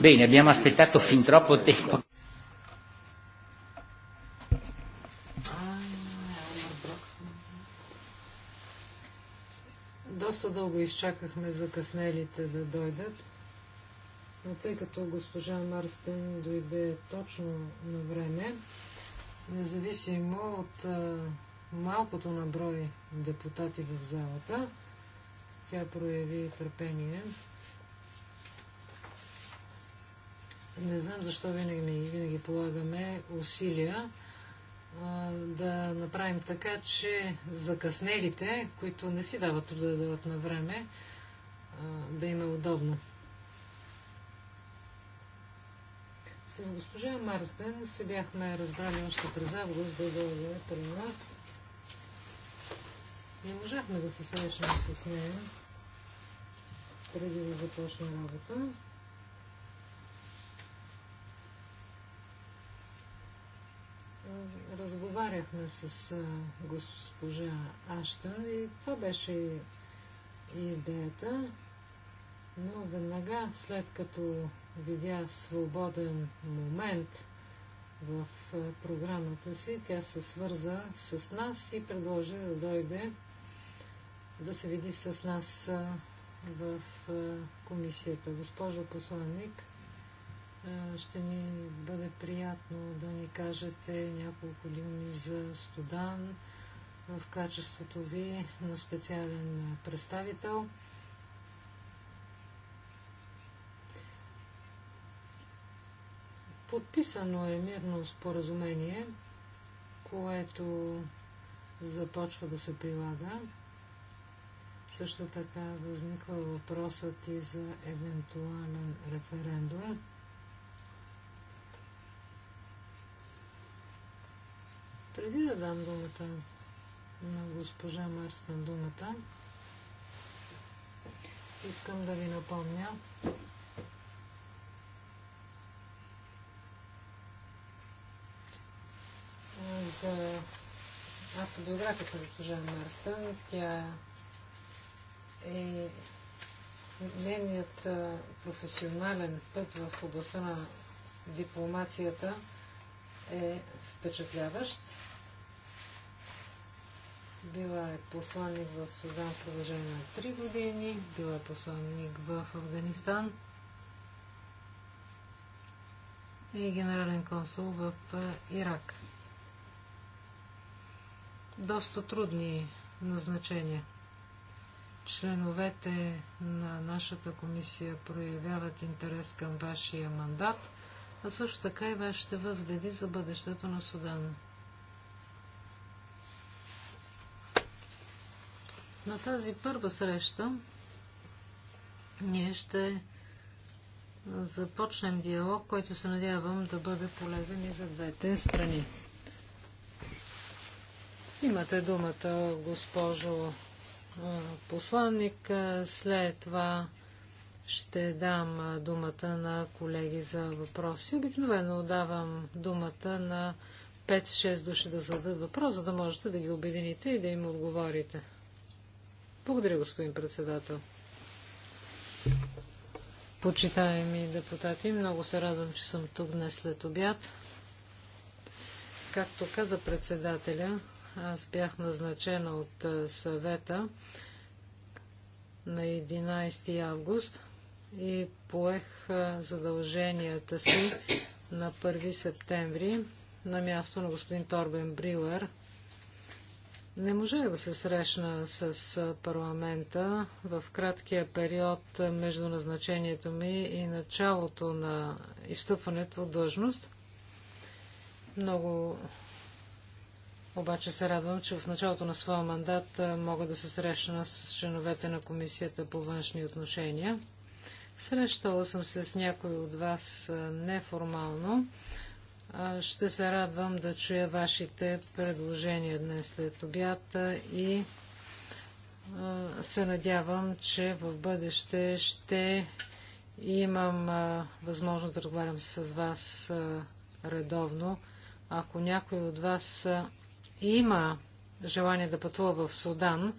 Bene, abbiamo aspettato fin troppo tempo. Доста дълго изчакахме закъснелите да дойдат, но тъй като госпожа Марстен дойде точно на време, независимо от малкото на депутати в залата, тя прояви търпение Не знам защо винаги, винаги полагаме усилия да направим така, че закъснелите, които не си дават труда да дадат на време, да им е удобно. С госпожа Марсден се бяхме разбрали още през август да дойде при нас. Не можахме да се срещнем с нея преди да започне работа. разговаряхме с госпожа Аща и това беше идеята. Но веднага след като видя свободен момент в програмата си, тя се свърза с нас и предложи да дойде да се види с нас в комисията. Госпожо посланник, е, ще ми бъде приятно да ни кажете няколко думи за Студан в качеството ви на специален представител. Подписано е мирно споразумение, което започва да се прилага. Също така възниква въпросът и за евентуален референдум. Преди да дам думата на госпожа Марстен думата, искам да ви напомня, за автобиографията на госпожа Марстън. Тя е нейният професионален път в областта на дипломацията е впечатляващ. Била е посланник в Судан в продължение на 3 години. Била е посланник в Афганистан. И генерален консул в е, Ирак. Доста трудни назначения. Членовете на нашата комисия проявяват интерес към вашия мандат, а също така и вашите възгледи за бъдещето на Судан. На тази първа среща ние ще започнем диалог, който се надявам да бъде полезен и за двете страни. Имате думата, госпожо посланник. След това ще дам думата на колеги за въпроси. Обикновено давам думата на 5-6 души да зададат въпрос, за да можете да ги обедините и да им отговорите. Благодаря, господин председател. Почитаеми депутати, много се радвам, че съм тук днес след обяд. Както каза председателя, аз бях назначена от съвета на 11 август и поех задълженията си на 1 септември на място на господин Торбен Брилер – не можах да се срещна с парламента в краткия период между назначението ми и началото на изтъпването от длъжност. Много обаче се радвам, че в началото на своя мандат мога да се срещна с членовете на Комисията по външни отношения. Срещала съм се с някой от вас неформално ще се радвам да чуя вашите предложения днес след обята и се надявам, че в бъдеще ще имам възможност да разговарям с вас редовно. Ако някой от вас има желание да пътува в Судан,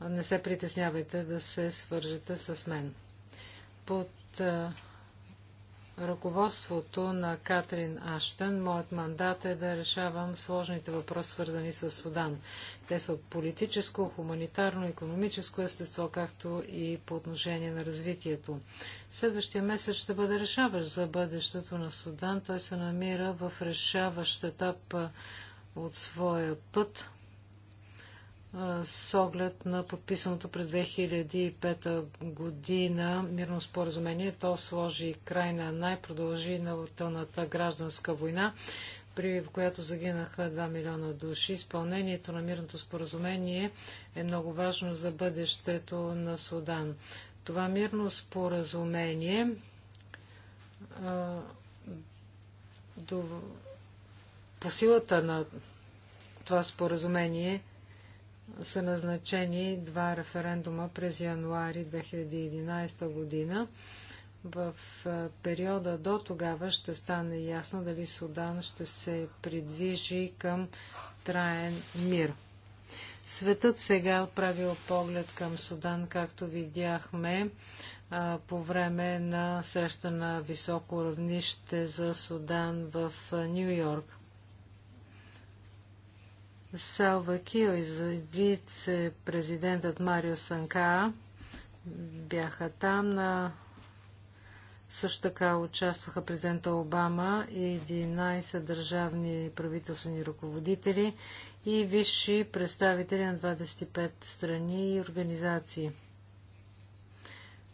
не се притеснявайте да се свържете с мен. Под ръководството на Катрин Аштън, моят мандат е да решавам сложните въпроси, свързани с Судан. Те са от политическо, хуманитарно, економическо естество, както и по отношение на развитието. Следващия месец ще бъде решаващ за бъдещето на Судан. Той се намира в решаващ етап от своя път с оглед на подписаното през 2005 година мирно споразумение. То сложи край на най-продължителната гражданска война, при която загинаха 2 милиона души. Изпълнението на мирното споразумение е много важно за бъдещето на Судан. Това мирно споразумение а, до, по силата на това споразумение са назначени два референдума през януари 2011 година. В периода до тогава ще стане ясно дали Судан ще се придвижи към траен мир. Светът сега е отправил поглед към Судан, както видяхме по време на среща на високо равнище за Судан в Нью Йорк. Салва Кио и вице-президентът Марио Санка бяха там. На... Също така участваха президента Обама и 11 държавни правителствени ръководители и висши представители на 25 страни и организации.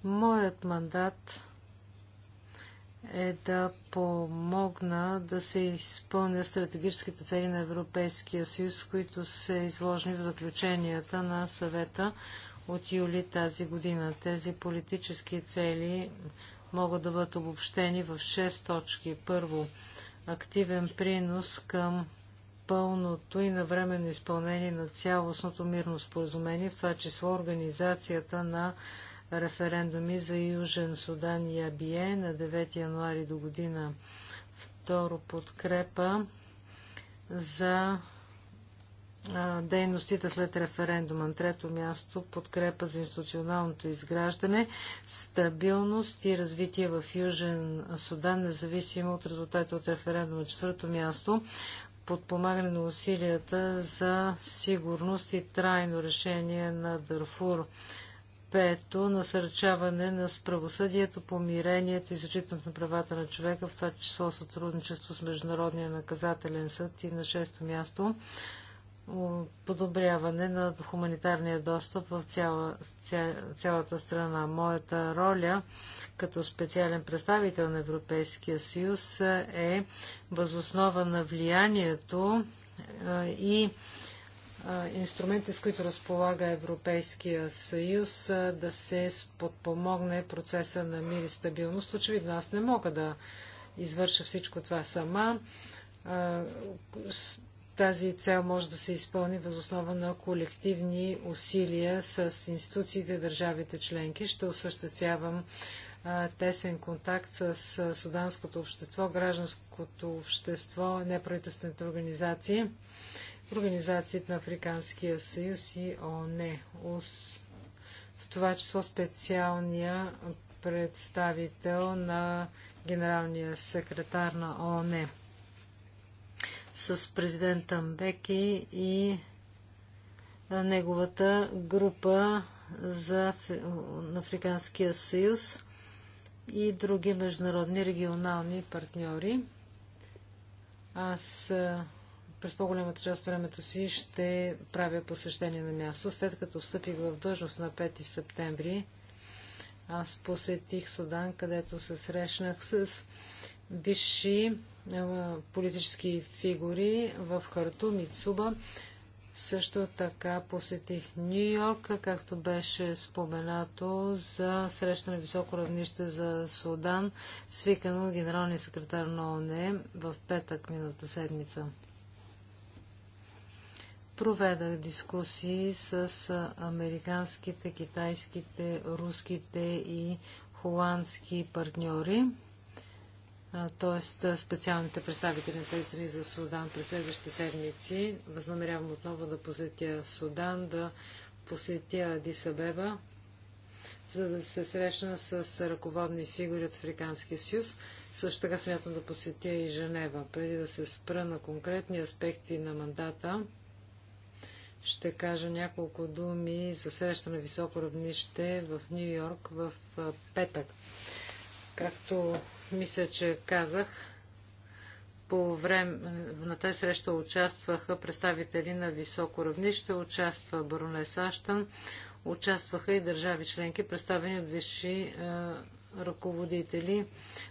Моят мандат е да помогна да се изпълнят стратегическите цели на Европейския съюз, които са изложени в заключенията на съвета от юли тази година. Тези политически цели могат да бъдат обобщени в 6 точки. Първо, активен принос към пълното и навременно изпълнение на цялостното мирно споразумение, в това число организацията на референдуми за Южен Судан и Абие на 9 януари до година. Второ подкрепа за дейностите след референдума. На трето място подкрепа за институционалното изграждане, стабилност и развитие в Южен Судан, независимо от резултата от референдума. Четвърто място подпомагане на усилията за сигурност и трайно решение на Дарфур. Пето, насърчаване на справосъдието, помирението и зачитането на правата на човека, в това число сътрудничество с Международния наказателен съд и на шесто място подобряване на хуманитарния достъп в цяла, ця, цялата страна. Моята роля като специален представител на Европейския съюз е възоснова на влиянието и инструментите, с които разполага Европейския съюз, да се подпомогне процеса на мир и стабилност. Очевидно, аз не мога да извърша всичко това сама. Тази цел може да се изпълни възоснова на колективни усилия с институциите, държавите членки. Ще осъществявам тесен контакт с суданското общество, гражданското общество, неправителствените организации Организацията на Африканския съюз и ООН, в това число специалния представител на генералния секретар на ОНЕ с президента Мбеки и неговата група за Африканския съюз и други международни регионални партньори. Аз през по-голямата част от времето си ще правя посещение на място. След като встъпих в дължност на 5 септември, аз посетих Судан, където се срещнах с висши политически фигури в Хартум и Цуба. Също така посетих Нью Йорк, както беше споменато за среща на високо равнище за Судан, свикано генералния секретар на ОНЕ в петък миналата седмица. Проведах дискусии с американските, китайските, руските и холандски партньори, т.е. специалните представители на тези страни за Судан през следващите седмици. Възнамерявам отново да посетя Судан, да посетя Дисабеба, за да се срещна с ръководни фигури от Африканския съюз. Също така смятам да посетя и Женева, преди да се спра на конкретни аспекти на мандата ще кажа няколко думи за среща на високо равнище в Нью Йорк в петък. Както мисля, че казах, по време на тази среща участваха представители на високо равнище, участва баронес Аштън, участваха и държави членки, представени от висши ръководители.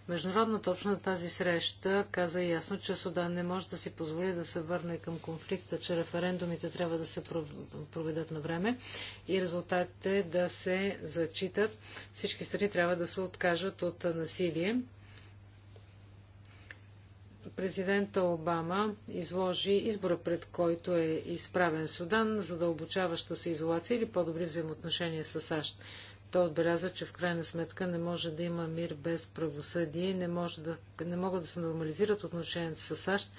Международната общност на тази среща каза ясно, че Судан не може да си позволи да се върне към конфликта, че референдумите трябва да се проведат на време и резултатите да се зачитат. Всички страни трябва да се откажат от насилие. Президента Обама изложи избора, пред който е изправен Судан, задълбочаваща да се изолация или по-добри взаимоотношения с САЩ. Той отбеляза, че в крайна сметка не може да има мир без правосъдие, не, може да, не могат да се нормализират отношенията с САЩ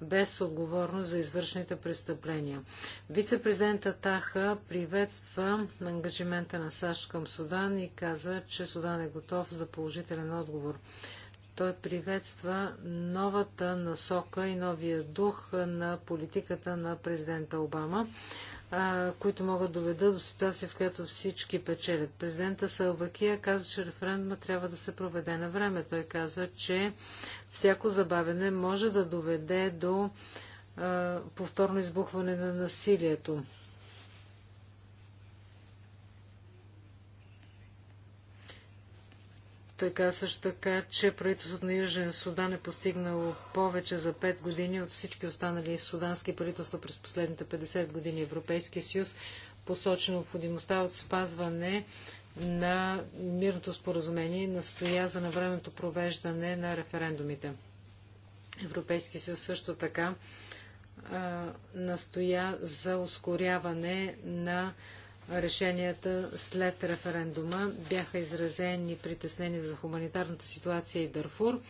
без отговорност за извършените престъпления. Вице-президента Таха приветства ангажимента на САЩ към Судан и каза, че Судан е готов за положителен отговор. Той приветства новата насока и новия дух на политиката на президента Обама а, които могат да доведат до ситуация, в която всички печелят. Президента Салвакия каза, че референдума трябва да се проведе на време. Той каза, че всяко забавене може да доведе до а, повторно избухване на насилието. така също така, че правителството на Южен Судан е постигнало повече за 5 години от всички останали судански правителства през последните 50 години. Европейския съюз посочи необходимостта от спазване на мирното споразумение и настоя за навременното провеждане на референдумите. Европейския съюз също така а, настоя за ускоряване на решенията след референдума. Бяха изразени притеснения за хуманитарната ситуация и Дарфур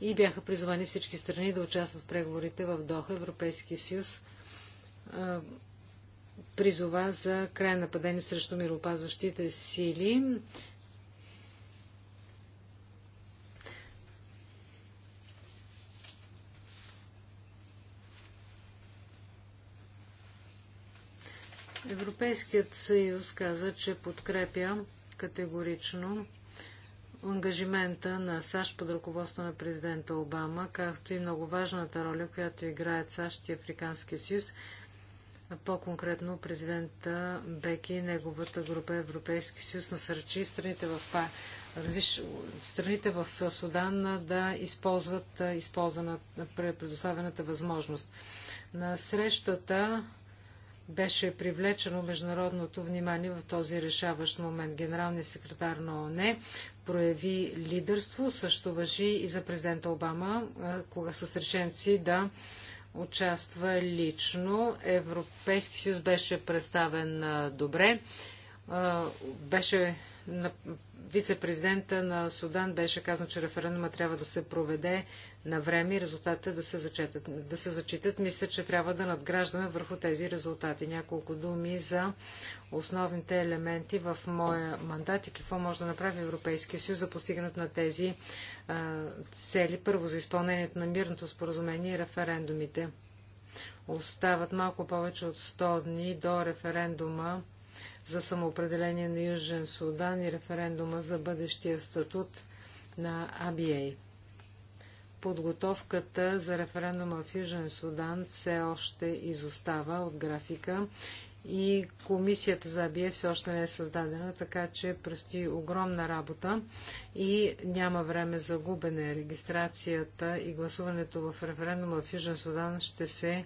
и бяха призвани всички страни да участват в преговорите в Доха. Европейски съюз призова за край нападение срещу мироопазващите сили. Европейският съюз каза, че подкрепя категорично ангажимента на САЩ под ръководство на президента Обама, както и много важната роля, която играят САЩ и Африканския съюз, по-конкретно президента Беки и неговата група Европейски съюз насърчи страните в, страните в Судан да използват предоставената възможност. На срещата беше привлечено международното внимание в този решаващ момент. Генералният секретар на ООН прояви лидерство, също въжи и за президента Обама, кога с решението си да участва лично. Европейски съюз беше представен добре. Беше вице-президента на Судан беше казано, че референдума трябва да се проведе на време и резултатите да се, зачитат, да се зачитат. Мисля, че трябва да надграждаме върху тези резултати. Няколко думи за основните елементи в моя мандат и какво може да направи Европейския съюз за постигането на тези а, цели. Първо за изпълнението на мирното споразумение и референдумите. Остават малко повече от 100 дни до референдума за самоопределение на Южен Судан и референдума за бъдещия статут на АБА подготовката за референдума в Южен Судан все още изостава от графика и комисията за АБИЕ все още не е създадена, така че предстои огромна работа и няма време за губене. Регистрацията и гласуването в референдума в Южен Судан ще се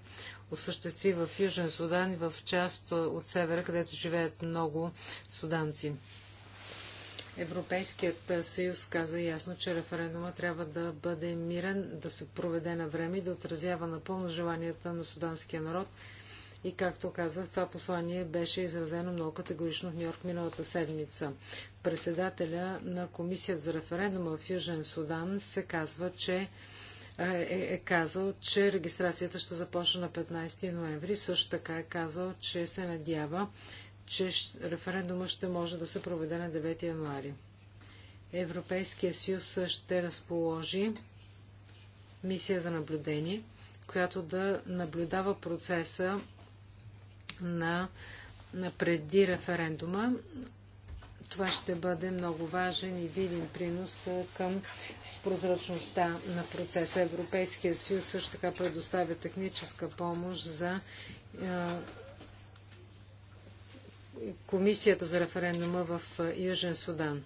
осъществи в Южен Судан и в част от севера, където живеят много суданци. Европейският съюз каза ясно, че референдума трябва да бъде мирен, да се проведе на време и да отразява напълно желанията на суданския народ. И както казах, това послание беше изразено много категорично в Нью-Йорк миналата седмица. Председателя на комисията за референдума в Южен Судан се казва, че е, е, е казал, че регистрацията ще започне на 15 ноември. Също така е казал, че се надява че референдума ще може да се проведе на 9 януари. Европейския съюз ще разположи мисия за наблюдение, която да наблюдава процеса на, на преди референдума. Това ще бъде много важен и видим принос към прозрачността на процеса. Европейския съюз също така предоставя техническа помощ за комисията за референдума в Южен Судан.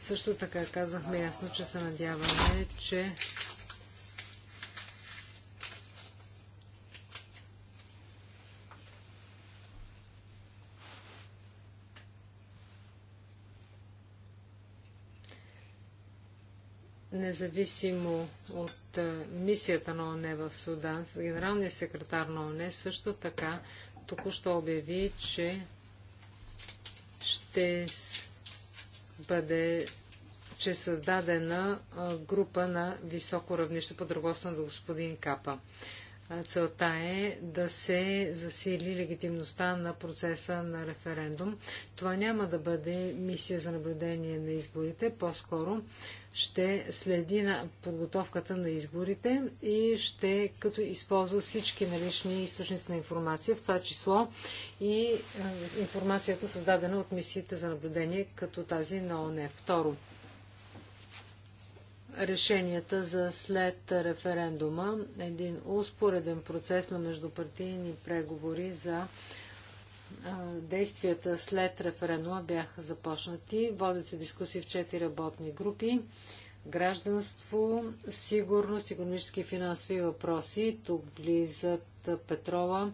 Също така казахме ясно, че се надяваме, че Независимо от мисията на ОНЕ в Судан, генералният секретар на ОНЕ също така току-що обяви, че ще бъде че е създадена група на високо равнище под ръководство на господин Капа. Целта е да се засили легитимността на процеса на референдум. Това няма да бъде мисия за наблюдение на изборите, по-скоро ще следи на подготовката на изборите и ще като използва всички налични източници на информация, в това число и е, информацията създадена от мисията за наблюдение, като тази на ОНЕ. Второ, решенията за след референдума, един успореден процес на междупартийни преговори за действията след референдума бяха започнати. Водят се дискусии в четири работни групи. Гражданство, сигурност, економически и финансови въпроси. Тук влизат петрола,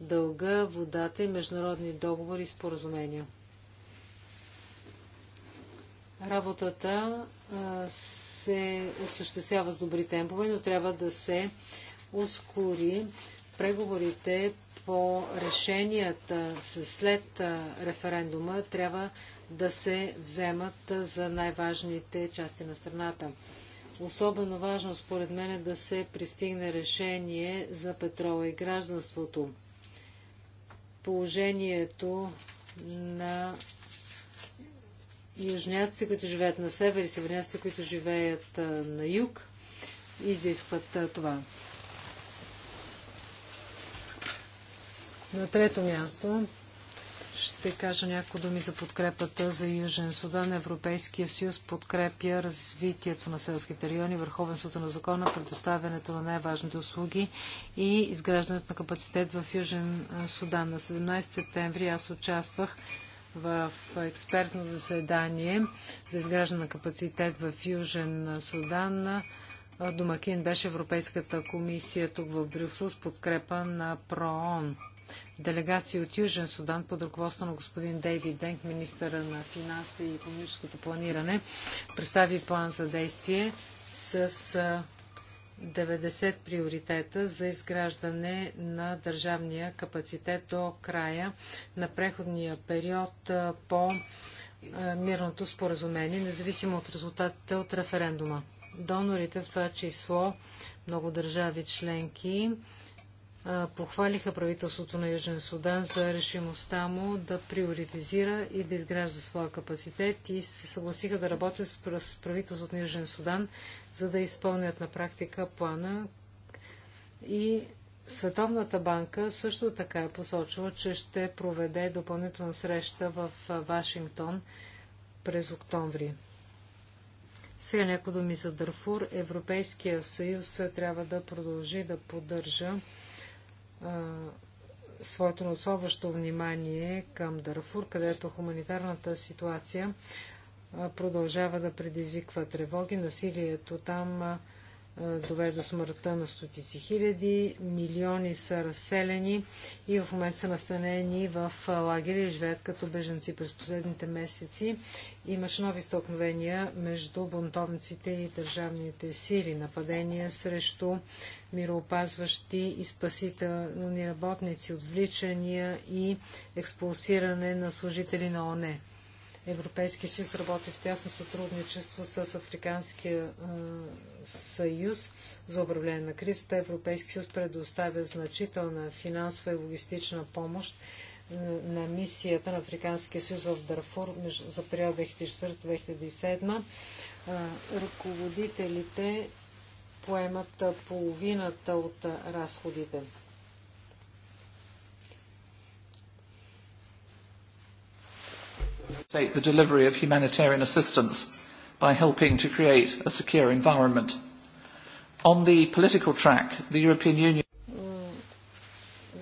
дълга, водата и международни договори и споразумения. Работата а, с се осъществява с добри темпове, но трябва да се ускори преговорите по решенията след референдума трябва да се вземат за най-важните части на страната. Особено важно според мен е да се пристигне решение за петрола и гражданството. Положението на южняците, които живеят на север и северняците, които живеят на юг, изискват това. На трето място ще кажа някои думи за подкрепата за Южен Судан. Европейския съюз подкрепя развитието на селските райони, върховенството на закона, предоставянето на най-важните услуги и изграждането на капацитет в Южен Судан. На 17 септември аз участвах в експертно заседание за изграждане на капацитет в Южен Судан. Домакин беше Европейската комисия тук в Брюксел с подкрепа на ПРООН. Делегация от Южен Судан под ръководство на господин Дейвид Денк, министъра на финансите и економическото планиране, представи план за действие с 90 приоритета за изграждане на държавния капацитет до края на преходния период по мирното споразумение, независимо от резултатите от референдума. Донорите, в това число много държави членки, похвалиха правителството на Южен Судан за решимостта му да приоритизира и да изгражда своя капацитет и се съгласиха да работят с правителството на Южен Судан за да изпълнят на практика плана. И Световната банка също така е посочила, че ще проведе допълнителна среща в Вашингтон през октомври. Сега някои думи за Дърфур. Европейския съюз трябва да продължи да поддържа а, своето насоващо внимание към Дарфур, където хуманитарната ситуация продължава да предизвиква тревоги. Насилието там доведе до смъртта на стотици хиляди, милиони са разселени и в момента са настанени в лагери и живеят като беженци през последните месеци. Имаш нови стълкновения между бунтовниците и държавните сили, нападения срещу мироопазващи и спасителни работници, отвличания и експулсиране на служители на ОНЕ. Европейския съюз работи в тясно сътрудничество с Африканския е, съюз за управление на кризата. Европейския съюз предоставя значителна финансова и логистична помощ е, на мисията на Африканския съюз в Дарфур за период 2004-2007. Е, ръководителите поемат половината от разходите. facilitate the delivery of humanitarian assistance by helping to create a secure environment. On the political track, the European Union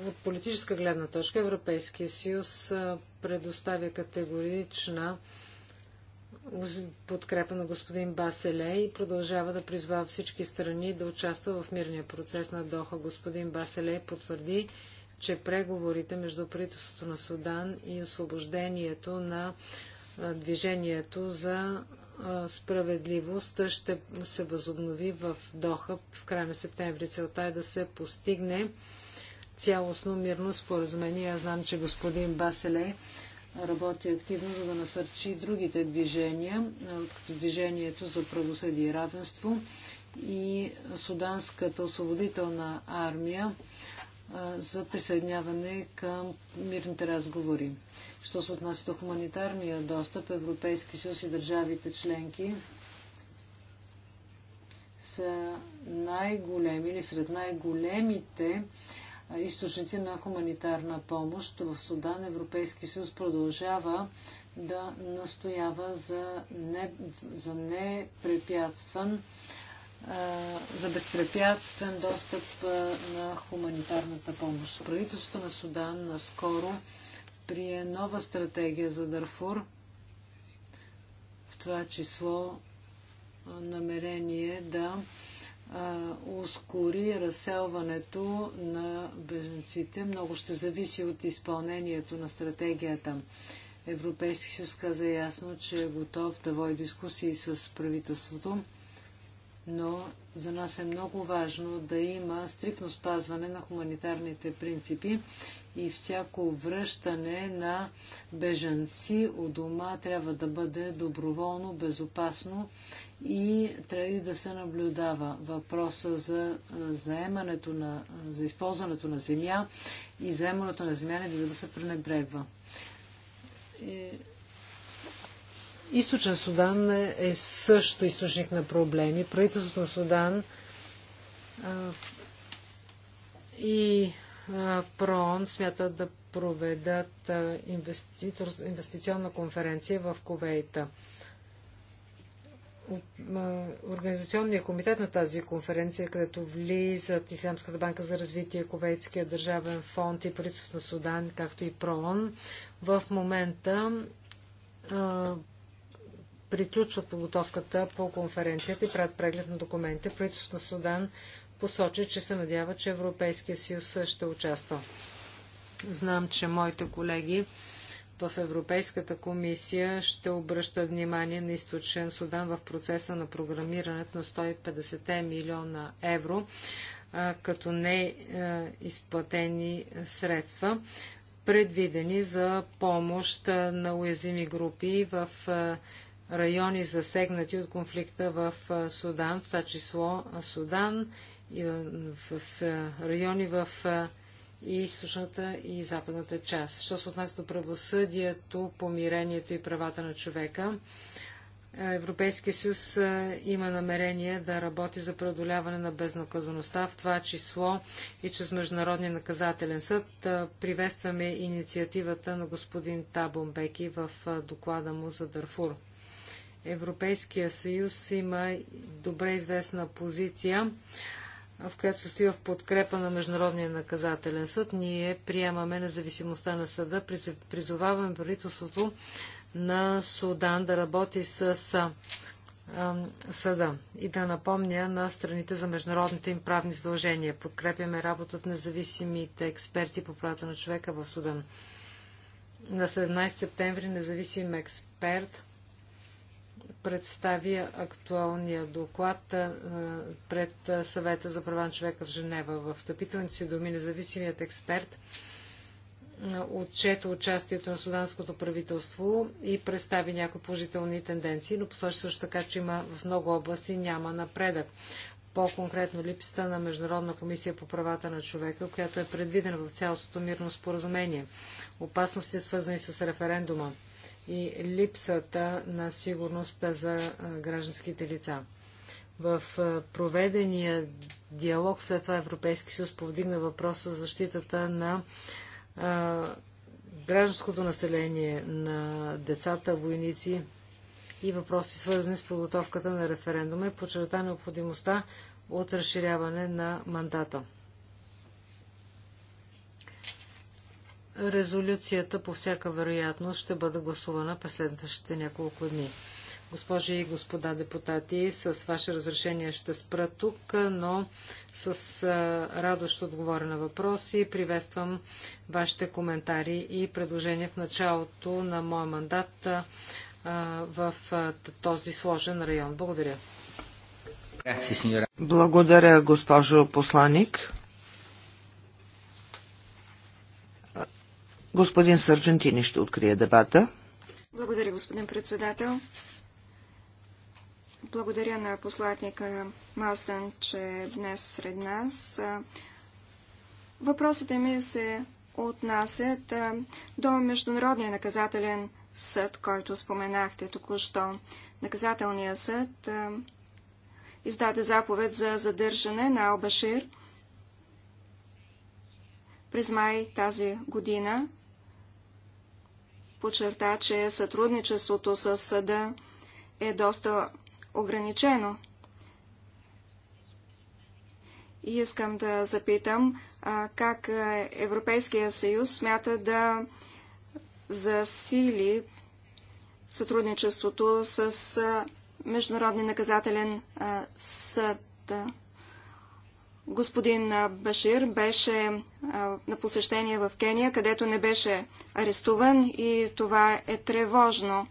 от политическа гледна точка Европейския съюз предоставя категорична подкрепа на господин Баселе и продължава да призва всички страни да участва в мирния процес на Доха. Господин Баселе потвърди, че преговорите между правителството на Судан и освобождението на движението за справедливост ще се възобнови в Доха в края на септември. Целта е да се постигне цялостно мирно споразумение. Аз знам, че господин Баселе работи активно, за да насърчи другите движения, движението за правосъдие и равенство и Суданската освободителна армия за присъединяване към мирните разговори. Що се отнася до хуманитарния достъп, Европейски съюз и държавите членки са най-големи или сред най-големите източници на хуманитарна помощ. В Судан Европейски съюз продължава да настоява за, не, за непрепятстван за безпрепятствен достъп на хуманитарната помощ. Правителството на Судан наскоро прие нова стратегия за Дарфур, в това число намерение да а, ускори разселването на беженците. Много ще зависи от изпълнението на стратегията. Европейски съюз каза ясно, че е готов да води дискусии с правителството но за нас е много важно да има стрикно спазване на хуманитарните принципи и всяко връщане на бежанци у дома трябва да бъде доброволно, безопасно и трябва и да се наблюдава въпроса за заемането на, за използването на земя и заемането на земя не бива да се пренебрегва. Е, Източен Судан е също източник на проблеми. Правителството на Судан а, и ПРОН ПРООН смятат да проведат инвестиционна конференция в Ковейта. Организационният комитет на тази конференция, където влизат Ислямската банка за развитие, Ковейтския държавен фонд и правителството на Судан, както и ПРООН, в момента приключват подготовката по конференцията и правят преглед на документите. Правителството на Судан посочи, че се надява, че Европейския съюз ще участва. Знам, че моите колеги в Европейската комисия ще обръщат внимание на източен Судан в процеса на програмирането на 150 милиона евро а, като не а, е, изплатени средства, предвидени за помощ на уязвими групи в а, райони засегнати от конфликта в Судан, в това число Судан, и в райони в източната и западната част. Що се отнася до правосъдието, помирението и правата на човека, Европейския съюз има намерение да работи за преодоляване на безнаказаността, в това число и чрез Международния наказателен съд. Приветстваме инициативата на господин Табомбеки в доклада му за Дарфур. Европейския съюз има добре известна позиция, в която се стои в подкрепа на Международния наказателен съд. Ние приемаме независимостта на съда, призоваваме правителството на Судан да работи с съда и да напомня на страните за международните им правни задължения. Подкрепяме работата на независимите експерти по правата на човека в Судан. На 17 септември независим експерт представя актуалния доклад пред съвета за права на човека в Женева. В встъпителните си думи независимият експерт отчета участието на суданското правителство и представи някои положителни тенденции, но посочи също така, че има в много области няма напредък. По-конкретно липсата на Международна комисия по правата на човека, която е предвидена в цялостното мирно споразумение. Опасности, свързани с референдума и липсата на сигурността за гражданските лица. В проведения диалог след това Европейски съюз повдигна въпроса за защитата на гражданското население, на децата, войници и въпроси свързани с подготовката на референдума и подчерта необходимостта от разширяване на мандата. Резолюцията по всяка вероятност ще бъде гласувана през следващите няколко дни. Госпожи и господа депутати, с ваше разрешение ще спра тук, но с радост ще отговоря на въпроси. Приветствам вашите коментари и предложения в началото на моя мандат в този сложен район. Благодаря. Благодаря, госпожо посланик. Господин Сърджентини ще открие дебата. Благодаря, господин председател. Благодаря на послатника Маздан, че е днес сред нас. Въпросите ми се отнасят до Международния наказателен съд, който споменахте току-що. наказателният съд издаде заповед за задържане на Албашир през май тази година подчерта, че сътрудничеството с съда е доста ограничено. И искам да запитам а, как Европейския съюз смята да засили сътрудничеството с Международния наказателен съд. Господин Башир беше на посещение в Кения, където не беше арестуван и това е тревожно.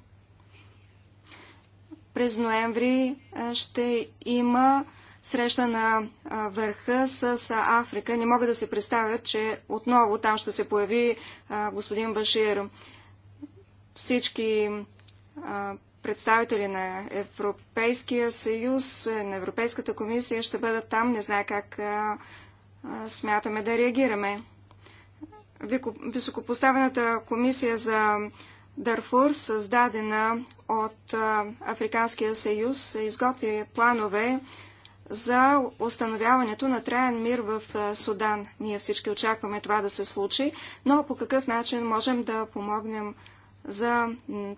През ноември ще има среща на върха с Африка. Не мога да се представя, че отново там ще се появи господин Башир. Всички представители на Европейския съюз, на Европейската комисия ще бъдат там. Не знае как смятаме да реагираме. Високопоставената комисия за Дарфур, създадена от Африканския съюз, изготви планове за установяването на траен мир в Судан. Ние всички очакваме това да се случи, но по какъв начин можем да помогнем за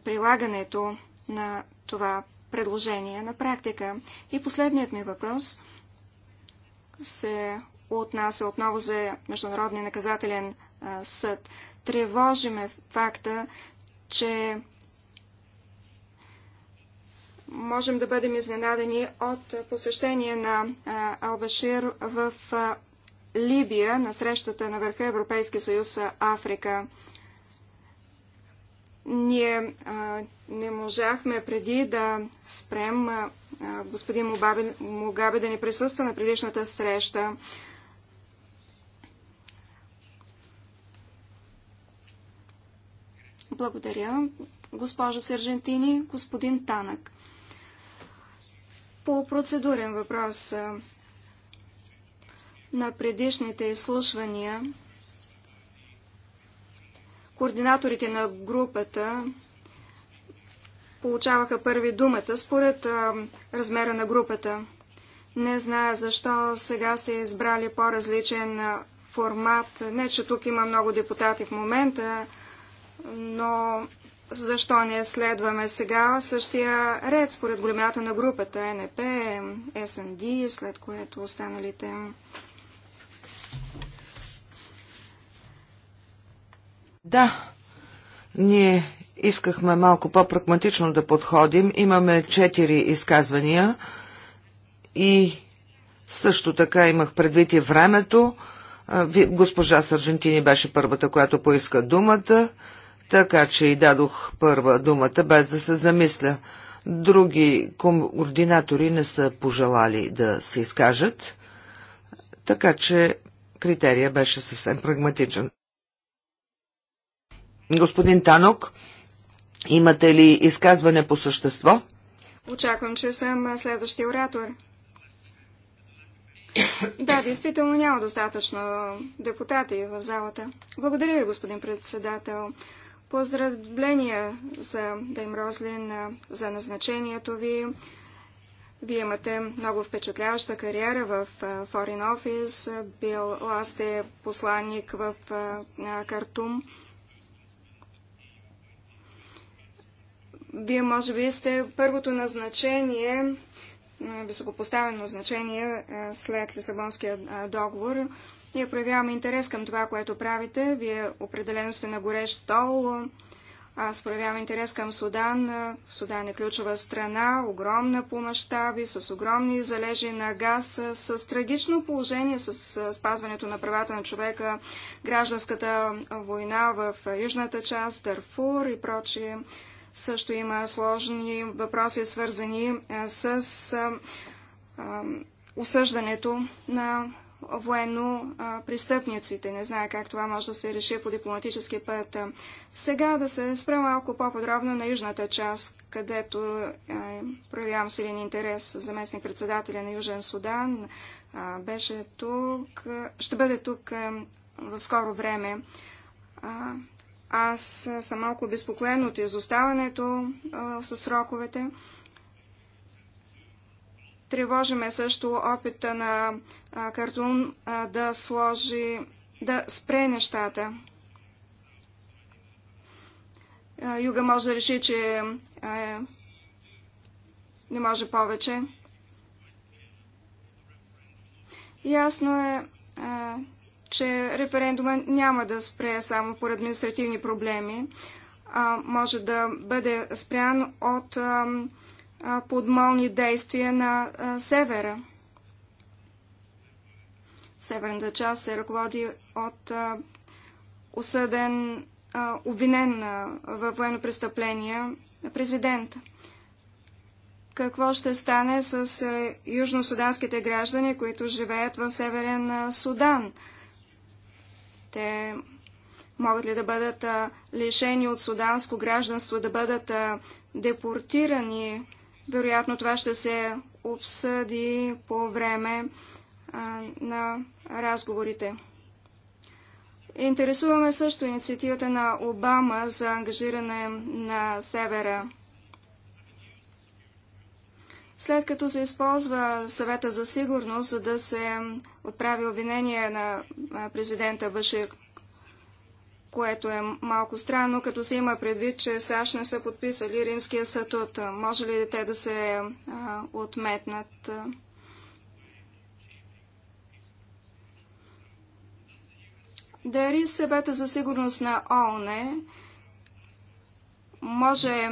прилагането на това предложение на практика. И последният ми въпрос се отнася отново за Международния наказателен съд. Тревожиме факта, че можем да бъдем изненадани от посещение на Албашир в Либия на срещата на върха Европейски съюз Африка. Ние а, не можахме преди да спрем а, господин Мугабе, Мугабе да не присъства на предишната среща. Благодаря, госпожа Сержентини, господин Танък. По процедурен въпрос на предишните изслушвания Координаторите на групата получаваха първи думата според а, размера на групата. Не зная защо сега сте избрали по-различен формат. Не, че тук има много депутати в момента, но защо не следваме сега същия ред според големята на групата НП, СНД, след което останалите. Да, ние искахме малко по-прагматично да подходим. Имаме четири изказвания и също така имах предвид и времето. Госпожа Саржентини беше първата, която поиска думата, така че и дадох първа думата, без да се замисля. Други координатори не са пожелали да се изкажат, така че критерия беше съвсем прагматичен. Господин Танок, имате ли изказване по същество? Очаквам, че съм следващия оратор. Да, действително няма достатъчно депутати в залата. Благодаря ви, господин председател. Поздравления за Дейм Розлин, за назначението ви. Вие имате много впечатляваща кариера в Foreign Office. Бил сте посланник в Картум. Uh, Вие може би сте първото назначение, високопоставено назначение след Лисабонския договор. Ние проявяваме интерес към това, което правите. Вие определено сте на горещ стол. Аз проявявам интерес към Судан. Судан е ключова страна, огромна по мащаби, с огромни залежи на газ, с трагично положение с спазването на правата на човека, гражданската война в южната част, Дарфур и прочие. Също има сложни въпроси, свързани е, с е, е, осъждането на военно престъпниците. Не знае как това може да се реши по дипломатически път. Сега да се спра малко по-подробно на южната част, където проявявам силен интерес. Заместник председателя на Южен Судан беше тук, ще бъде тук в скоро време. Аз съм малко обезпокоен от изоставането а, с сроковете. Тревожиме също опита на а, Картун а, да сложи, да спре нещата. А, Юга може да реши, че а, не може повече. Ясно е, а, че референдума няма да спре само по административни проблеми, а може да бъде спрян от подмолни действия на севера. Северната част се ръководи от осъден, обвинен във военно престъпление президент. Какво ще стане с южносуданските граждани, които живеят в Северен Судан? Те могат ли да бъдат лишени от суданско гражданство, да бъдат депортирани. Вероятно това ще се обсъди по време а, на разговорите. Интересуваме също инициативата на Обама за ангажиране на Севера. След като се използва съвета за сигурност, за да се отправи обвинение на президента Башир, което е малко странно, като се има предвид, че САЩ не са подписали римския статут. Може ли те да се отметнат? Дари съвета за сигурност на ООН е, може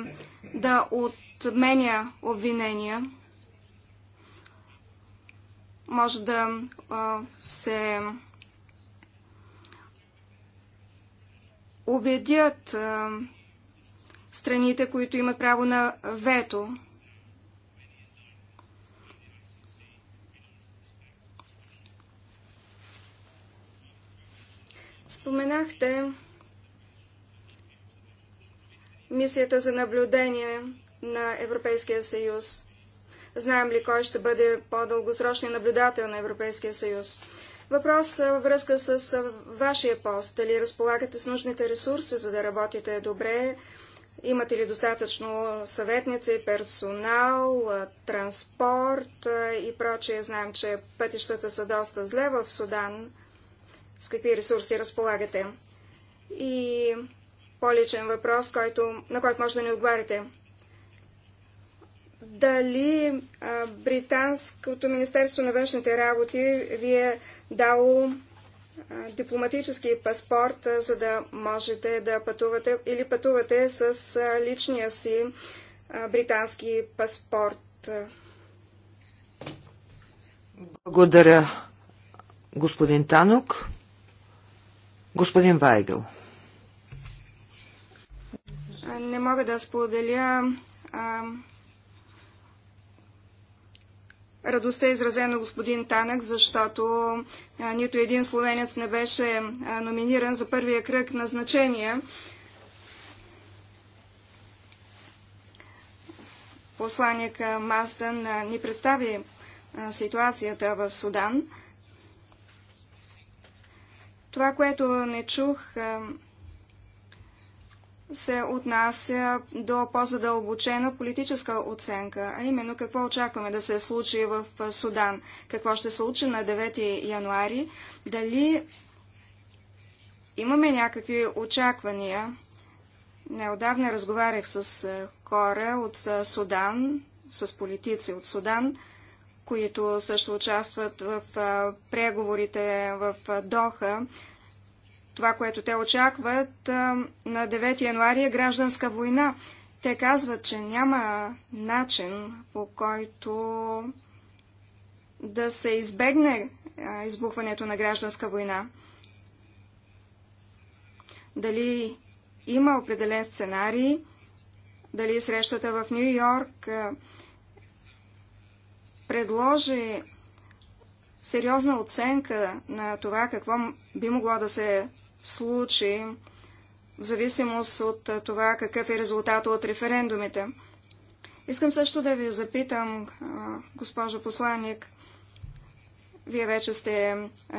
да отменя обвинения може да се убедят страните, които имат право на вето. Споменахте мисията за наблюдение на Европейския съюз. Знаем ли кой ще бъде по дългосрочният наблюдател на Европейския съюз? Въпрос във връзка с вашия пост. Дали разполагате с нужните ресурси, за да работите добре? Имате ли достатъчно съветници, персонал, транспорт и прочее? Знаем, че пътищата са доста зле в Судан. С какви ресурси разполагате? И по-личен въпрос, който, на който може да ни отговарите дали а, Британското Министерство на външните работи ви е дало а, дипломатически паспорт, а, за да можете да пътувате или пътувате с а, личния си а, британски паспорт. Благодаря, господин Танок. Господин Вайгел. Не мога да споделя радостта е изразена господин Танък, защото нито един словенец не беше номиниран за първия кръг на значения. Посланник Мастън ни представи ситуацията в Судан. Това, което не чух се отнася до по-задълбочена политическа оценка, а именно какво очакваме да се случи в Судан, какво ще се случи на 9 януари, дали имаме някакви очаквания. Неодавна разговарях с хора от Судан, с политици от Судан, които също участват в преговорите в Доха това, което те очакват на 9 януари е гражданска война. Те казват, че няма начин по който да се избегне избухването на гражданска война. Дали има определен сценарий, дали срещата в Нью Йорк предложи сериозна оценка на това какво би могло да се случаи, в зависимост от това какъв е резултат от референдумите. Искам също да ви запитам, госпожо посланник, вие вече сте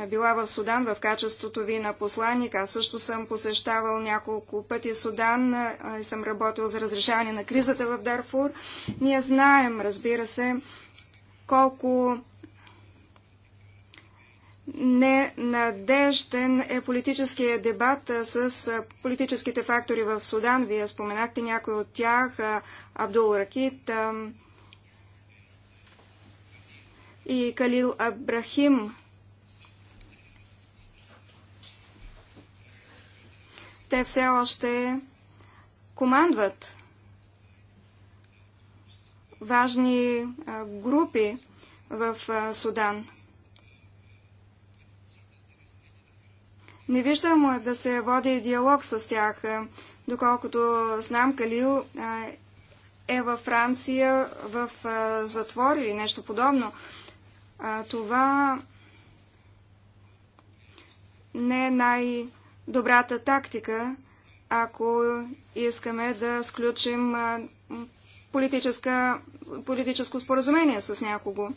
била в Судан в качеството ви на посланник. Аз също съм посещавал няколко пъти Судан и съм работил за разрешаване на кризата в Дарфур. Ние знаем, разбира се, колко ненадежден е политическия дебат с политическите фактори в Судан. Вие споменахте някой от тях, Абдул Ракит и Калил Абрахим. Те все още командват важни групи в Судан. Не виждам да се води диалог с тях. Доколкото знам, Калил е във Франция в затвор или нещо подобно. Това не е най-добрата тактика, ако искаме да сключим политическо споразумение с някого.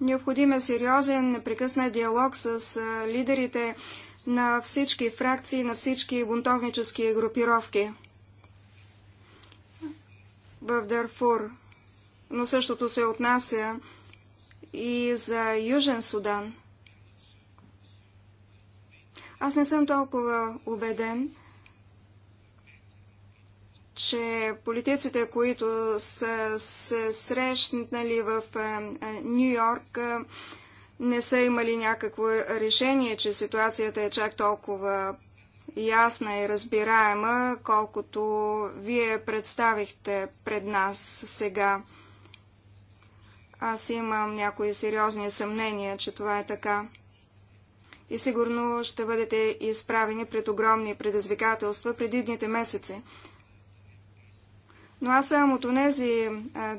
Необходим е сериозен, непрекъснат диалог с лидерите на всички фракции, на всички бунтовнически групировки в Дарфур. Но същото се отнася и за Южен Судан. Аз не съм толкова убеден, че политиците, които са се срещнали в е, е, Нью Йорк, е, не са имали някакво решение, че ситуацията е чак толкова ясна и разбираема, колкото вие представихте пред нас сега. Аз имам някои сериозни съмнения, че това е така. И сигурно ще бъдете изправени пред огромни предизвикателства преди дните месеци но аз съм от тези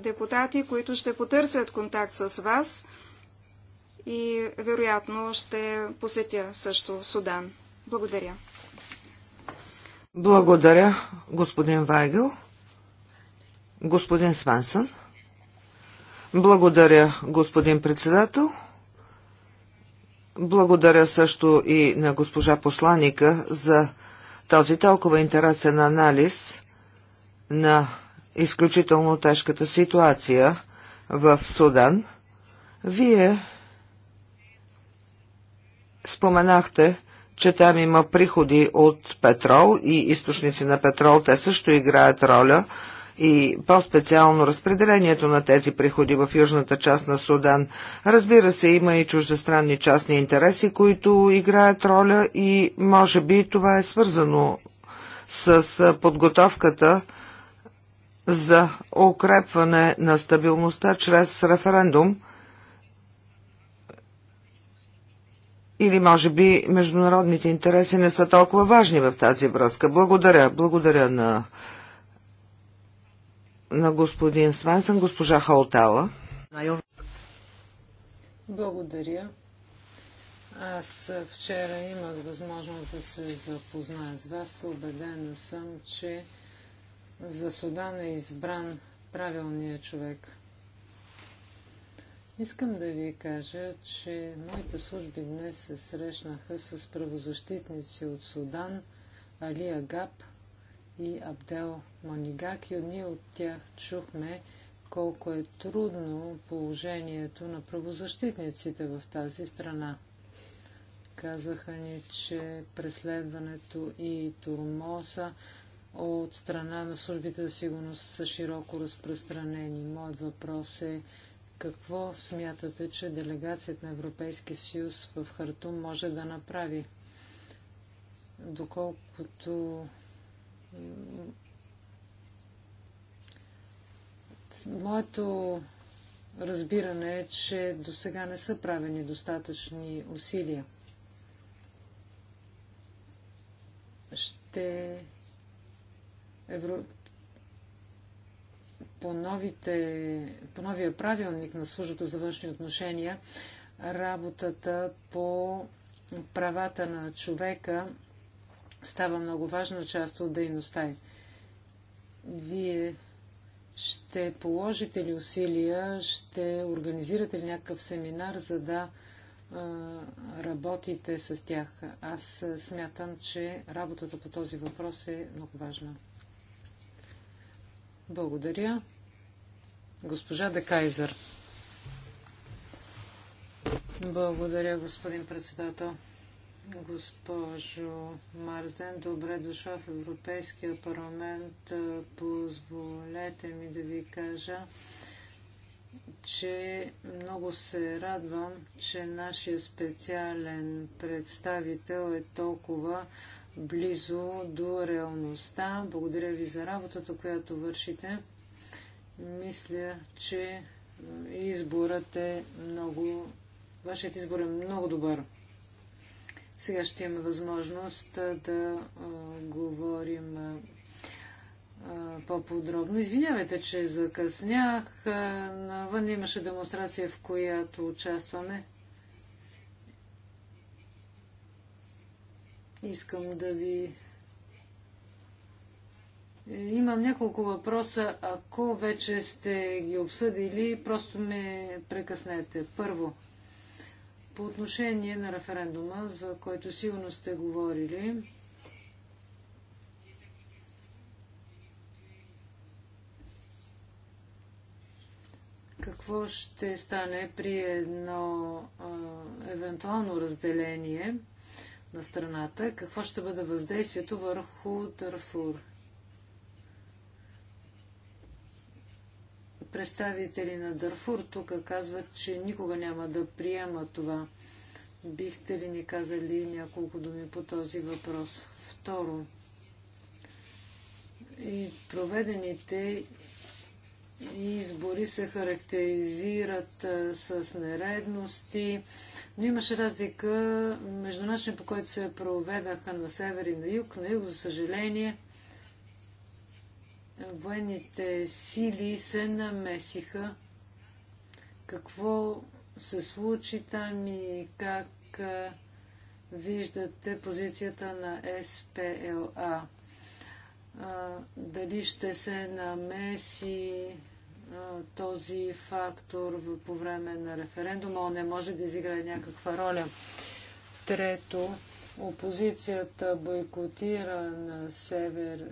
депутати, които ще потърсят контакт с вас и вероятно ще посетя също Судан. Благодаря. Благодаря, господин Вайгъл. Господин Свансън. Благодаря, господин председател. Благодаря също и на госпожа посланика за този толкова интересен анализ на изключително тежката ситуация в Судан. Вие споменахте, че там има приходи от петрол и източници на петрол. Те също играят роля и по-специално разпределението на тези приходи в южната част на Судан. Разбира се, има и чуждестранни частни интереси, които играят роля и може би това е свързано с подготовката за укрепване на стабилността чрез референдум или може би международните интереси не са толкова важни в тази връзка. Благодаря. Благодаря на, на господин Свенсен, госпожа Хаутала. Благодаря. Аз вчера имах възможност да се запозная с вас. Обедена съм, че за Судан е избран правилния човек. Искам да ви кажа, че моите служби днес се срещнаха с правозащитници от Судан, Али Агап и Абдел Манигак и ние от тях чухме колко е трудно положението на правозащитниците в тази страна. Казаха ни, че преследването и турмоса от страна на службите за сигурност са широко разпространени. Моят въпрос е какво смятате, че делегацията на Европейския съюз в Хартум може да направи? Доколкото моето разбиране е, че до сега не са правени достатъчни усилия. Ще Евро... по, новите... по новия правилник на службата за външни отношения, работата по правата на човека става много важна част от дейността Вие ще положите ли усилия, ще организирате ли някакъв семинар, за да а, работите с тях? Аз смятам, че работата по този въпрос е много важна. Благодаря. Госпожа Декайзер. Благодаря, господин председател. Госпожо Марзен, добре дошла в Европейския парламент. Позволете ми да ви кажа, че много се радвам, че нашия специален представител е толкова близо до реалността. Благодаря ви за работата, която вършите. Мисля, че е, изборът е много... Вашият избор е много добър. Сега ще имаме възможност е, да а, е, говорим по-подробно. Извинявайте, че закъснях. Навън имаше демонстрация, в която участваме. Искам да ви е, Имам няколко въпроса. Ако вече сте ги обсъдили, просто ме прекъснете. Първо, по отношение на референдума, за който сигурно сте говорили, какво ще стане при едно а, евентуално разделение – на страната е какво ще бъде въздействието върху Дарфур. Представители на Дарфур тук казват, че никога няма да приема това. Бихте ли ни казали няколко думи по този въпрос? Второ, и проведените избори се характеризират а, с нередности, но имаше разлика между начин по който се проведаха на север и на юг. На юг, за съжаление, военните сили се намесиха. Какво се случи там и как а, виждате позицията на СПЛА? А, дали ще се намеси този фактор по време на референдума. Он не може да изиграе някаква роля. Трето, опозицията бойкотира на север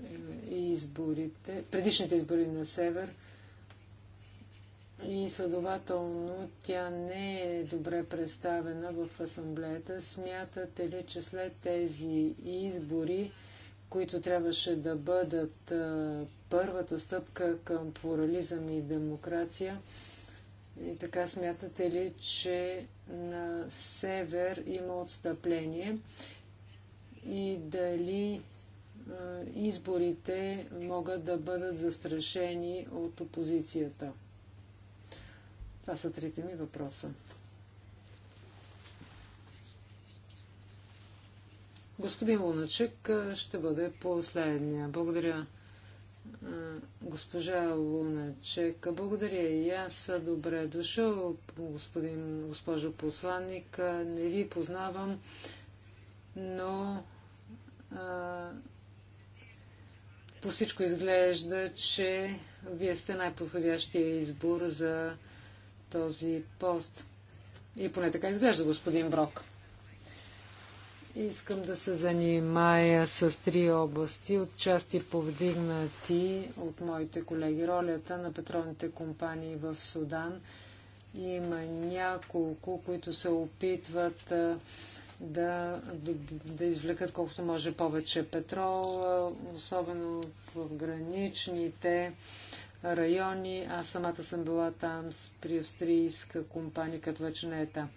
и изборите, предишните избори на север и следователно тя не е добре представена в асамблеята. Смятате ли, че след тези избори, които трябваше да бъдат първата стъпка към плурализъм и демокрация. И така смятате ли, че на север има отстъпление и дали изборите могат да бъдат застрашени от опозицията? Това са трите ми въпроса. Господин Луначек ще бъде последния. Благодаря. Е, госпожа Луначек. Благодаря и аз. Добре дошъл, господин, госпожо посланник. Не ви познавам, но а, по всичко изглежда, че вие сте най-подходящия избор за този пост. И поне така изглежда господин Брок. Искам да се занимая с три области, от части повдигнати от моите колеги. Ролята на петролните компании в Судан. Има няколко, които се опитват да, да, да извлекат колкото може повече петрол, особено в граничните райони. Аз самата съм била там при австрийска компания, като вече не е там.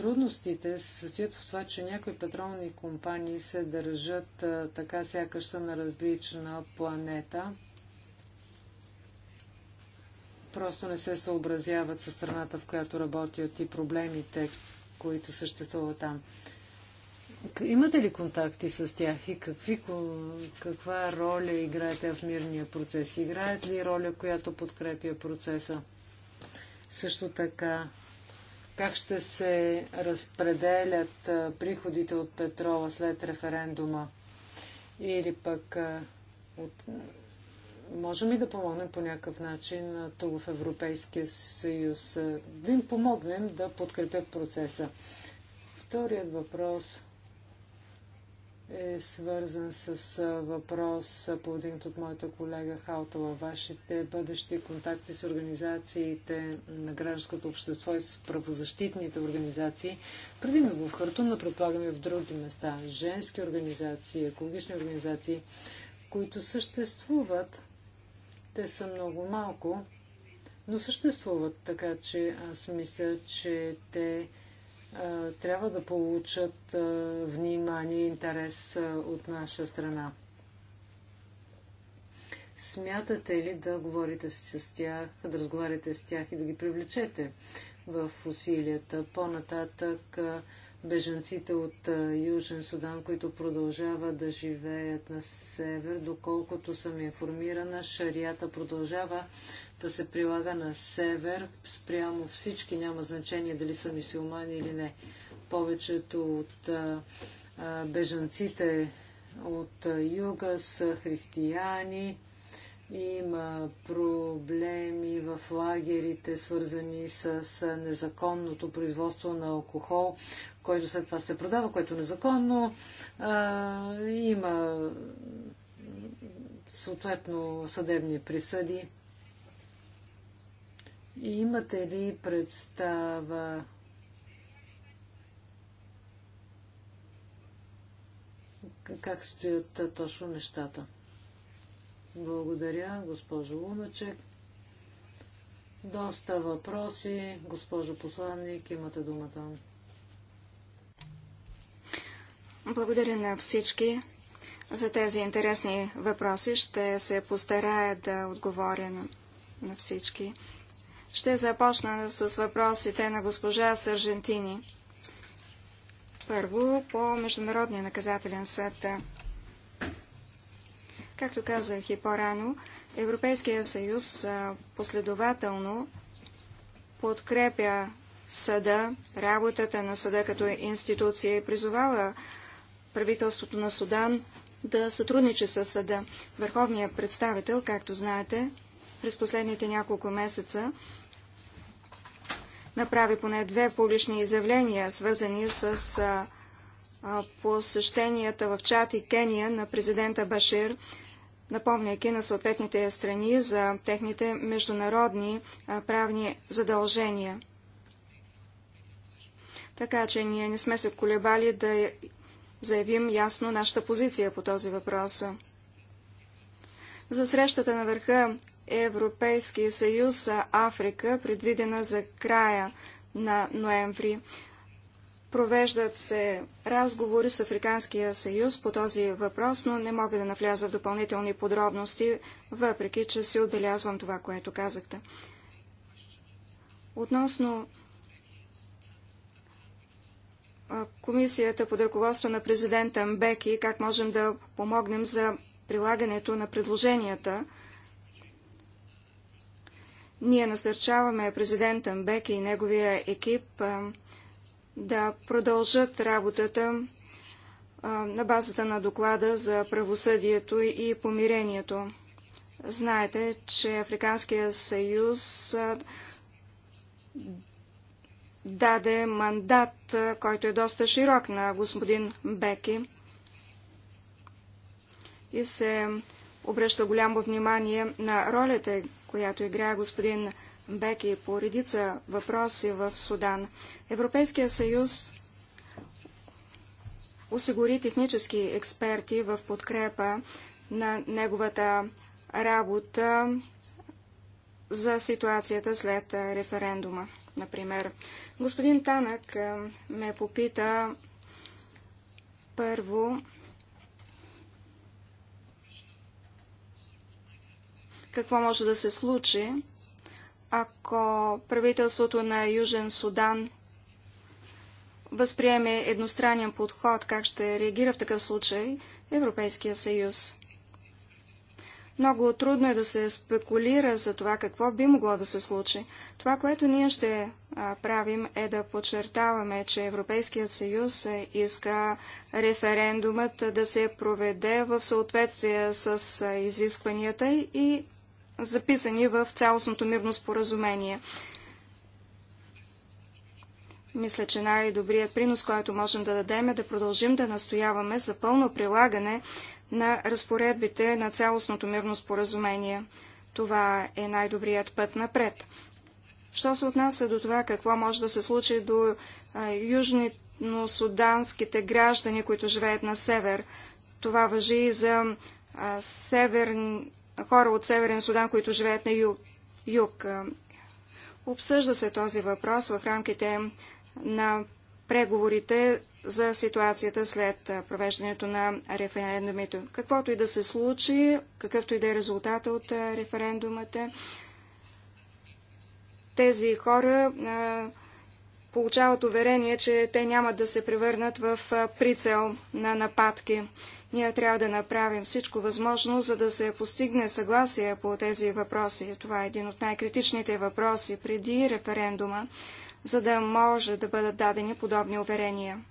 Трудностите се състоят в това, че някои петролни компании се държат така сякаш са на различна планета. Просто не се съобразяват с страната, в която работят и проблемите, които съществуват там. Имате ли контакти с тях и какви, каква роля играете в мирния процес? Играят ли роля, която подкрепя процеса? Също така, как ще се разпределят приходите от петрола след референдума? Или пък от... можем ли да помогнем по някакъв начин тук в Европейския съюз? Да им помогнем да подкрепят процеса. Вторият въпрос е свързан с въпрос, повдигнат от моята колега Халтова. Вашите бъдещи контакти с организациите на гражданското общество и с правозащитните организации, предимно в Хартун, но предполагаме в други места, женски организации, екологични организации, които съществуват, те са много малко, но съществуват, така че аз мисля, че те трябва да получат внимание и интерес от наша страна. Смятате ли да говорите с тях, да разговаряте с тях и да ги привлечете в усилията? По-нататък беженците от Южен Судан, които продължават да живеят на север, доколкото съм информирана, шарията продължава да се прилага на север спрямо всички, няма значение дали са мисиомани или не. Повечето от а, бежанците от юга са християни, има проблеми в лагерите, свързани с незаконното производство на алкохол, който след това се продава, което е незаконно. А, има съответно съдебни присъди. Имате ли представа как стоят точно нещата? Благодаря, госпожо Луначек. Доста въпроси. Госпожо посланник, имате думата. Благодаря на всички за тези интересни въпроси. Ще се постарая да отговоря на, на всички. Ще започна с въпросите на госпожа Сържентини. Първо, по Международния наказателен съд. Както казах и по-рано, Европейския съюз последователно подкрепя съда, работата на съда като институция и призовава правителството на Судан да сътрудничи с съда. Върховният представител, както знаете, през последните няколко месеца направи поне две публични изявления, свързани с а, а, посещенията в Чад и Кения на президента Башир, напомняйки на съответните страни за техните международни а, правни задължения. Така че ние не сме се колебали да заявим ясно нашата позиция по този въпрос. За срещата на върха Европейския съюз Африка, предвидена за края на ноември. Провеждат се разговори с Африканския съюз по този въпрос, но не мога да навляза в допълнителни подробности, въпреки че си отбелязвам това, което казахте. Относно комисията под ръководство на президента Мбеки, как можем да помогнем за прилагането на предложенията ние насърчаваме президента Мбек и неговия екип да продължат работата на базата на доклада за правосъдието и помирението. Знаете, че Африканския съюз даде мандат, който е доста широк на господин Беки и се обръща голямо внимание на ролята която играе господин Беки по редица въпроси в Судан. Европейския съюз осигури технически експерти в подкрепа на неговата работа за ситуацията след референдума, например. Господин Танък е, ме попита първо какво може да се случи, ако правителството на Южен Судан възприеме едностранен подход, как ще реагира в такъв случай Европейския съюз. Много трудно е да се спекулира за това какво би могло да се случи. Това, което ние ще правим е да подчертаваме, че Европейският съюз е, иска референдумът да се проведе в съответствие с изискванията и записани в цялостното мирно споразумение. Мисля, че най-добрият принос, който можем да дадем е да продължим да настояваме за пълно прилагане на разпоредбите на цялостното мирно споразумение. Това е най-добрият път напред. Що се отнася до това, какво може да се случи до а, южно-суданските граждани, които живеят на север? Това въжи и за а, хора от Северен Судан, които живеят на юг. юг. Обсъжда се този въпрос в рамките на преговорите за ситуацията след провеждането на референдумите. Каквото и да се случи, какъвто и да е резултата от референдумата, тези хора получават уверение, че те няма да се превърнат в прицел на нападки. Ние трябва да направим всичко възможно, за да се постигне съгласие по тези въпроси. Това е един от най-критичните въпроси преди референдума, за да може да бъдат дадени подобни уверения.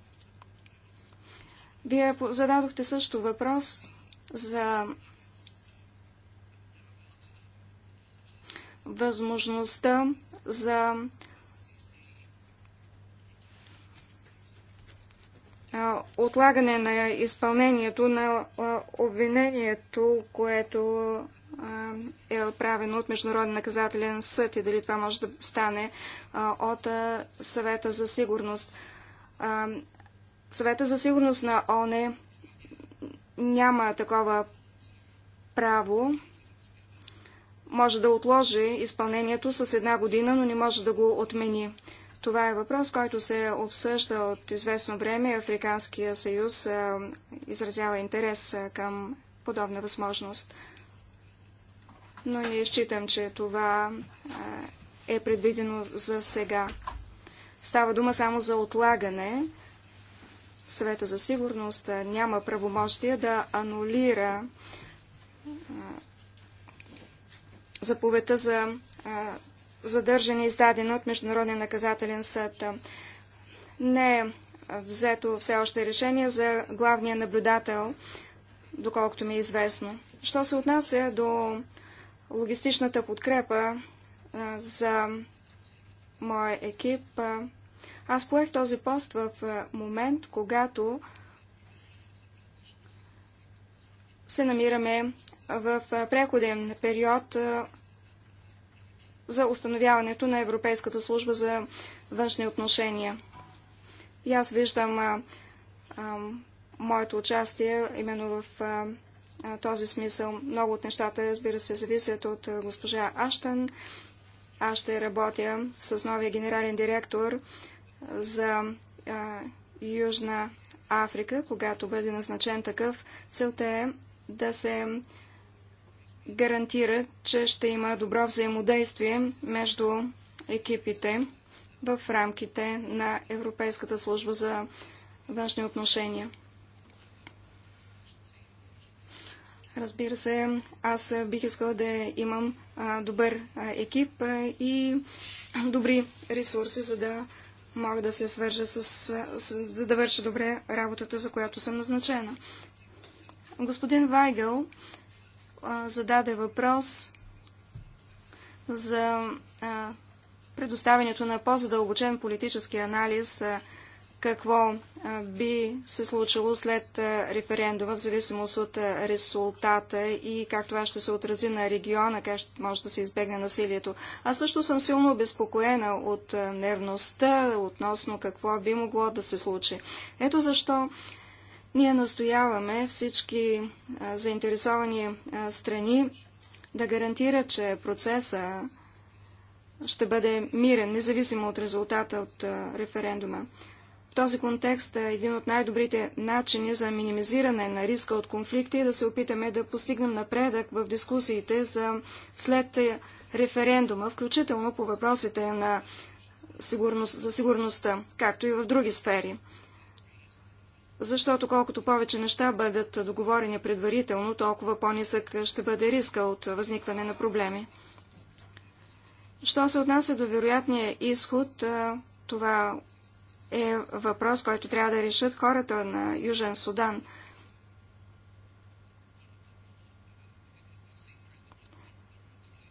Вие зададохте също въпрос за възможността за отлагане на изпълнението на обвинението, което е отправено от Международен наказателен съд и дали това може да стане от съвета за сигурност. Съвета за сигурност на ОНЕ няма такова право. Може да отложи изпълнението с една година, но не може да го отмени. Това е въпрос, който се обсъжда от известно време. Африканския съюз изразява интерес към подобна възможност. Но ние считам, че това е предвидено за сега. Става дума само за отлагане. Съвета за сигурност няма правомощие да анулира заповедта за задържане, издадено от Международен наказателен съд. Не е взето все още решение за главния наблюдател, доколкото ми е известно. Що се отнася до логистичната подкрепа за моя екип, аз поех този пост в момент, когато се намираме в преходен период за установяването на Европейската служба за външни отношения. И аз виждам а, а, моето участие именно в а, а, този смисъл. Много от нещата, разбира се, зависят от а, госпожа Аштън. Аз ще работя с новия генерален директор за а, Южна Африка, когато бъде назначен такъв. Целта е да се гарантира, че ще има добро взаимодействие между екипите в рамките на Европейската служба за външни отношения. Разбира се, аз бих искала да имам добър екип и добри ресурси, за да мога да се свържа с, за да върша добре работата, за която съм назначена. Господин Вайгъл зададе въпрос за предоставянето на по-задълбочен политически анализ какво би се случило след референдума, в зависимост от резултата и как това ще се отрази на региона, как може да се избегне насилието. Аз също съм силно обезпокоена от нервността относно какво би могло да се случи. Ето защо ние настояваме всички заинтересовани страни да гарантира, че процеса ще бъде мирен, независимо от резултата от референдума. В този контекст един от най-добрите начини за минимизиране на риска от конфликти е да се опитаме да постигнем напредък в дискусиите за след референдума, включително по въпросите на сигурност, за сигурността, както и в други сфери защото колкото повече неща бъдат договорени предварително, толкова по-нисък ще бъде риска от възникване на проблеми. Що се отнася до вероятния изход, това е въпрос, който трябва да решат хората на Южен Судан.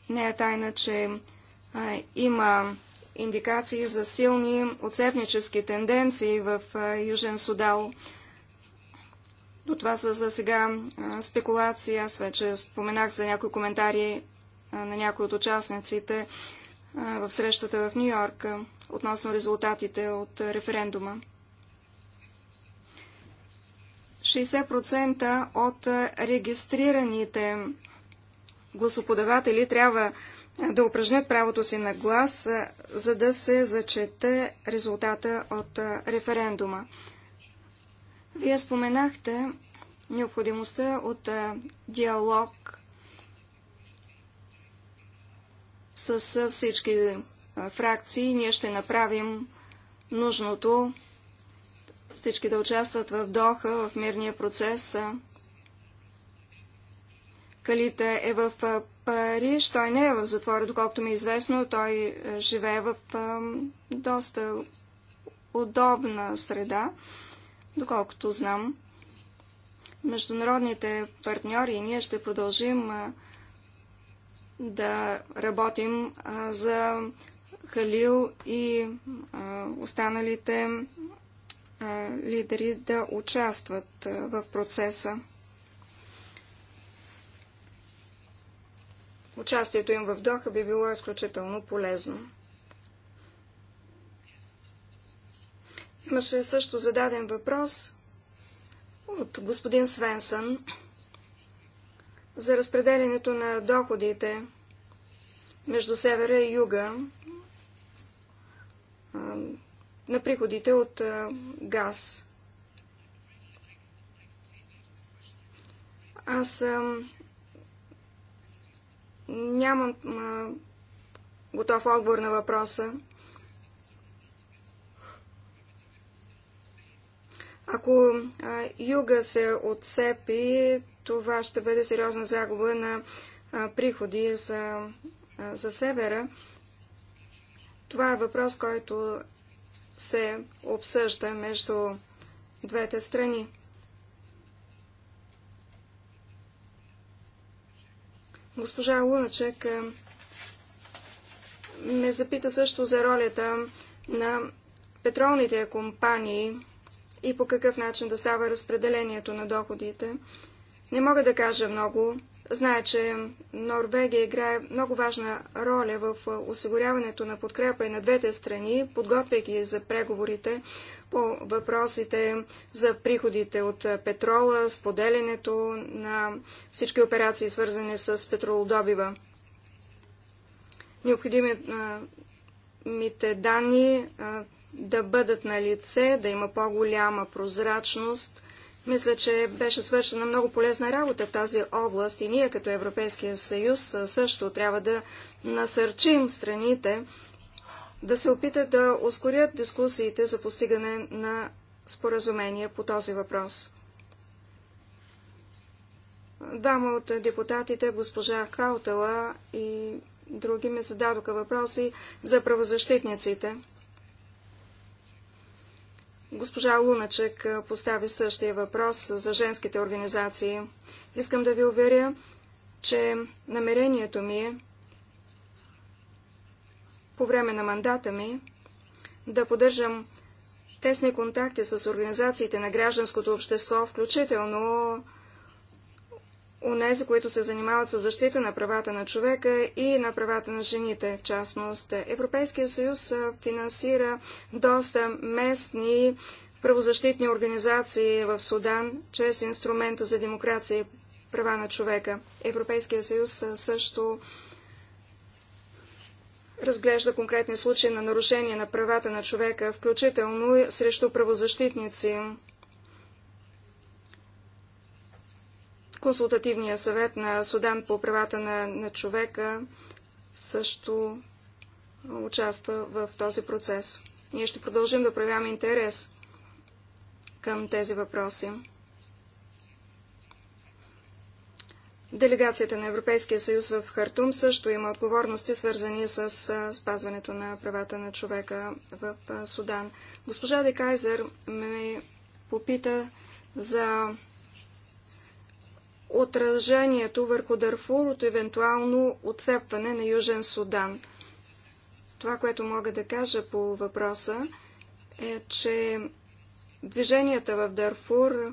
Не е тайна, че а, има индикации за силни отцепнически тенденции в а, Южен Судал. Но това са за сега спекулации. Аз вече споменах за някои коментари на някои от участниците в срещата в Нью Йорк относно резултатите от референдума. 60% от регистрираните гласоподаватели трябва да упражнят правото си на глас, за да се зачете резултата от референдума. Вие споменахте необходимостта от диалог с всички фракции. Ние ще направим нужното всички да участват в Доха, в мирния процес. Калита е в Париж. Той не е в затвора, доколкото ми е известно. Той живее в доста удобна среда. Доколкото знам, международните партньори и ние ще продължим да работим за Халил и останалите лидери да участват в процеса. Участието им в Доха би било изключително полезно. Имаше също зададен въпрос от господин Свенсън за разпределянето на доходите между севера и юга на приходите от газ. Аз нямам готов отговор на въпроса. Ако а, юга се отцепи, това ще бъде сериозна загуба на а, приходи за, а, за севера. Това е въпрос, който се обсъжда между двете страни. Госпожа Луначек ме запита също за ролята на петролните компании и по какъв начин да става разпределението на доходите. Не мога да кажа много. Зная, че Норвегия играе много важна роля в осигуряването на подкрепа и на двете страни, подготвяйки за преговорите по въпросите за приходите от петрола, споделянето на всички операции, свързани с петролодобива. Необходимите данни да бъдат на лице, да има по-голяма прозрачност. Мисля, че беше свършена много полезна работа в тази област и ние като Европейския съюз също трябва да насърчим страните да се опитат да ускорят дискусиите за постигане на споразумение по този въпрос. Двама от депутатите, госпожа Хаутела и други, ми зададоха въпроси за правозащитниците. Госпожа Луначек постави същия въпрос за женските организации. Искам да ви уверя, че намерението ми е по време на мандата ми да поддържам тесни контакти с организациите на гражданското общество, включително унези, които се занимават с защита на правата на човека и на правата на жените, в частност. Европейския съюз финансира доста местни правозащитни организации в Судан чрез инструмента за демокрация и права на човека. Европейския съюз също разглежда конкретни случаи на нарушение на правата на човека, включително срещу правозащитници. Консултативния съвет на Судан по правата на, на човека също участва в този процес. Ние ще продължим да проявяваме интерес към тези въпроси. Делегацията на Европейския съюз в Хартум също има отговорности, свързани с спазването на правата на човека в Судан. Госпожа Декайзер ме попита за отражението върху Дарфур от евентуално отцепване на Южен Судан. Това, което мога да кажа по въпроса, е, че движенията в Дарфур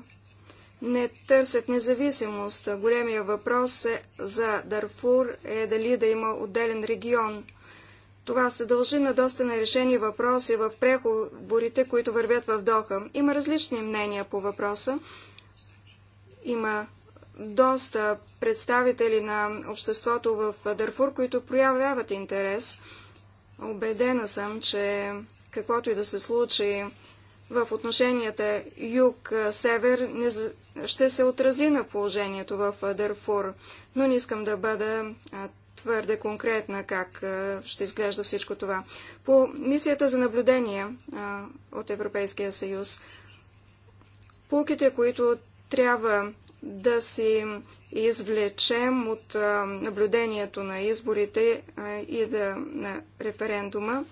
не търсят независимост. Големия въпрос е, за Дарфур е дали да има отделен регион. Това се дължи на доста нерешени въпроси в преговорите, които вървят в Доха. Има различни мнения по въпроса. Има доста представители на обществото в Дърфур, които проявяват интерес. Обедена съм, че каквото и да се случи в отношенията юг-север, ще се отрази на положението в Дърфур. Но не искам да бъда твърде конкретна как ще изглежда всичко това. По мисията за наблюдение от Европейския съюз, полките, които трябва да си извлечем от наблюдението на изборите и да, на референдума.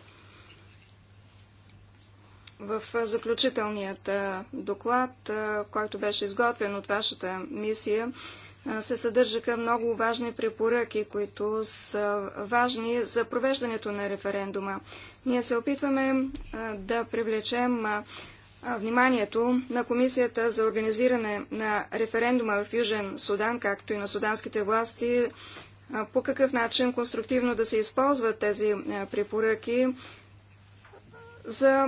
В заключителният доклад, който беше изготвен от вашата мисия, се съдържаха много важни препоръки, които са важни за провеждането на референдума. Ние се опитваме да привлечем вниманието на Комисията за организиране на референдума в Южен Судан, както и на суданските власти, по какъв начин конструктивно да се използват тези препоръки, за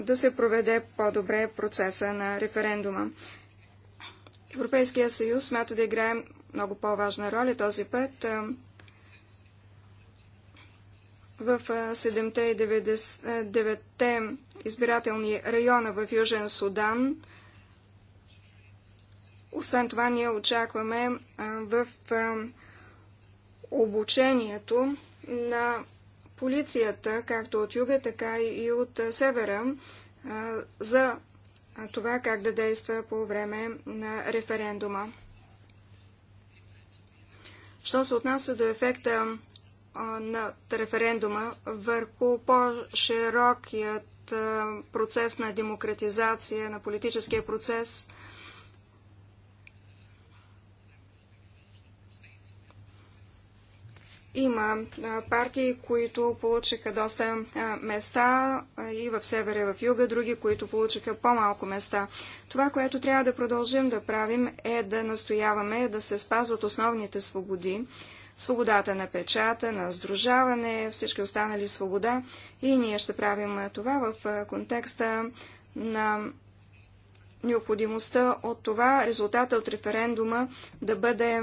да се проведе по-добре процеса на референдума. Европейския съюз смята да играе много по-важна роля този път в 7-те избирателни района в Южен Судан. Освен това, ние очакваме в обучението на полицията, както от юга, така и от севера, за това как да действа по време на референдума. Що се отнася до ефекта на референдума върху по-широкият процес на демократизация, на политическия процес. Има партии, които получиха доста места и в севера, и в юга, други, които получиха по-малко места. Това, което трябва да продължим да правим е да настояваме да се спазват основните свободи, свободата на печата, на сдружаване, всички останали свобода. И ние ще правим това в контекста на необходимостта от това резултата от референдума да бъде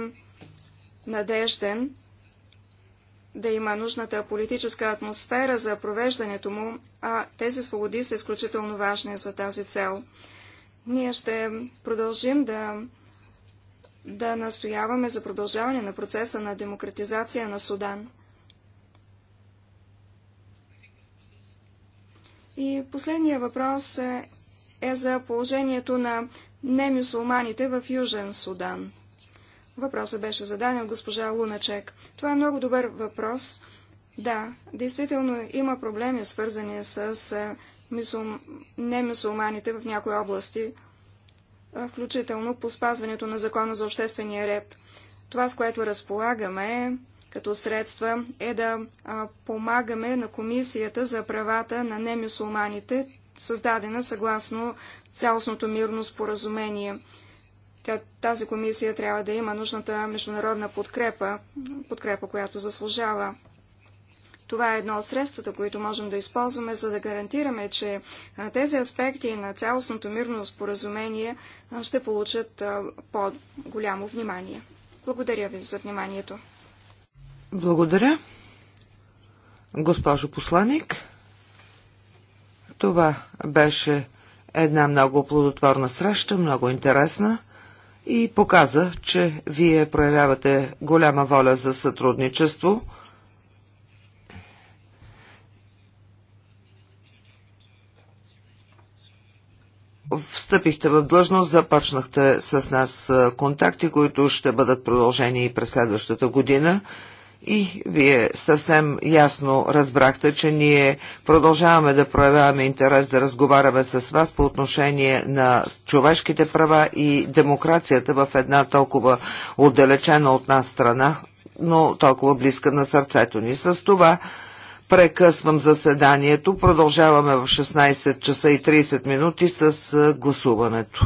надежден, да има нужната политическа атмосфера за провеждането му, а тези свободи са изключително важни за тази цел. Ние ще продължим да да настояваме за продължаване на процеса на демократизация на Судан. И последния въпрос е, е за положението на немюсулманите в Южен Судан. Въпросът беше зададен от госпожа Луначек. Това е много добър въпрос. Да, действително има проблеми, свързани с е, немюсулманите в някои области, включително по спазването на закона за обществения ред. Това, с което разполагаме като средства, е да помагаме на Комисията за правата на немюсулманите, създадена съгласно цялостното мирно споразумение. Тази комисия трябва да има нужната международна подкрепа, подкрепа, която заслужава. Това е едно от средствата, които можем да използваме, за да гарантираме, че тези аспекти на цялостното мирно споразумение ще получат по-голямо внимание. Благодаря ви за вниманието. Благодаря. Госпожо посланик, това беше една много плодотворна среща, много интересна и показа, че вие проявявате голяма воля за сътрудничество встъпихте в длъжност, започнахте с нас контакти, които ще бъдат продължени и през следващата година. И вие съвсем ясно разбрахте, че ние продължаваме да проявяваме интерес да разговаряме с вас по отношение на човешките права и демокрацията в една толкова отдалечена от нас страна, но толкова близка на сърцето ни. С това Прекъсвам заседанието. Продължаваме в 16 часа и 30 минути с гласуването.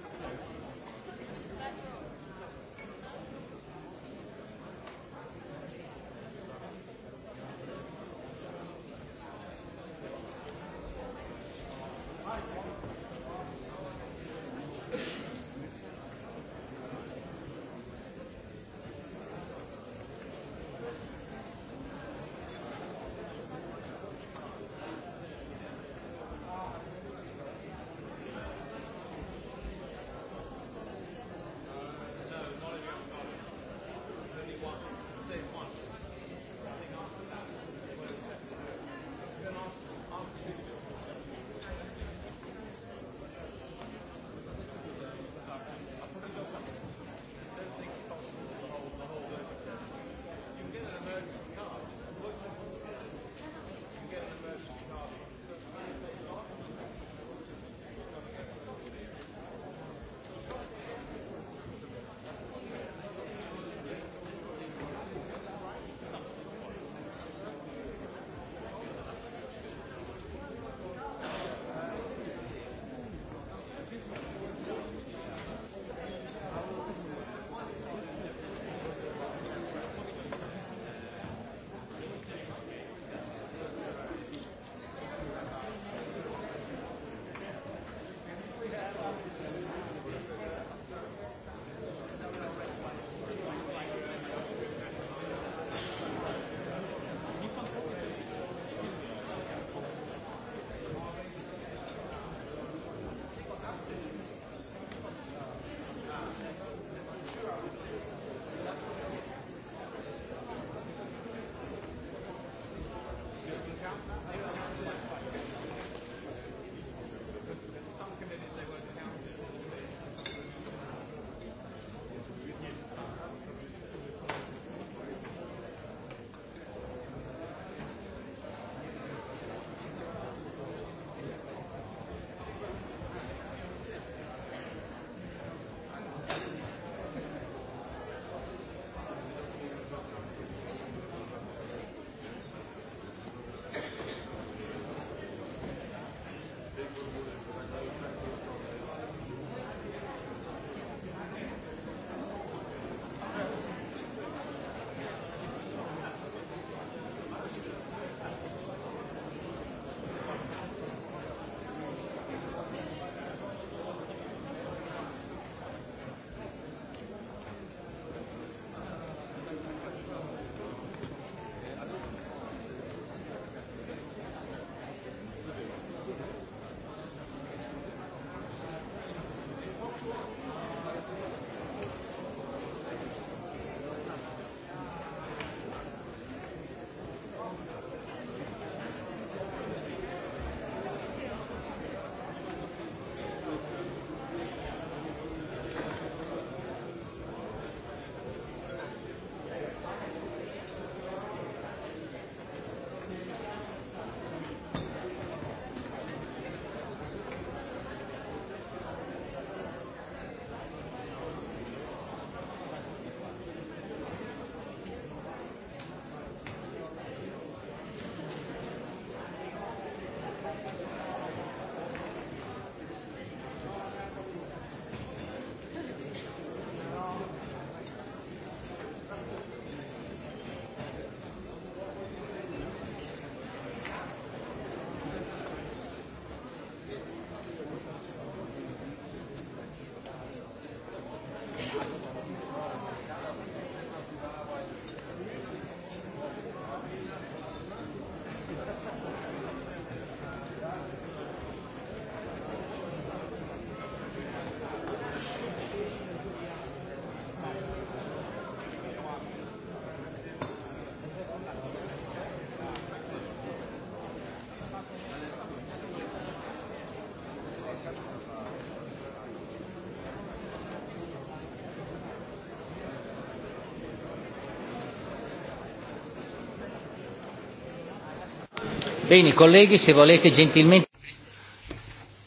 Bene, колеги, се volete gentilmente...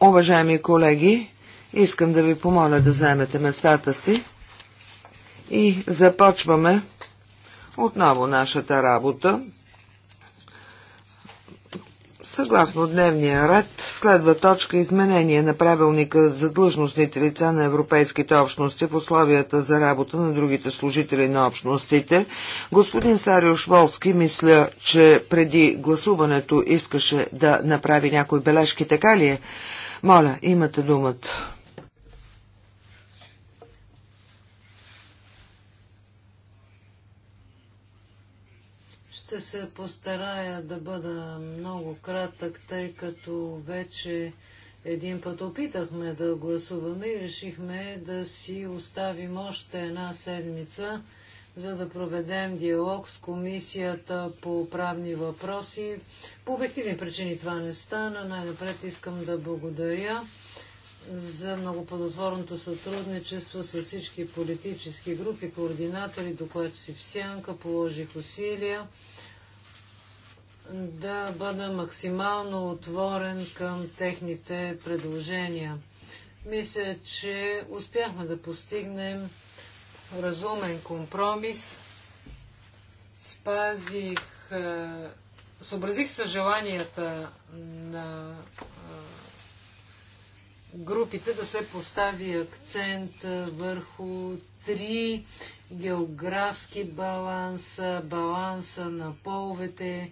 Уважаеми колеги, искам да ви помоля да вземете местата си и започваме отново нашата работа. Съгласно дневния ред, Следва точка изменение на правилника за длъжностните лица на европейските общности в условията за работа на другите служители на общностите. Господин Сариош Волски мисля, че преди гласуването искаше да направи някои бележки, така ли е? Моля, имате думата. се постарая да бъда много кратък, тъй като вече един път опитахме да гласуваме и решихме да си оставим още една седмица, за да проведем диалог с комисията по правни въпроси. По обективни причини това не стана. Най-напред искам да благодаря за многоплодотворното сътрудничество с всички политически групи, координатори, докладчици в сянка, положих усилия да бъда максимално отворен към техните предложения. Мисля, че успяхме да постигнем разумен компромис. Спазих, е, съобразих се желанията на е, групите да се постави акцент върху три географски баланса, баланса на половете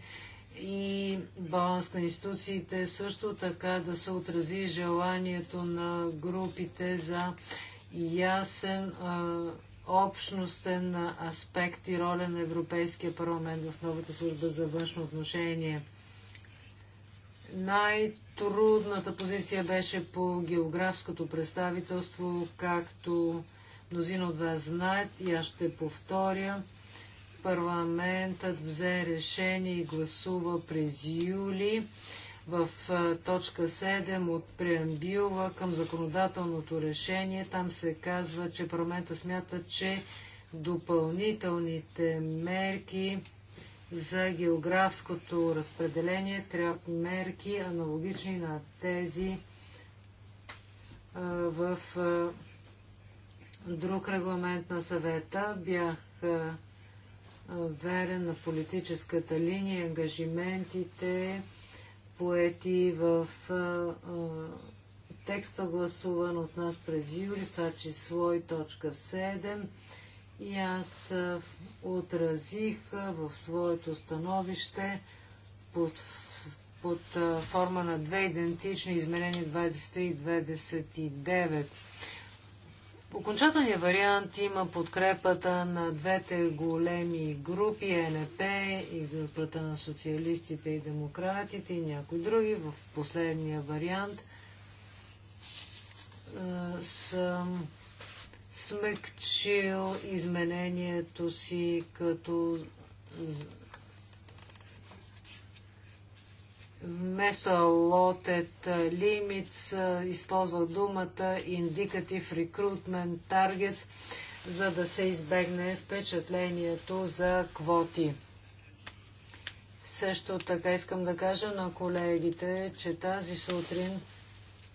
и баланс на институциите, също така да се отрази желанието на групите за ясен а, общностен аспект и роля на Европейския парламент в новата служба за външно отношение. Най-трудната позиция беше по географското представителство, както мнозина от вас знаят и аз ще повторя парламентът взе решение и гласува през юли в точка 7 от преамбюла към законодателното решение. Там се казва, че парламента смята, че допълнителните мерки за географското разпределение трябва мерки аналогични на тези в друг регламент на съвета. Бях верен на политическата линия, ангажиментите, поети в а, а, текста гласуван от нас през юли, в това число и точка 7. И аз отразих в своето становище под, под а, форма на две идентични изменения 20 и 29 окончателния вариант има подкрепата на двете големи групи, ЕНП и групата на социалистите и демократите и някои други. В последния вариант съм смекчил изменението си като вместо allotted limits използва думата indicative recruitment targets, за да се избегне впечатлението за квоти. Също така искам да кажа на колегите, че тази сутрин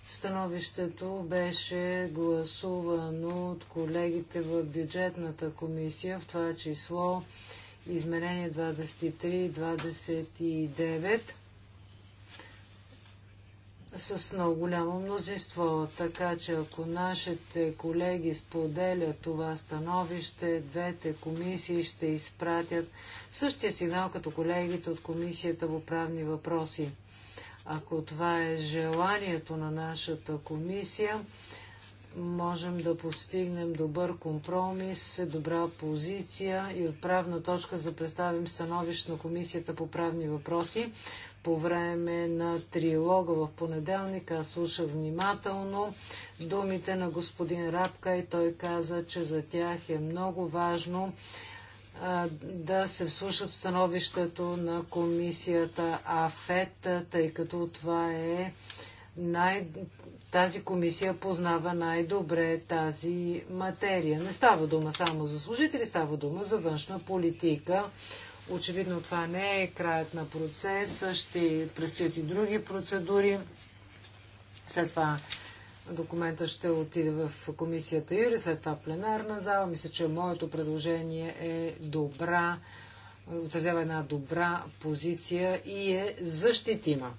становището беше гласувано от колегите в бюджетната комисия, в това число изменение 23 29 с много голямо мнозинство. Така че ако нашите колеги споделят това становище, двете комисии ще изпратят същия сигнал като колегите от Комисията по правни въпроси. Ако това е желанието на нашата комисия, можем да постигнем добър компромис, добра позиция и отправна точка за да представим становище на Комисията по правни въпроси, по време на трилога в понеделник. Аз слушах внимателно думите на господин Рапка и той каза, че за тях е много важно а, да се вслушат в становището на комисията АФЕТ, тъй като това е най... тази комисия познава най-добре тази материя. Не става дума само за служители, става дума за външна политика. Очевидно това не е краят на процеса, ще предстоят и други процедури. След това документа ще отиде в комисията Юри, след това пленарна зала. Мисля, че моето предложение е добра, отразява една добра позиция и е защитима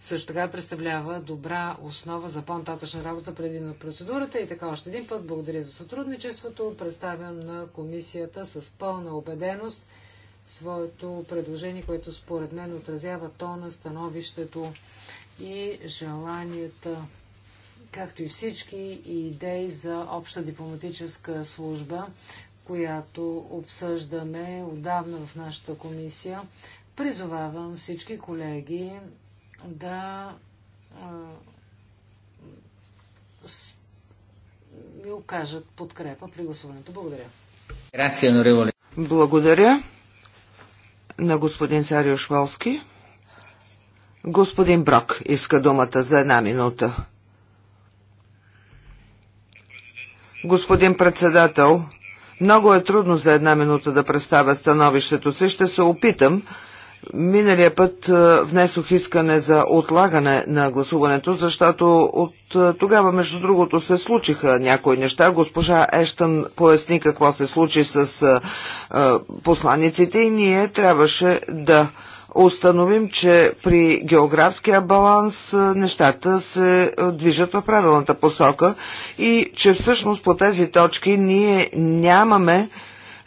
също така представлява добра основа за по-нататъчна работа преди на процедурата. И така още един път благодаря за сътрудничеството. Представям на комисията с пълна убеденост своето предложение, което според мен отразява тона, становището и желанията, както и всички идеи за обща дипломатическа служба, която обсъждаме отдавна в нашата комисия. Призовавам всички колеги да ми окажат подкрепа при гласуването. Благодаря. Благодаря на господин Сарио Швалски. Господин Брок иска думата за една минута. Господин председател, много е трудно за една минута да представя становището си. Ще се опитам. Миналия път е, внесох искане за отлагане на гласуването, защото от е, тогава, между другото, се случиха някои неща. Госпожа Ештън поясни какво се случи с е, посланиците и ние трябваше да установим, че при географския баланс нещата се движат в правилната посока и че всъщност по тези точки ние нямаме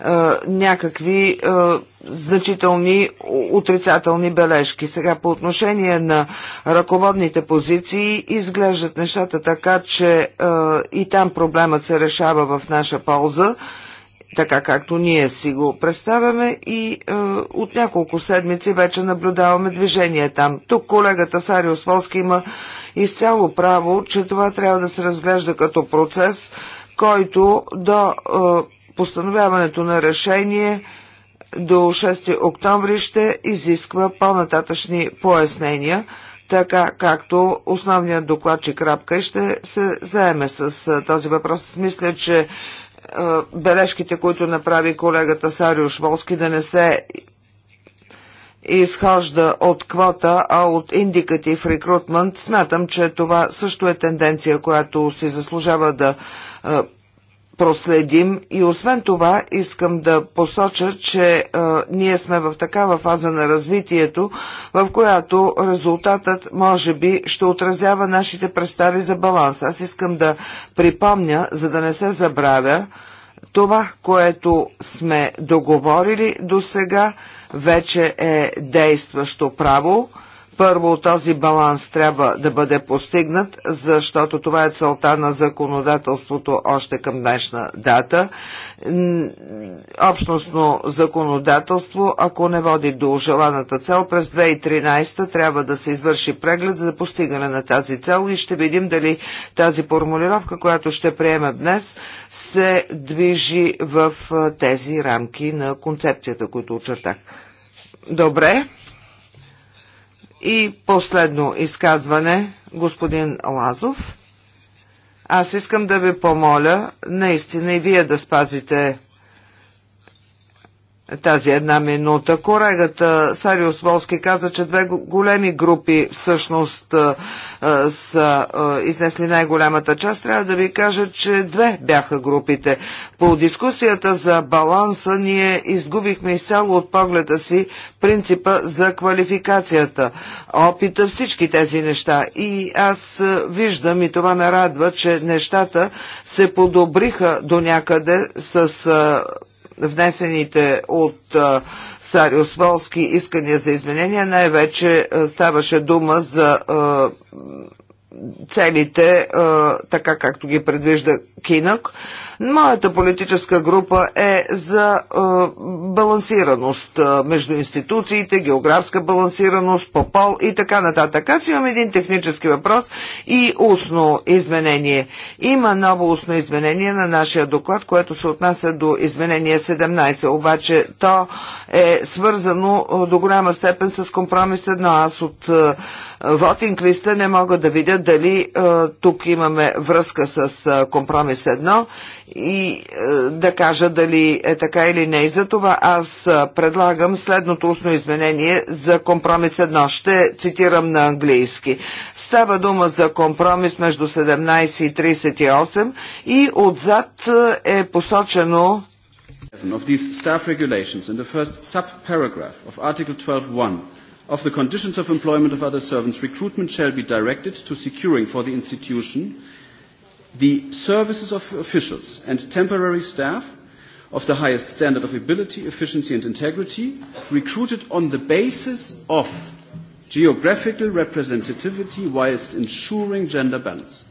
е, някакви а, е, значителни отрицателни бележки. Сега по отношение на ръководните позиции изглеждат нещата така, че а, е, и там проблемът се решава в наша полза, така както ние си го представяме и е, от няколко седмици вече наблюдаваме движение там. Тук колегата Сариус Волски има изцяло право, че това трябва да се разглежда като процес, който до е, постановяването на решение до 6 октомври ще изисква по-нататъчни пояснения, така както основният докладчик Рапка ще се заеме с този въпрос. Мисля, че е, бележките, които направи колегата Сариуш Шволски, да не се изхожда от квота, а от индикатив рекрутмент, смятам, че това също е тенденция, която си заслужава да е, проследим и освен това искам да посоча, че а, е, ние сме в такава фаза на развитието, в която резултатът може би ще отразява нашите представи за баланс. Аз искам да припомня, за да не се забравя, това, което сме договорили до сега, вече е действащо право първо, този баланс трябва да бъде постигнат, защото това е целта на законодателството още към днешна дата. Общностно законодателство, ако не води до желаната цел, през 2013 трябва да се извърши преглед за постигане на тази цел и ще видим дали тази формулировка, която ще приеме днес, се движи в тези рамки на концепцията, които очертах. Добре. И последно изказване, господин Лазов. Аз искам да ви помоля наистина и вие да спазите тази една минута. Корегата Сариус Волски каза, че две големи групи всъщност са изнесли най-голямата част. Трябва да ви кажа, че две бяха групите. По дискусията за баланса ние изгубихме изцяло от погледа си принципа за квалификацията, опита всички тези неща. И аз виждам и това ме радва, че нещата се подобриха до някъде с внесените от Сариус Волски искания за изменения, най-вече ставаше дума за целите, така както ги предвижда Кинък. Моята политическа група е за е, балансираност е, между институциите, географска балансираност, по пол и така нататък. Аз имам един технически въпрос и устно изменение. Има ново устно изменение на нашия доклад, което се отнася до изменение 17, обаче то е свързано е, до голяма степен с компромис 1. Аз от вотинг листа не мога да видя дали е, тук имаме връзка с е, компромис едно и е, да кажа дали е така или не. И за това аз предлагам следното устно изменение за компромис едно. Ще цитирам на английски. Става дума за компромис между 17 и 38 и отзад е посочено of these staff regulations in the first sub-paragraph of Article 12.1 of the conditions of employment of other servants, recruitment shall be directed to securing for the institution the services of officials and temporary staff of the highest standard of ability, efficiency and integrity, recruited on the basis of geographical representativity whilst ensuring gender balance.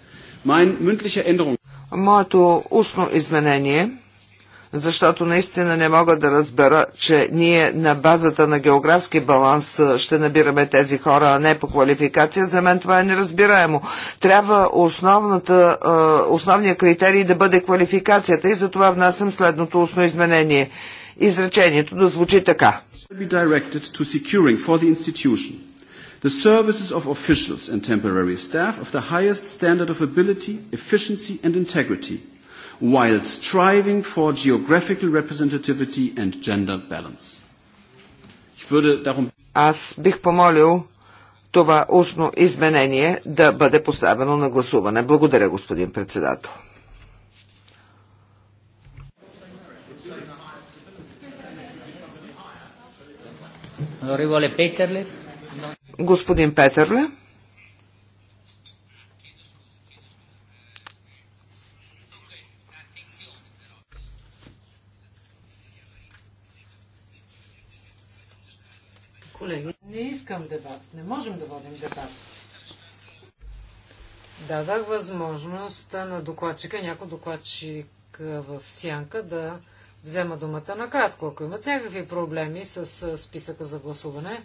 Mein mündlicher Änderung. Моето устно изменение защото наистина не мога да разбера, че ние на базата на географски баланс ще набираме тези хора, а не по квалификация. За мен това е неразбираемо. Трябва основната, основния критерий да бъде квалификацията и за това внасям следното устно изменение. Изречението да звучи така. The services of officials and temporary staff of the highest standard of ability, efficiency and integrity – while striving for geographical representativity and gender balance. Аз бих помолил това устно изменение да бъде поставено на гласуване. Благодаря, господин председател. Господин Петърле. Колеги. Не искам дебат. Не можем да водим дебат. Дадах възможност на докладчика, някой докладчик в сянка да взема думата накратко. Ако имат някакви проблеми с списъка за гласуване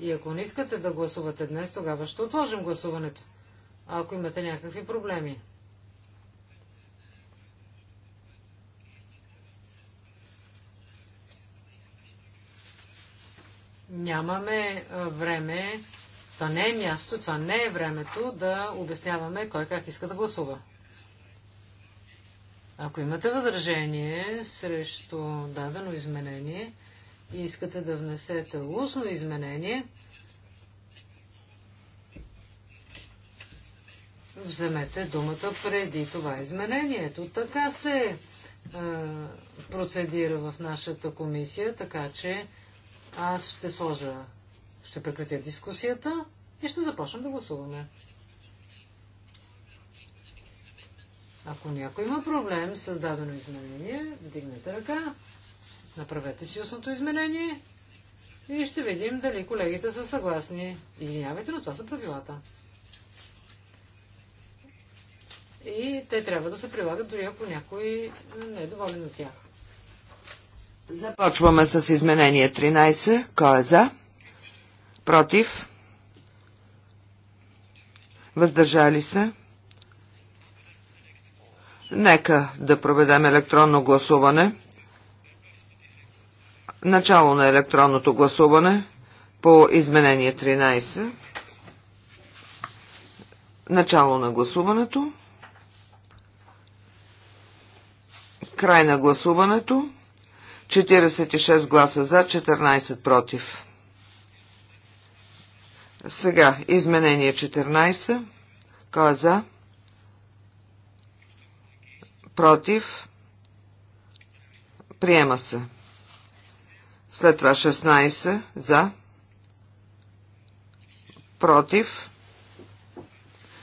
и ако не искате да гласувате днес, тогава ще отложим гласуването. Ако имате някакви проблеми. Нямаме време. Това не е място, това не е времето да обясняваме кой как иска да гласува. Ако имате възражение срещу дадено изменение и искате да внесете устно изменение, вземете думата преди това изменение. Ето така се е, процедира в нашата комисия, така че аз ще сложа, ще прекратя дискусията и ще започнем да гласуваме. Ако някой има проблем с дадено изменение, вдигнете ръка, направете си устното изменение и ще видим дали колегите са съгласни. Извинявайте, но това са правилата. И те трябва да се прилагат дори ако някой не е доволен от тях. Започваме с изменение 13. Кой е за? Против? Въздържали се? Нека да проведем електронно гласуване. Начало на електронното гласуване по изменение 13. Начало на гласуването. Край на гласуването. 46 гласа за, 14 против. Сега, изменение 14. Кой е за? Против. Приема се. След това 16 за. Против.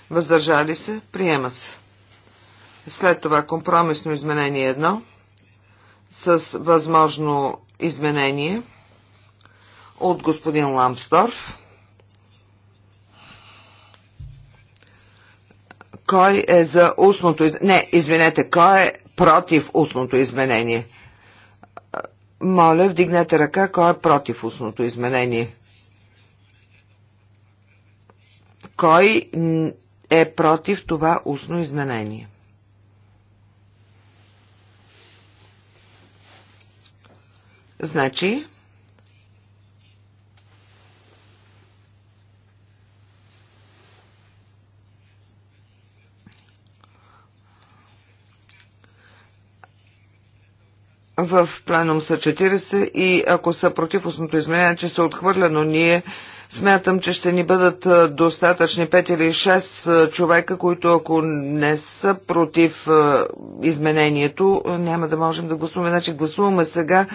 Въздържали се. Приема се. След това компромисно изменение 1 с възможно изменение от господин Ламсторф. Кой е за устното изменение? Не, извинете, кой е против устното изменение? Моля, вдигнете ръка, кой е против устното изменение? Кой е против това устно изменение? Значи, в пленум са 40 и ако са против устното изменение, че се отхвърля, но ние смятам, че ще ни бъдат достатъчни 5 или 6 човека, които ако не са против изменението, няма да можем да гласуваме. Значи гласуваме сега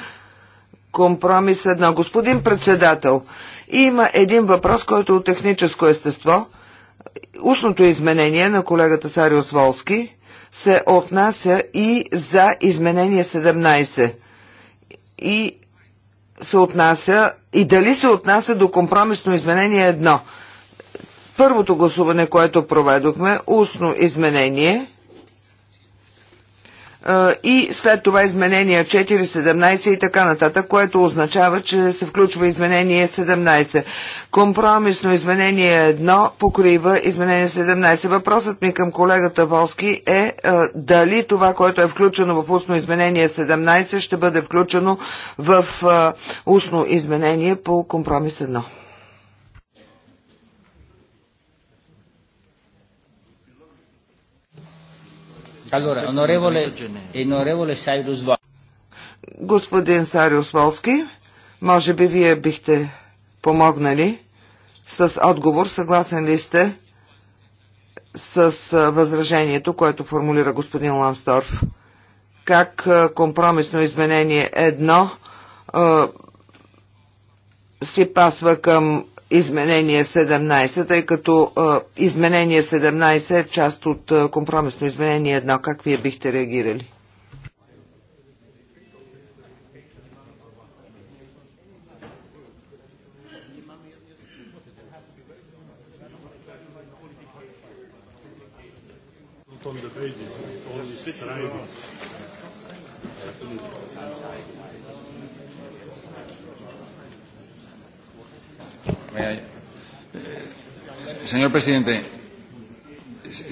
Компромис едно. Господин председател, има един въпрос, който е от техническо естество. Устното изменение на колегата Сариус Волски се отнася и за изменение 17. И се отнася и дали се отнася до компромисно изменение 1. Първото гласуване, което проведохме, устно изменение – и след това изменение 4.17 и така нататък, което означава, че се включва изменение 17. Компромисно изменение 1 покрива изменение 17. Въпросът ми към колегата Волски е дали това, което е включено в устно изменение 17, ще бъде включено в устно изменение по компромис 1. Allora, onorevole, Сайрус Вол. Господин Сариус Волски, може би вие бихте помогнали с отговор, съгласен ли сте с възражението, което формулира господин Лансторф? Как компромисно изменение едно си пасва към изменение 17, тъй като изменение 17 е част от компромисно изменение 1. Как вие бихте реагирали? Eh, señor presidente,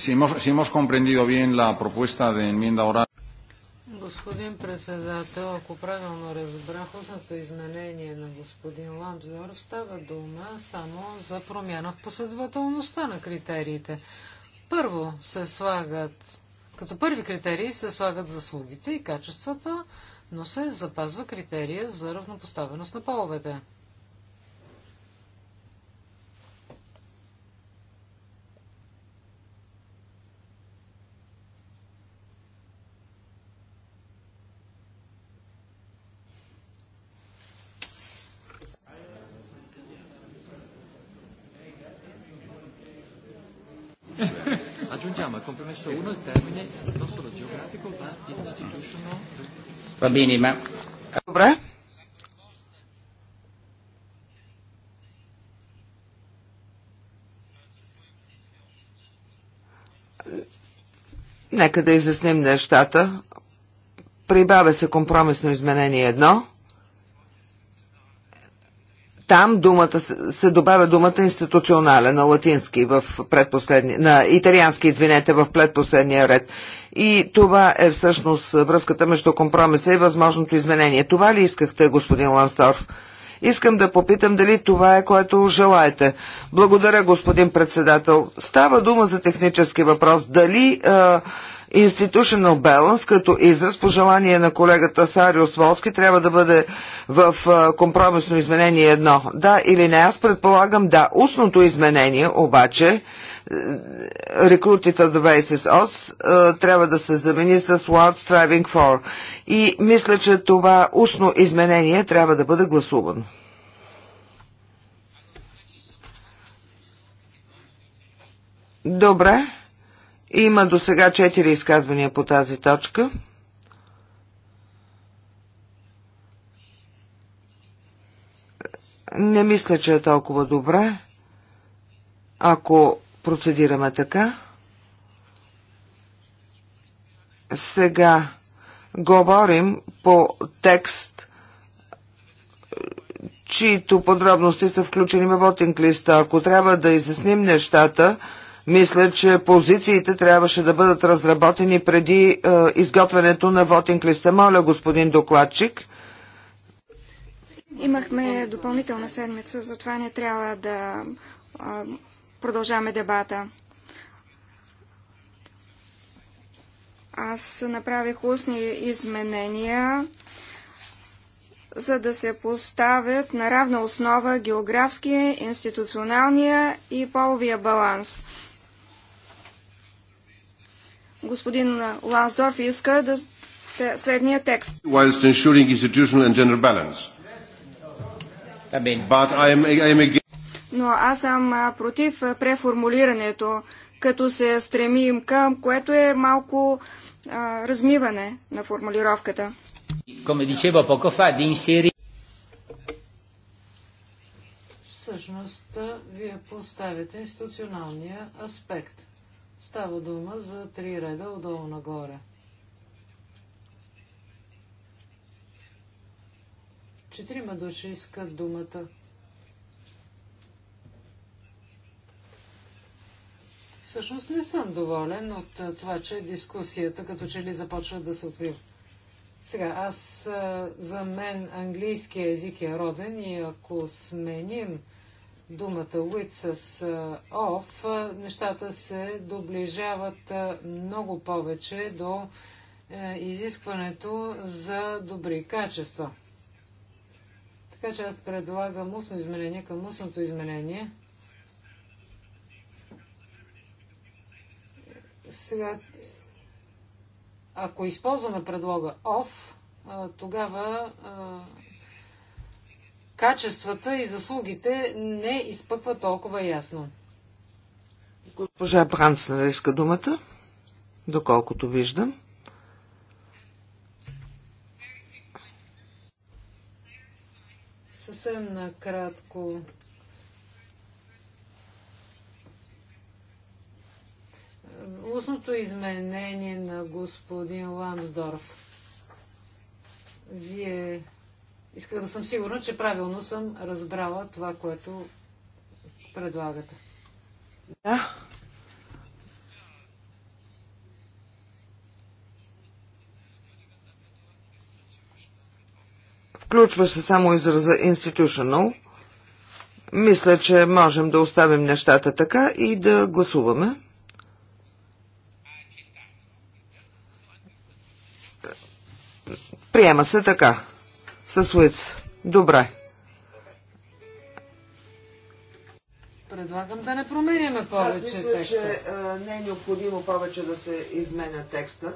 si hemos, si hemos comprendido bien la propuesta de enmienda oral. Господин председател, ако правилно разбрах устното изменение на господин Ламсдорф, става дума само за промяна в последователността на критериите. Първо се слагат, като първи критерии се слагат заслугите и качествата, но се запазва критерия за равнопоставеност на половете. compromesso 1 il termine non solo geografico ma institutional. Va bene, ma. Добре. Нека да изясним нещата. Прибавя се компромисно изменение 1 там думата, се добавя думата институционален на латински в предпоследния, на италиански, извинете, в предпоследния ред. И това е всъщност връзката между компромиса и възможното изменение. Това ли искахте, господин Лансторф? Искам да попитам дали това е, което желаете. Благодаря, господин председател. Става дума за технически въпрос. Дали е, Institutional Balance като израз по желание на колегата Сариус Волски трябва да бъде в компромисно изменение едно. Да или не, аз предполагам да. Устното изменение обаче Recruited е, Advices OS е, трябва да се замени с What Striving For. И мисля, че това устно изменение трябва да бъде гласувано. Добре. Има до сега четири изказвания по тази точка. Не мисля, че е толкова добре, ако процедираме така. Сега говорим по текст, чието подробности са включени в вотинг листа. Ако трябва да изясним нещата, мисля, че позициите трябваше да бъдат разработени преди е, изготвянето на вотинг листа. Моля, господин докладчик. Имахме допълнителна седмица, затова не трябва да е, продължаваме дебата. Аз направих устни изменения, за да се поставят на равна основа географския, институционалния и половия баланс – Господин Лансдорф иска да следния текст. Whilst ensuring institutional and gender balance. But I am, I am against... Но аз съм против преформулирането, като се стремим към, което е малко а, размиване на формулировката. Всъщност, вие поставяте институционалния аспект – Става дума за три реда отдолу нагоре. Четирима души искат думата. Всъщност не съм доволен от това, че дискусията като че ли започва да се открива. Сега, аз за мен английски език е роден и ако сменим думата with с of, нещата се доближават много повече до е, изискването за добри качества. Така че аз предлагам устно изменение към устното изменение. Сега, ако използваме предлога OF, тогава качествата и заслугите не изпъква толкова ясно. Госпожа Бранснер иска думата, доколкото виждам. Съвсем накратко. Устното изменение на господин Ламсдорф. Вие Исках да съм сигурна, че правилно съм разбрала това, което предлагате. Да. Включва се само израза institutional. Мисля, че можем да оставим нещата така и да гласуваме. Приема се така. С Уиц. Добре. Предлагам да не променяме повече Аз мисля, текста. че а, е, не е необходимо повече да се изменя текста.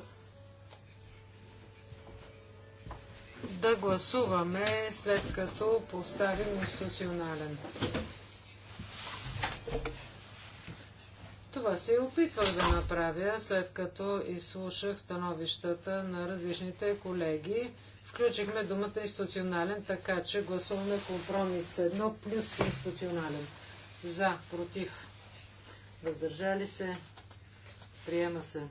Да гласуваме след като поставим институционален. Това се и опитвах да направя, след като изслушах становищата на различните колеги. Включихме думата институционален, така че гласуваме компромис 1 плюс институционален. За, против, въздържали се, приема се.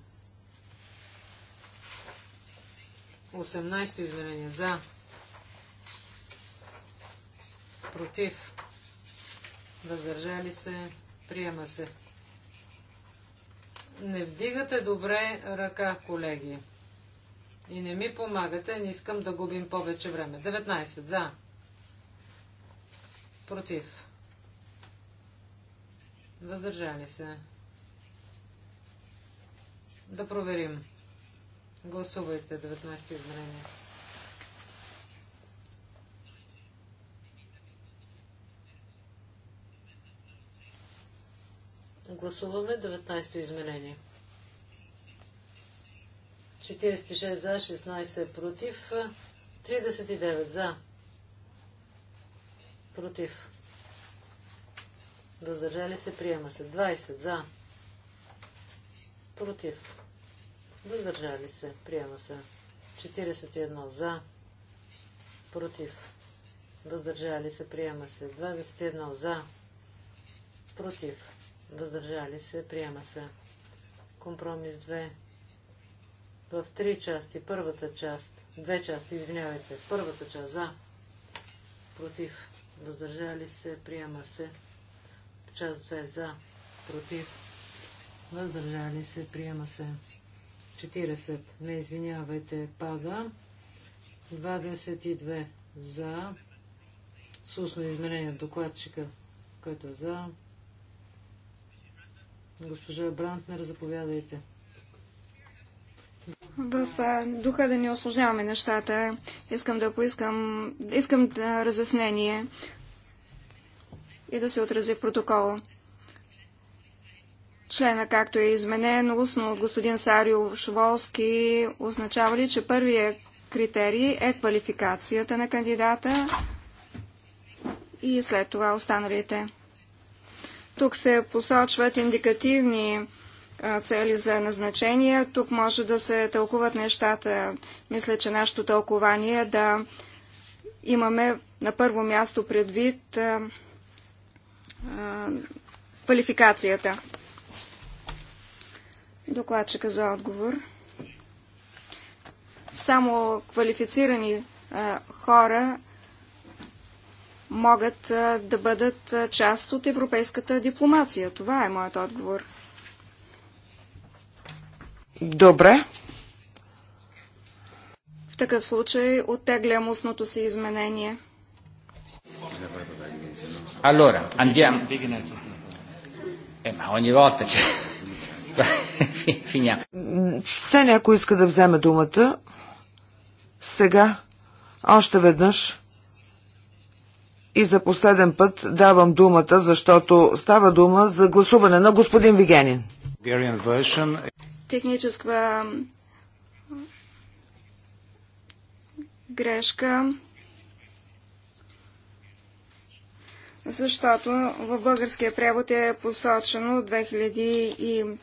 18 изменение за, против, въздържали се, приема се. Не вдигате добре ръка, колеги. И не ми помагате, не искам да губим повече време. 19. За. Против. Въздържали се. Да проверим. Гласувайте 19 измерение. Гласуваме 19 изменение. 46 за, 16 против, 39 за, против. Въздържали се, приема се. 20 за, против. Въздържали се, приема се. 41 за, против. Въздържали се, приема се. 21 за, против. Въздържали се, приема се. Компромис 2 в три части. Първата част, две части, извинявайте. Първата част за, против, въздържали се, приема се. Част 2 за, против, въздържали се, приема се. 40, не извинявайте, пада. 22 за, Сусно устно изменение докладчика, който е за. Госпожа Брантнер, заповядайте. В духа да не осложняваме нещата, искам да поискам, искам да разяснение и да се отрази в протокола. Члена, както е изменен устно от господин Сарио Шволски, означава ли, че първият критерий е квалификацията на кандидата и след това останалите. Тук се посочват индикативни цели за назначение. Тук може да се тълкуват нещата. Мисля, че нашето тълкование е да имаме на първо място предвид а, а, квалификацията. Докладчика за отговор. Само квалифицирани а, хора могат да бъдат част от европейската дипломация. Това е моят отговор. Добре. В такъв случай оттеглям устното си изменение. Allora, andiamo. Ема, ogni volta c'è... Finiamo. Все някой иска да вземе думата. Сега, още веднъж и за последен път давам думата, защото става дума за гласуване на господин Вигенин техническа грешка, защото в българския превод е посочено 2012,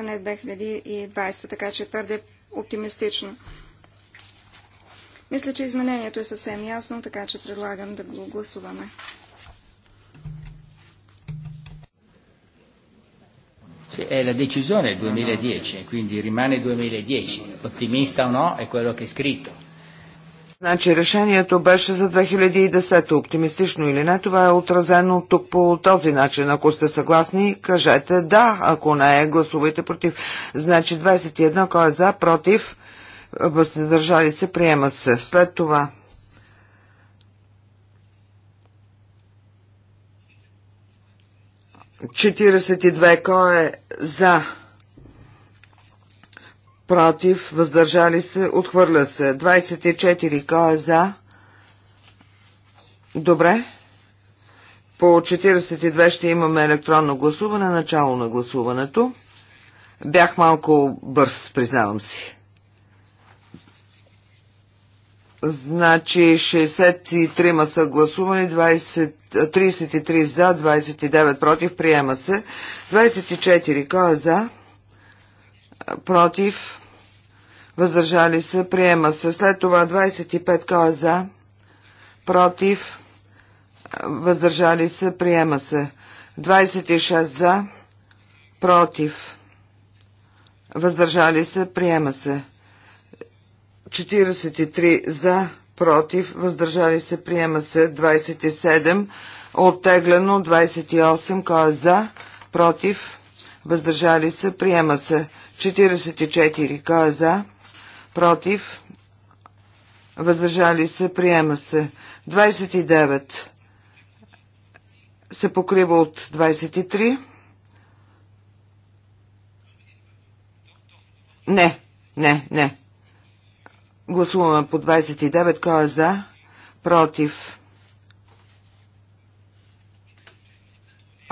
не 2020, така че е твърде оптимистично. Мисля, че изменението е съвсем ясно, така че предлагам да го гласуваме. Sì, è la decisione del 2010, quindi rimane 2010. Ottimista o no è quello che è scritto. Значи решението беше за 2010, оптимистично или не, това е отразено тук по този начин. Ако сте съгласни, кажете да, ако не е, гласувайте против. Значи 21, кой е за, против, въздържали се, приема се. След това 42. Кой е за? Против, въздържали се, отхвърля се. 24. Кой е за? Добре. По 42 ще имаме електронно гласуване, начало на гласуването. Бях малко бърз, признавам си. Значи 63 са гласували, 20, 33 за, 29 против, приема се. 24, кой е за? Против, въздържали се, приема се. След това 25, кой е за? Против, въздържали се, приема се. 26 за, против, въздържали се, приема се. 43 за, против, въздържали се, приема се 27, оттеглено 28, кой е за, против, въздържали се, приема се 44, кой е за, против, въздържали се, приема се 29, се покрива от 23, не, не, не. Гласуваме по 29. Кой е за? Против?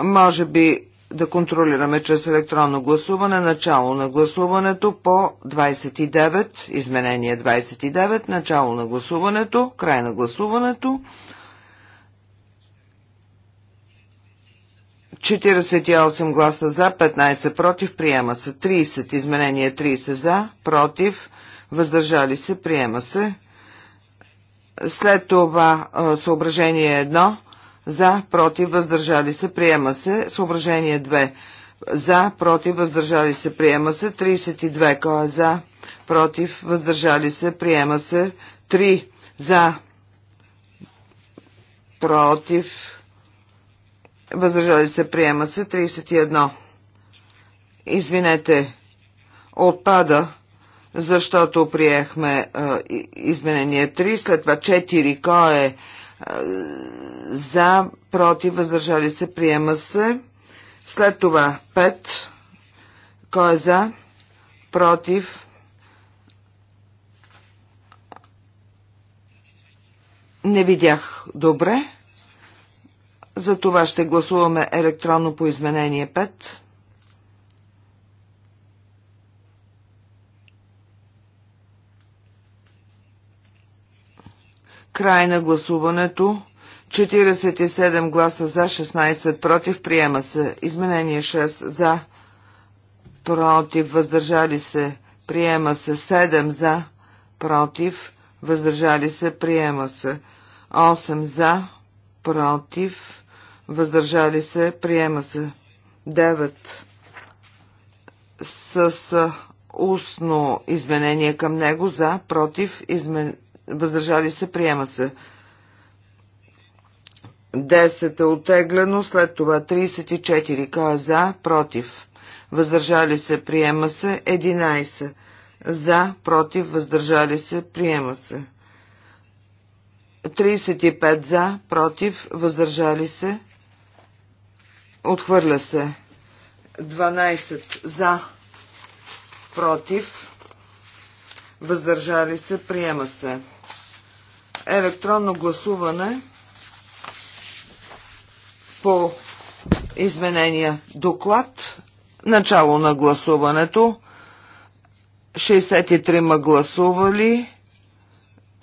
Може би да контролираме чрез електронно гласуване начало на гласуването по 29, изменение 29, начало на гласуването, край на гласуването. 48 гласа за, 15 против, приема се 30, изменение 30 за, против, въздържали се, приема се. След това съображение 1 за, против, въздържали се, приема се. Съображение 2 за, против, въздържали се, приема се. 32 кой е за, против, въздържали се, приема се. 3 за, против, въздържали се, приема се. 31. Извинете, отпада защото приехме изменение 3, след това 4, кой е за, против, въздържали се, приема се. След това 5, кой е за, против, не видях добре. За това ще гласуваме електронно по изменение 5. Край на гласуването. 47 гласа за, 16 против. Приема се. Изменение 6 за, против. Въздържали се. Приема се. 7 за, против. Въздържали се. Приема се. 8 за, против. Въздържали се. Приема се. 9 с устно изменение към него за, против, измен въздържали се, приема се. 10 е отеглено, след това 34 ка е за, против. Въздържали се, приема се. 11 за, против, въздържали се, приема се. 35 за, против, въздържали се, отхвърля се. 12 за, против, въздържали се, приема се електронно гласуване по изменения доклад. Начало на гласуването. 63 гласували.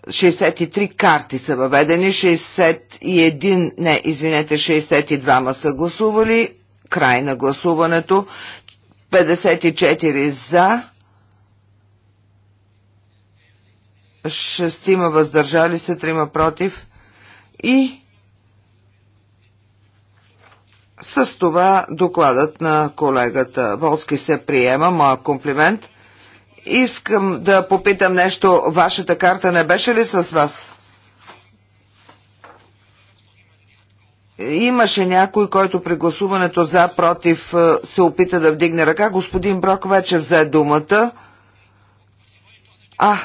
63 карти са въведени, 61, не, извинете, 62 са гласували, край на гласуването, 54 за, шестима въздържали се, трима против и с това докладът на колегата Волски се приема. Моя комплимент. Искам да попитам нещо. Вашата карта не беше ли с вас? Имаше някой, който при гласуването за, против е, се опита да вдигне ръка. Господин Брок вече взе думата. А,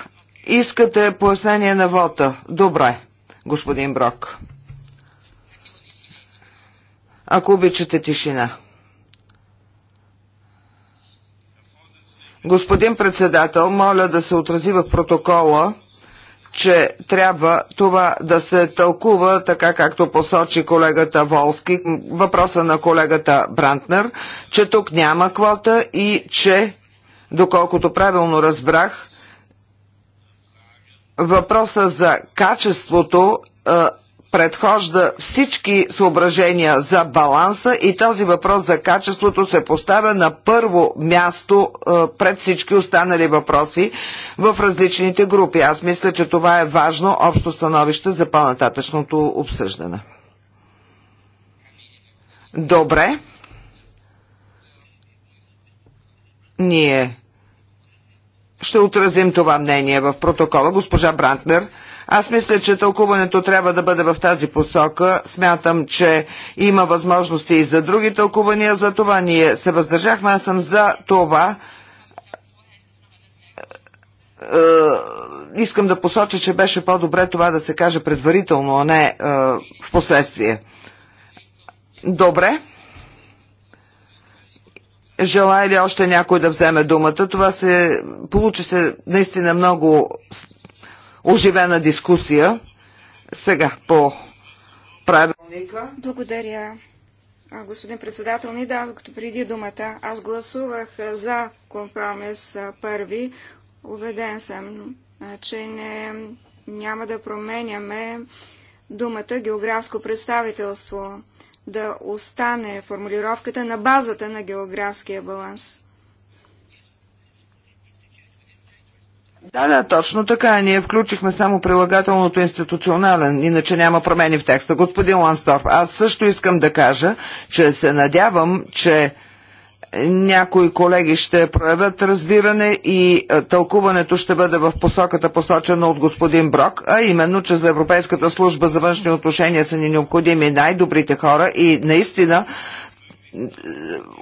Искате пояснение на вота. Добре, господин Брок. Ако обичате тишина. Господин председател, моля да се отрази в протокола, че трябва това да се тълкува така както посочи колегата Волски, въпроса на колегата Брантнер, че тук няма квота и че, доколкото правилно разбрах, въпроса за качеството е, предхожда всички съображения за баланса и този въпрос за качеството се поставя на първо място е, пред всички останали въпроси в различните групи. Аз мисля, че това е важно общо становище за по-нататъчното обсъждане. Добре. Ние ще отразим това мнение в протокола. Госпожа Брантнер, аз мисля, че тълкуването трябва да бъде в тази посока. Смятам, че има възможности и за други тълкувания, за това ние се въздържахме. Аз съм за това. Е, искам да посоча, че беше по-добре това да се каже предварително, а не е, в последствие. Добре. Желая ли още някой да вземе думата? Това се получи се наистина много оживена дискусия. Сега по правилника. Благодаря. Господин председател, ни като преди думата. Аз гласувах за компромис първи. Уведен съм, че не, няма да променяме думата географско представителство да остане формулировката на базата на географския баланс. Да, да, точно така. Ние включихме само прилагателното институционален, иначе няма промени в текста. Господин Ланстов, аз също искам да кажа, че се надявам, че някои колеги ще проявят разбиране и е, тълкуването ще бъде в посоката посочена от господин Брок, а именно, че за Европейската служба за външни отношения са ни необходими най-добрите хора и наистина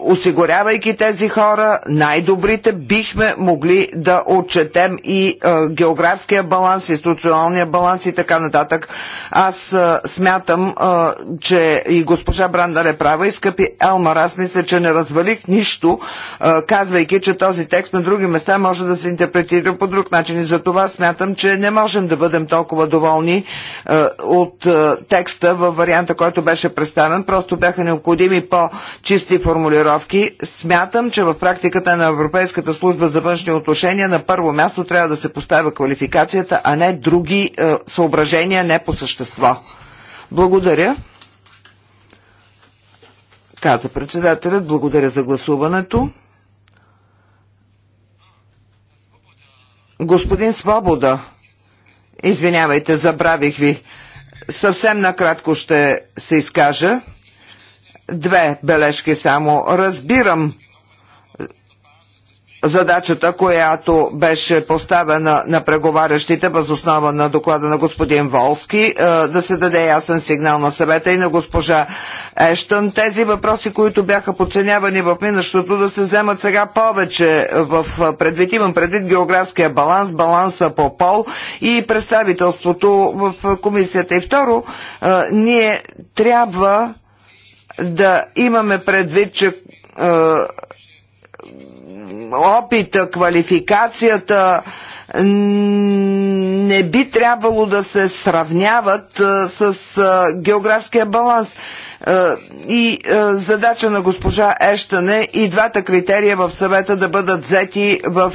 осигурявайки тези хора, най-добрите, бихме могли да отчетем и а, географския баланс, институционалния баланс и така нататък. Аз а, смятам, а, че и госпожа Брандар е права и скъпи Елмар, аз мисля, че не развалих нищо, а, казвайки, че този текст на други места може да се интерпретира по друг начин. И за това смятам, че не можем да бъдем толкова доволни а, от а, текста във варианта, който беше представен. Просто бяха необходими по- чисти формулировки. Смятам, че в практиката на Европейската служба за външни отношения на първо място трябва да се поставя квалификацията, а не други е, съображения не по същество. Благодаря. Каза председателят, благодаря за гласуването. Господин Свобода, извинявайте, забравих ви. Съвсем накратко ще се изкажа. Две бележки само. Разбирам задачата, която беше поставена на преговарящите възоснова на доклада на господин Волски, е, да се даде ясен сигнал на съвета и на госпожа Ештън. Тези въпроси, които бяха подценявани в минащото, да се вземат сега повече в предвид. Имам предвид географския баланс, баланса по пол и представителството в комисията. И второ, е, ние трябва да имаме предвид, че е, опита, квалификацията не би трябвало да се сравняват е, с е, географския баланс. И задача на госпожа Ещане и двата критерия в съвета да бъдат взети в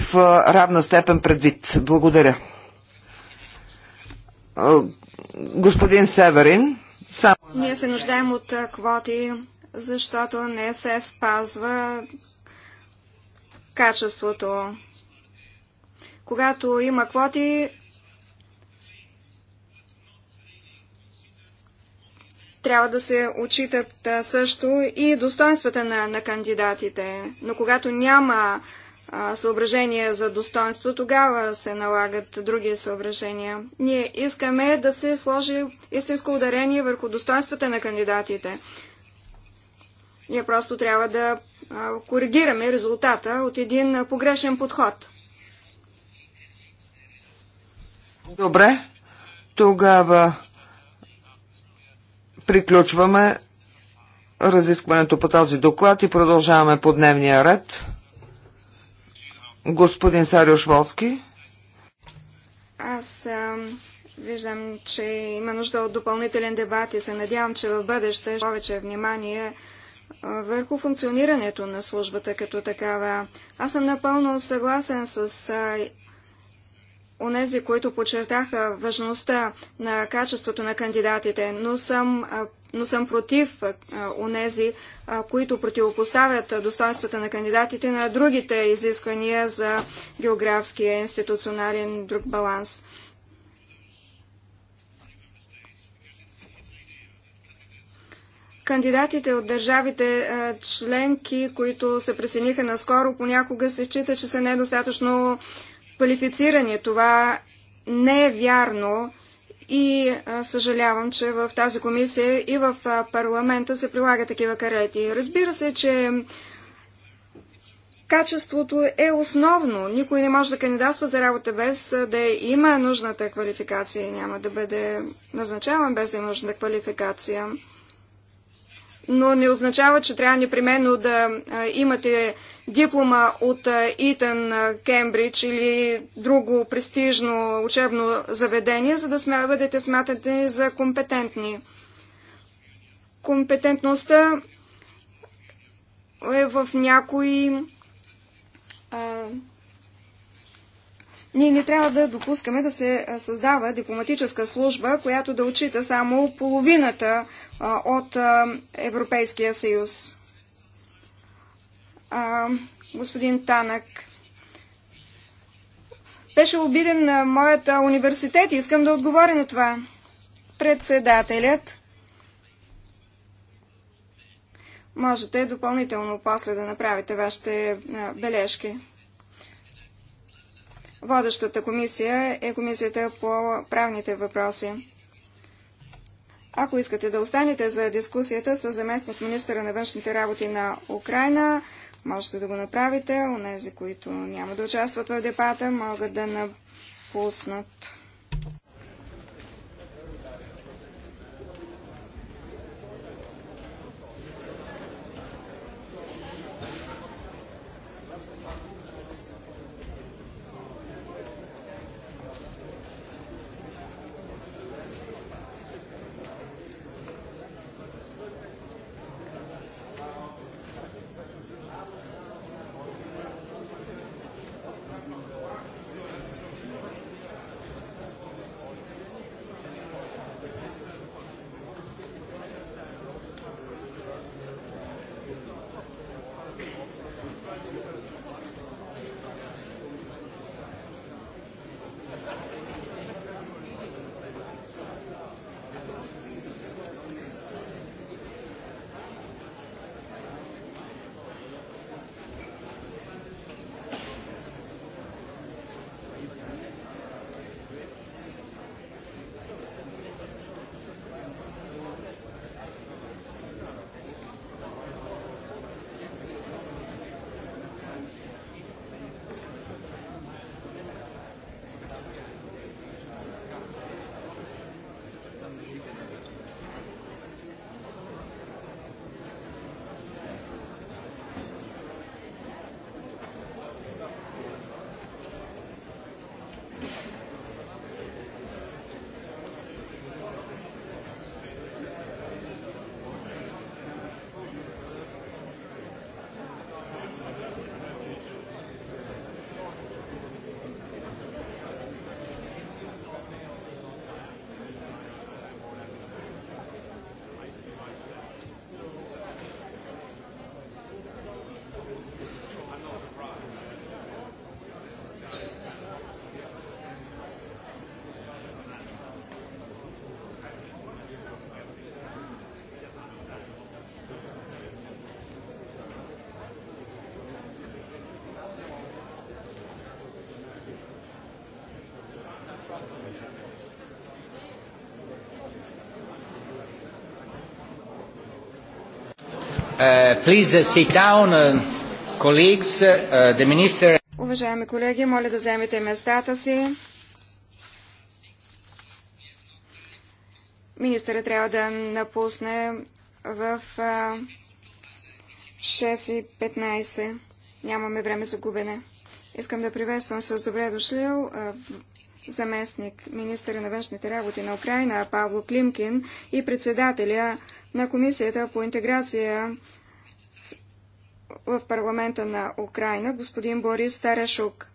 равна степен предвид. Благодаря. Господин Северин. Само... Ние се нуждаем от квоти, защото не се спазва качеството. Когато има квоти, трябва да се отчитат също и достоинствата на, на кандидатите. Но когато няма съображения за достоинство, тогава се налагат други съображения. Ние искаме да се сложи истинско ударение върху достоинствата на кандидатите. Ние просто трябва да коригираме резултата от един погрешен подход. Добре, тогава приключваме разискването по този доклад и продължаваме по дневния ред. Господин Сариош Волски. Аз а, виждам, че има нужда от допълнителен дебат и се надявам, че в бъдеще повече внимание върху функционирането на службата като такава. Аз съм напълно съгласен с онези, които подчертаха важността на качеството на кандидатите, но съм, но съм против онези, които противопоставят достоинствата на кандидатите на другите изисквания за географския институционален друг баланс. кандидатите от държавите членки, които се пресениха наскоро, понякога се счита, че са недостатъчно Квалифициране Това не е вярно и съжалявам, че в тази комисия и в парламента се прилага такива карети. Разбира се, че качеството е основно. Никой не може да кандидатства за работа без да има нужната квалификация. Няма да бъде назначаван без да има нужната квалификация но не означава, че трябва непременно да имате диплома от Итан Кембридж или друго престижно учебно заведение, за да сме, бъдете смятани за компетентни. Компетентността е в някои ние не трябва да допускаме да се създава дипломатическа служба, която да отчита само половината от Европейския съюз. господин Танък беше обиден на моята университет. и Искам да отговоря на това. Председателят. Можете допълнително после да направите вашите бележки. Водещата комисия е комисията по правните въпроси. Ако искате да останете за дискусията с заместник министра на външните работи на Украина, можете да го направите. Онези, които няма да участват в дебата, могат да напуснат. Uh, please uh, sit down, uh, colleagues, the minister... Уважаеми колеги, моля да вземете местата си. Министъра трябва да напусне в 6.15. Нямаме време за губене. Искам да приветствам с добре дошли заместник министър на външните работи на Украина Павло Климкин и председателя на Комисията по интеграция в парламента на Украина господин Борис Тарашук.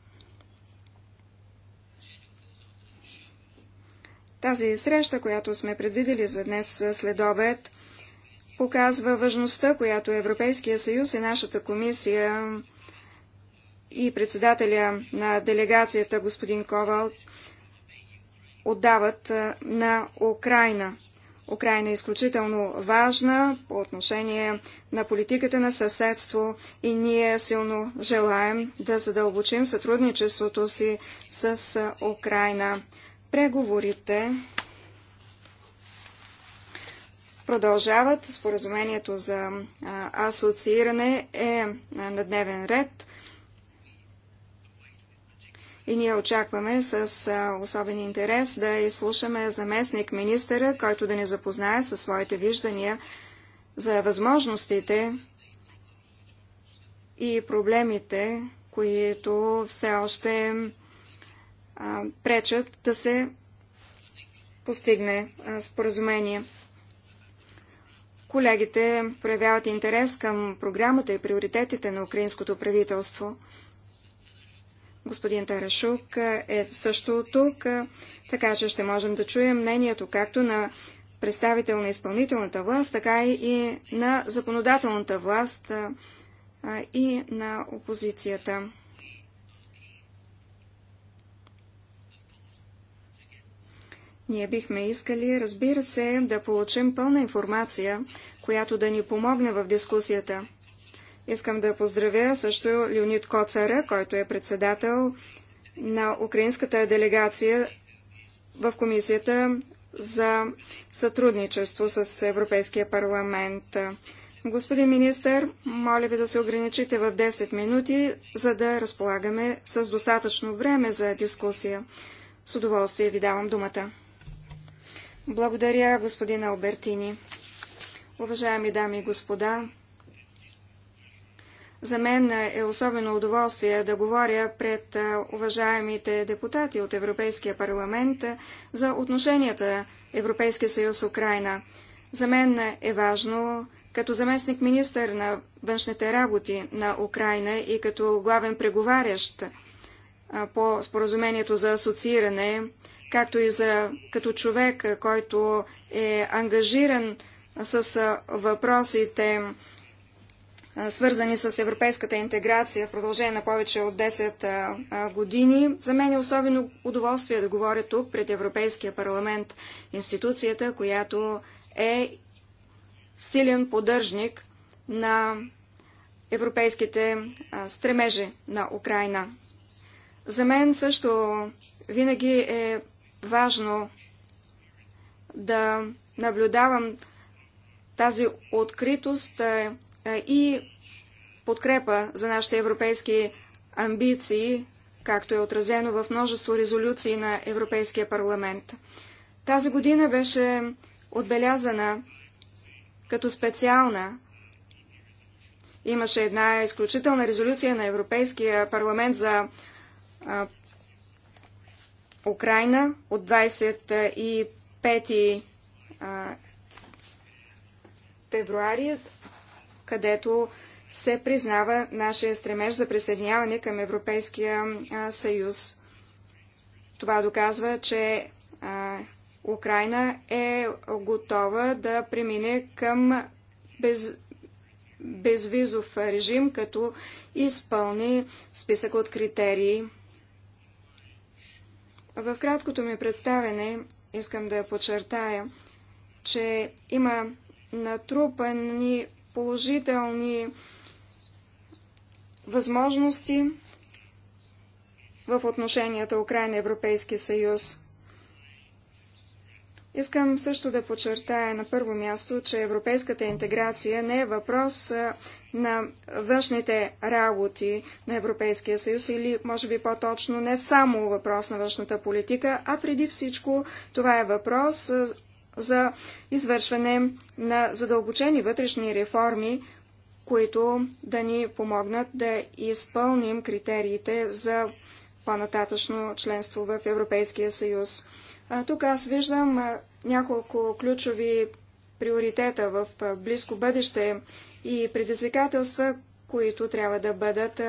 Тази среща, която сме предвидели за днес след обед, показва важността, която Европейския съюз и нашата комисия и председателя на делегацията господин Ковал отдават на Украина. Украина е изключително важна по отношение на политиката на съседство и ние силно желаем да задълбочим сътрудничеството си с Украина. Преговорите продължават. Споразумението за асоцииране е на дневен ред и ние очакваме с особен интерес да изслушаме заместник министъра, който да ни запознае със своите виждания за възможностите и проблемите, които все още а, пречат да се постигне а, споразумение. Колегите проявяват интерес към програмата и приоритетите на украинското правителство – Господин Тарашук е също тук, така че ще можем да чуем мнението както на представител на изпълнителната власт, така и на законодателната власт и на опозицията. Ние бихме искали, разбира се, да получим пълна информация, която да ни помогне в дискусията. Искам да поздравя също Леонид Коцара, който е председател на украинската делегация в Комисията за сътрудничество с Европейския парламент. Господин министър, моля ви да се ограничите в 10 минути, за да разполагаме с достатъчно време за дискусия. С удоволствие ви давам думата. Благодаря, господин Албертини. Уважаеми дами и господа, за мен е особено удоволствие да говоря пред уважаемите депутати от Европейския парламент за отношенията Европейския съюз Украина. За мен е важно като заместник министър на външните работи на Украина и като главен преговарящ по споразумението за асоцииране, както и за, като човек, който е ангажиран с въпросите свързани с европейската интеграция в продължение на повече от 10 години. За мен е особено удоволствие да говоря тук пред Европейския парламент, институцията, която е силен поддържник на европейските стремежи на Украина. За мен също винаги е важно да наблюдавам тази откритост и подкрепа за нашите европейски амбиции, както е отразено в множество резолюции на Европейския парламент. Тази година беше отбелязана като специална. Имаше една изключителна резолюция на Европейския парламент за Украина от 25 февруари където се признава нашия стремеж за присъединяване към Европейския съюз. Това доказва, че а, Украина е готова да премине към без, безвизов режим, като изпълни списък от критерии. В краткото ми представене искам да подчертая, че има натрупани положителни възможности в отношенията Украина-Европейски съюз. Искам също да подчертая на първо място, че европейската интеграция не е въпрос на външните работи на Европейския съюз или, може би по-точно, не само въпрос на външната политика, а преди всичко това е въпрос за извършване на задълбочени вътрешни реформи, които да ни помогнат да изпълним критериите за по-нататъчно членство в Европейския съюз. Тук аз виждам няколко ключови приоритета в близко бъдеще и предизвикателства, които трябва да бъдат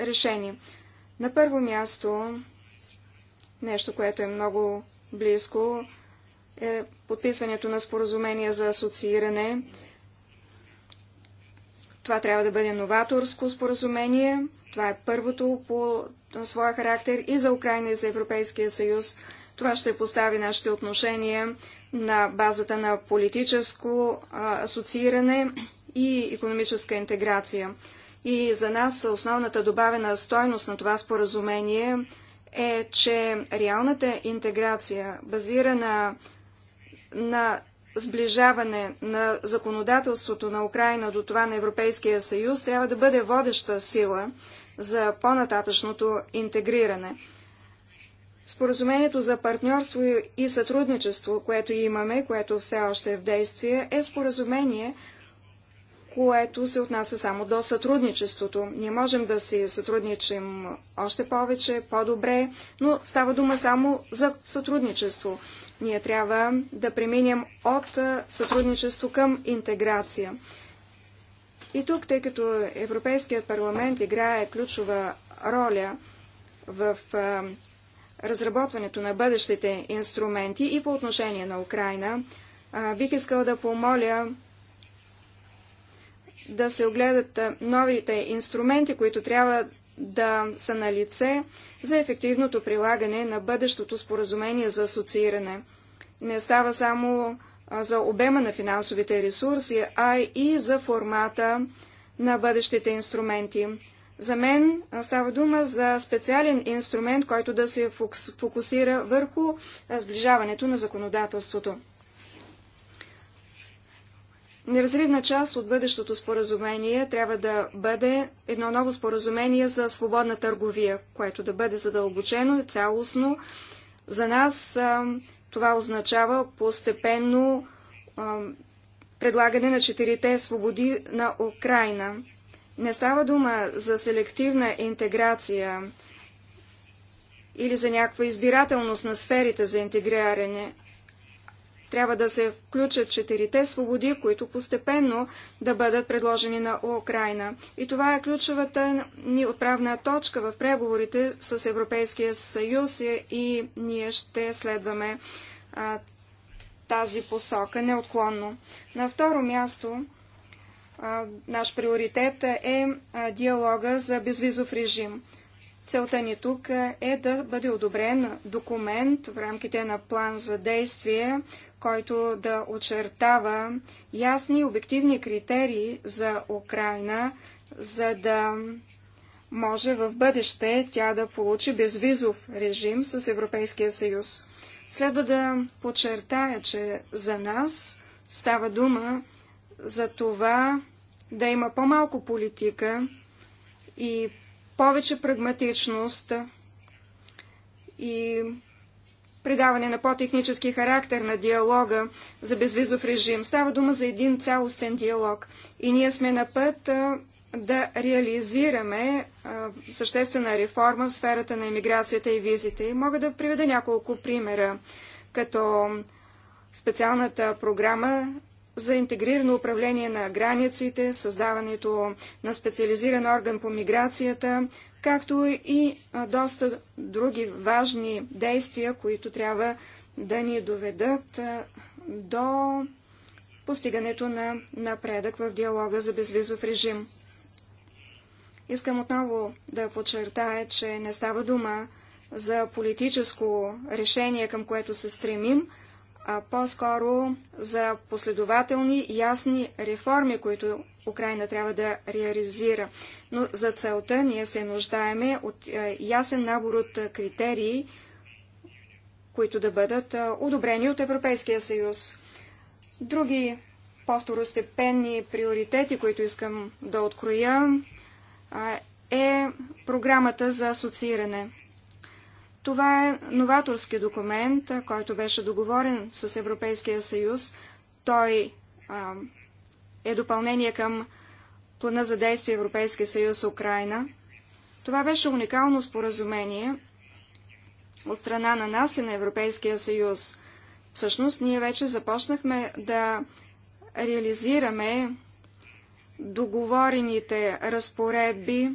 решени. На първо място, нещо, което е много близко е подписването на споразумения за асоцииране. Това трябва да бъде новаторско споразумение. Това е първото по своя характер и за Украина, и за Европейския съюз. Това ще постави нашите отношения на базата на политическо асоцииране и економическа интеграция. И за нас основната добавена стойност на това споразумение е, че реалната интеграция, базирана на сближаване на законодателството на Украина до това на Европейския съюз трябва да бъде водеща сила за по-нататъчното интегриране. Споразумението за партньорство и сътрудничество, което имаме, което все още е в действие, е споразумение, което се отнася само до сътрудничеството. Ние можем да си сътрудничим още повече, по-добре, но става дума само за сътрудничество. Ние трябва да преминем от сътрудничество към интеграция. И тук, тъй като Европейският парламент играе ключова роля в разработването на бъдещите инструменти и по отношение на Украина, бих искал да помоля да се огледат новите инструменти, които трябва да са на лице за ефективното прилагане на бъдещото споразумение за асоцииране. Не става само за обема на финансовите ресурси, а и за формата на бъдещите инструменти. За мен става дума за специален инструмент, който да се фокусира върху сближаването на законодателството. Неразривна част от бъдещото споразумение трябва да бъде едно ново споразумение за свободна търговия, което да бъде задълбочено и цялостно. За нас а, това означава постепенно а, предлагане на четирите свободи на Украина. Не става дума за селективна интеграция или за някаква избирателност на сферите за интегриране, трябва да се включат четирите свободи, които постепенно да бъдат предложени на Украина. И това е ключовата ни отправна точка в преговорите с Европейския съюз и ние ще следваме а, тази посока неотклонно. На второ място, а, наш приоритет е а, диалога за безвизов режим. Целта ни тук е да бъде одобрен документ в рамките на план за действие, който да очертава ясни обективни критерии за Украина, за да може в бъдеще тя да получи безвизов режим с Европейския съюз. Следва да подчертая, че за нас става дума за това да има по-малко политика и повече прагматичност и придаване на по-технически характер на диалога за безвизов режим. Става дума за един цялостен диалог. И ние сме на път да реализираме съществена реформа в сферата на иммиграцията и визите. И мога да приведа няколко примера, като специалната програма за интегрирано управление на границите, създаването на специализиран орган по миграцията, както и доста други важни действия, които трябва да ни доведат до постигането на напредък в диалога за безвизов режим. Искам отново да подчертая, че не става дума за политическо решение, към което се стремим, а по-скоро за последователни, ясни реформи, които Украина трябва да реализира. Но за целта ние се нуждаеме от е, ясен набор от е, критерии, които да бъдат е, одобрени от Европейския съюз. Други по-второстепенни приоритети, които искам да откроя, е програмата за асоцииране. Това е новаторски документ, който беше договорен с Европейския съюз. Той е допълнение към плана за действие Европейския съюз Украина. Това беше уникално споразумение от страна на нас и на Европейския съюз. Всъщност, ние вече започнахме да реализираме договорените разпоредби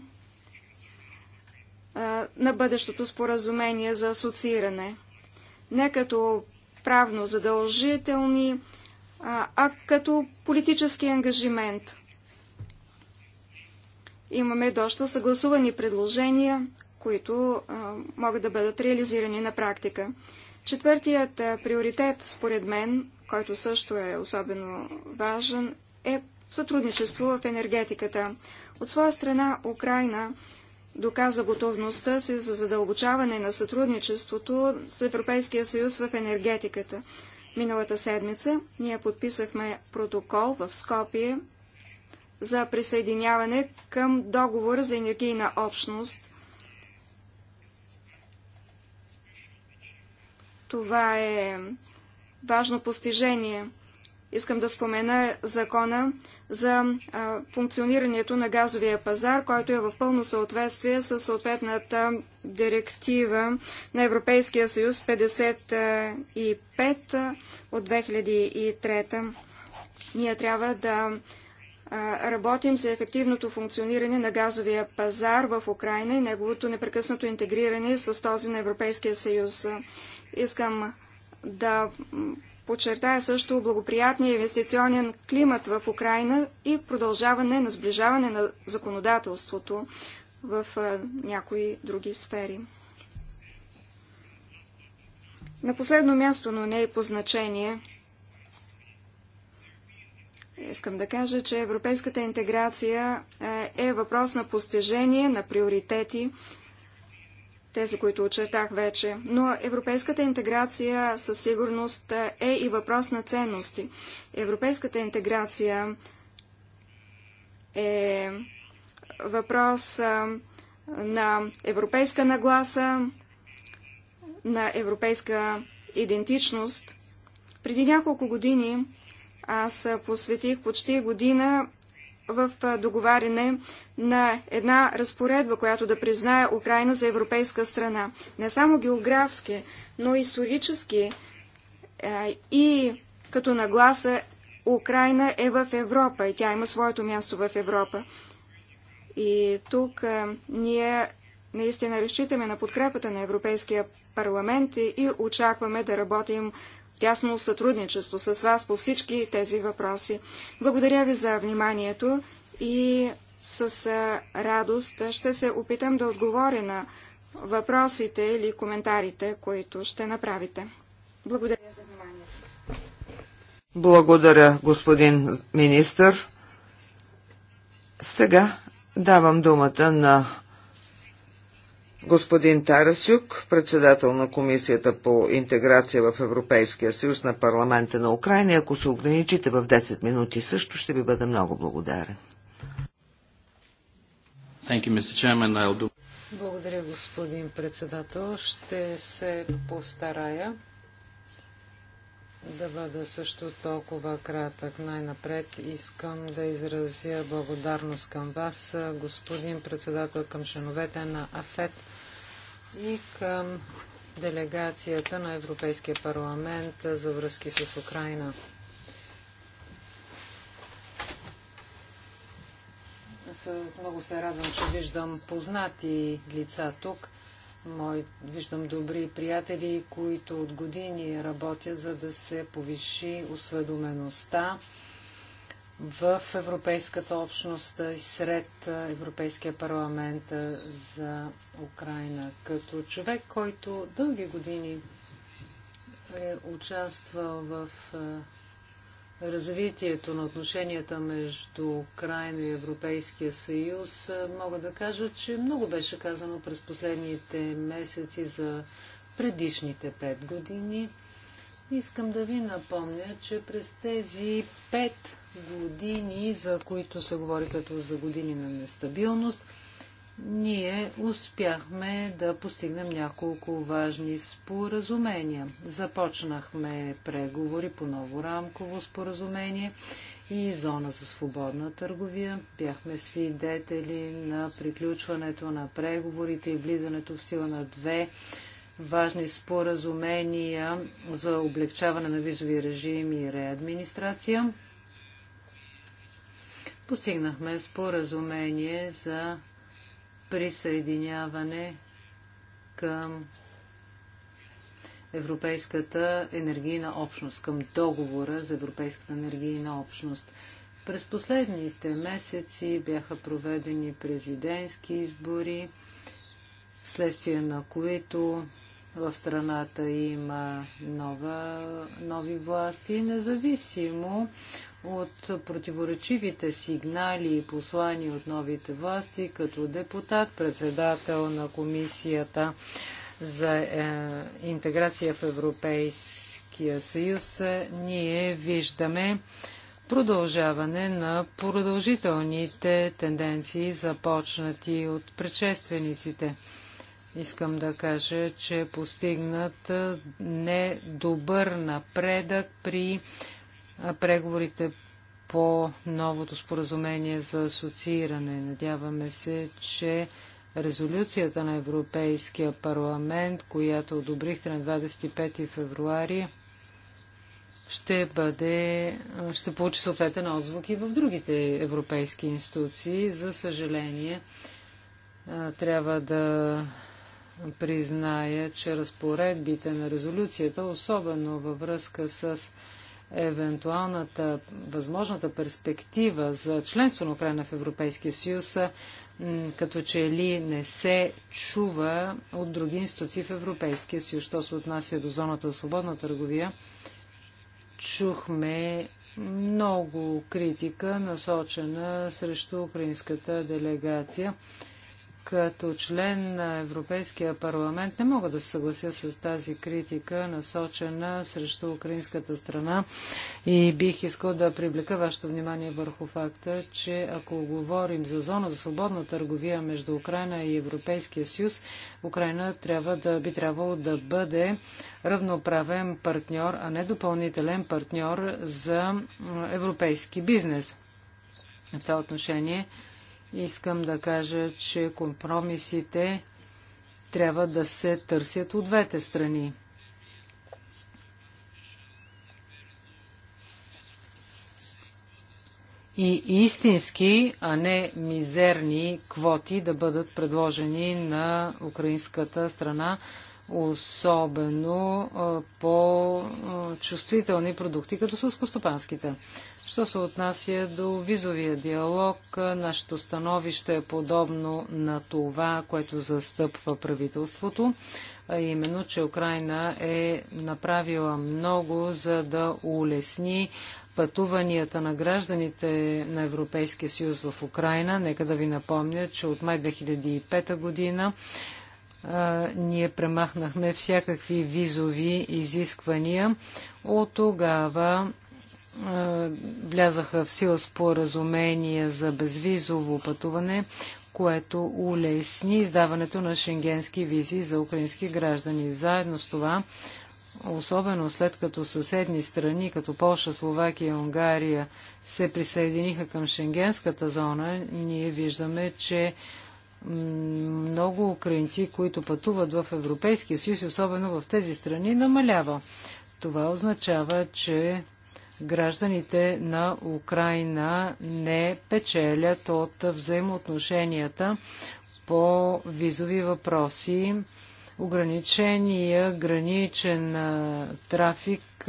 на бъдещото споразумение за асоцииране. Не като правно задължителни, а, а като политически ангажимент. Имаме доста съгласувани предложения, които а, могат да бъдат реализирани на практика. Четвъртият а, приоритет, според мен, който също е особено важен, е сътрудничество в енергетиката. От своя страна Украина доказа готовността си за задълбочаване на сътрудничеството с Европейския съюз в енергетиката. Миналата седмица ние подписахме протокол в Скопие за присъединяване към договор за енергийна общност. Това е важно постижение. Искам да спомена закона за а, функционирането на газовия пазар, който е в пълно съответствие с съответната директива на Европейския съюз 55 от 2003. Ние трябва да работим за ефективното функциониране на газовия пазар в Украина и неговото непрекъснато интегриране с този на Европейския съюз. Искам да подчертая също благоприятния инвестиционен климат в Украина и продължаване на сближаване на законодателството в някои други сфери. На последно място, но не и е по значение, искам да кажа, че европейската интеграция е въпрос на постижение, на приоритети, тези, които очертах вече. Но европейската интеграция със сигурност е и въпрос на ценности. Европейската интеграция е въпрос на европейска нагласа, на европейска идентичност. Преди няколко години аз посветих почти година в договаряне на една разпоредба, която да признае Украина за европейска страна. Не само географски, но и исторически е, и като нагласа Украина е в Европа и тя има своето място в Европа. И тук е, ние наистина разчитаме на подкрепата на Европейския парламент и очакваме да работим тясно сътрудничество с вас по всички тези въпроси. Благодаря ви за вниманието и с радост ще се опитам да отговоря на въпросите или коментарите, които ще направите. Благодаря за вниманието. Благодаря, господин министър. Сега давам думата на господин Тарасюк, председател на Комисията по интеграция в Европейския съюз на парламента на Украина. Ако се ограничите в 10 минути също, ще ви бъда много благодарен. Благодаря, господин председател. Ще се постарая да бъда също толкова кратък. Най-напред искам да изразя благодарност към вас, господин председател, към членовете на АФЕТ и към делегацията на Европейския парламент за връзки с Украина. С много се радвам, че виждам познати лица тук. Мой, виждам добри приятели, които от години работят, за да се повиши осведомеността в Европейската общност и сред Европейския парламент за Украина. Като човек, който дълги години е участвал в развитието на отношенията между Украина и Европейския съюз, мога да кажа, че много беше казано през последните месеци за предишните пет години. Искам да ви напомня, че през тези пет години, за които се говори като за години на нестабилност, ние успяхме да постигнем няколко важни споразумения. Започнахме преговори по ново рамково споразумение и зона за свободна търговия. Бяхме свидетели на приключването на преговорите и влизането в сила на две важни споразумения за облегчаване на визови режим и реадминистрация постигнахме споразумение за присъединяване към Европейската енергийна общност, към договора за Европейската енергийна общност. През последните месеци бяха проведени президентски избори, вследствие на които в страната има нова, нови власти, независимо от противоречивите сигнали и послания от новите власти като депутат, председател на комисията за е, интеграция в Европейския съюз, ние виждаме продължаване на продължителните тенденции, започнати от предшествениците. Искам да кажа, че е постигнат недобър напредък при преговорите по новото споразумение за асоцииране. Надяваме се, че резолюцията на Европейския парламент, която одобрихте на 25 февруари, ще бъде, ще получи съответен отзвук и в другите европейски институции. За съжаление, трябва да призная, че разпоредбите на резолюцията, особено във връзка с евентуалната възможната перспектива за членство на Украина в Европейския съюз, като че ли не се чува от други институции в Европейския съюз. Що се отнася до зоната за свободна търговия, чухме много критика, насочена срещу украинската делегация. Като член на Европейския парламент не мога да се съглася с тази критика, насочена срещу украинската страна и бих искал да привлека вашето внимание върху факта, че ако говорим за зона за свободна търговия между Украина и Европейския съюз, Украина трябва да би трябвало да бъде равноправен партньор, а не допълнителен партньор за европейски бизнес. В това отношение Искам да кажа, че компромисите трябва да се търсят от двете страни. И истински, а не мизерни квоти да бъдат предложени на украинската страна, особено по чувствителни продукти, като сълскостопанските. Що се отнася до визовия диалог, нашето становище е подобно на това, което застъпва правителството, а именно, че Украина е направила много, за да улесни пътуванията на гражданите на Европейския съюз в Украина. Нека да ви напомня, че от май 2005 година ние премахнахме всякакви визови изисквания. От тогава е, влязаха в сила споразумения за безвизово пътуване, което улесни издаването на шенгенски визи за украински граждани. Заедно с това, особено след като съседни страни, като Польша, Словакия и Унгария, се присъединиха към шенгенската зона, ние виждаме, че много украинци, които пътуват в Европейския съюз, особено в тези страни, намалява. Това означава, че гражданите на Украина не печелят от взаимоотношенията по визови въпроси. Ограничения, граничен трафик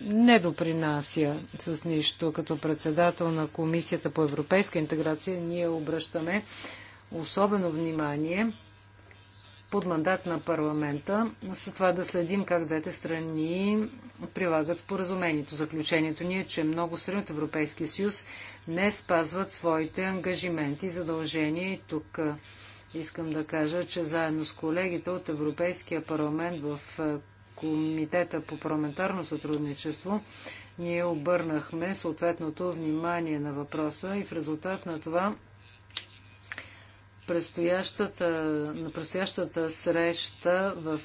не допринася с нищо. Като председател на Комисията по европейска интеграция ние обръщаме особено внимание под мандат на парламента с това да следим как двете страни прилагат споразумението. Заключението ни е, че много страни от Европейския съюз не спазват своите ангажименти и задължения. И тук искам да кажа, че заедно с колегите от Европейския парламент в Комитета по парламентарно сътрудничество ние обърнахме съответното внимание на въпроса и в резултат на това предстоящата, на предстоящата среща в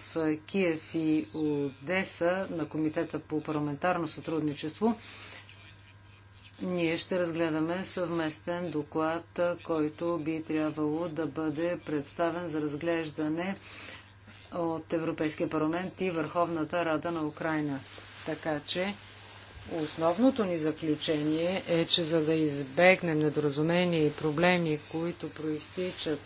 Киев и Одеса на Комитета по парламентарно сътрудничество ние ще разгледаме съвместен доклад, който би трябвало да бъде представен за разглеждане от Европейския парламент и Върховната рада на Украина. Така че Основното ни заключение е, че за да избегнем недоразумения и проблеми, които проистичат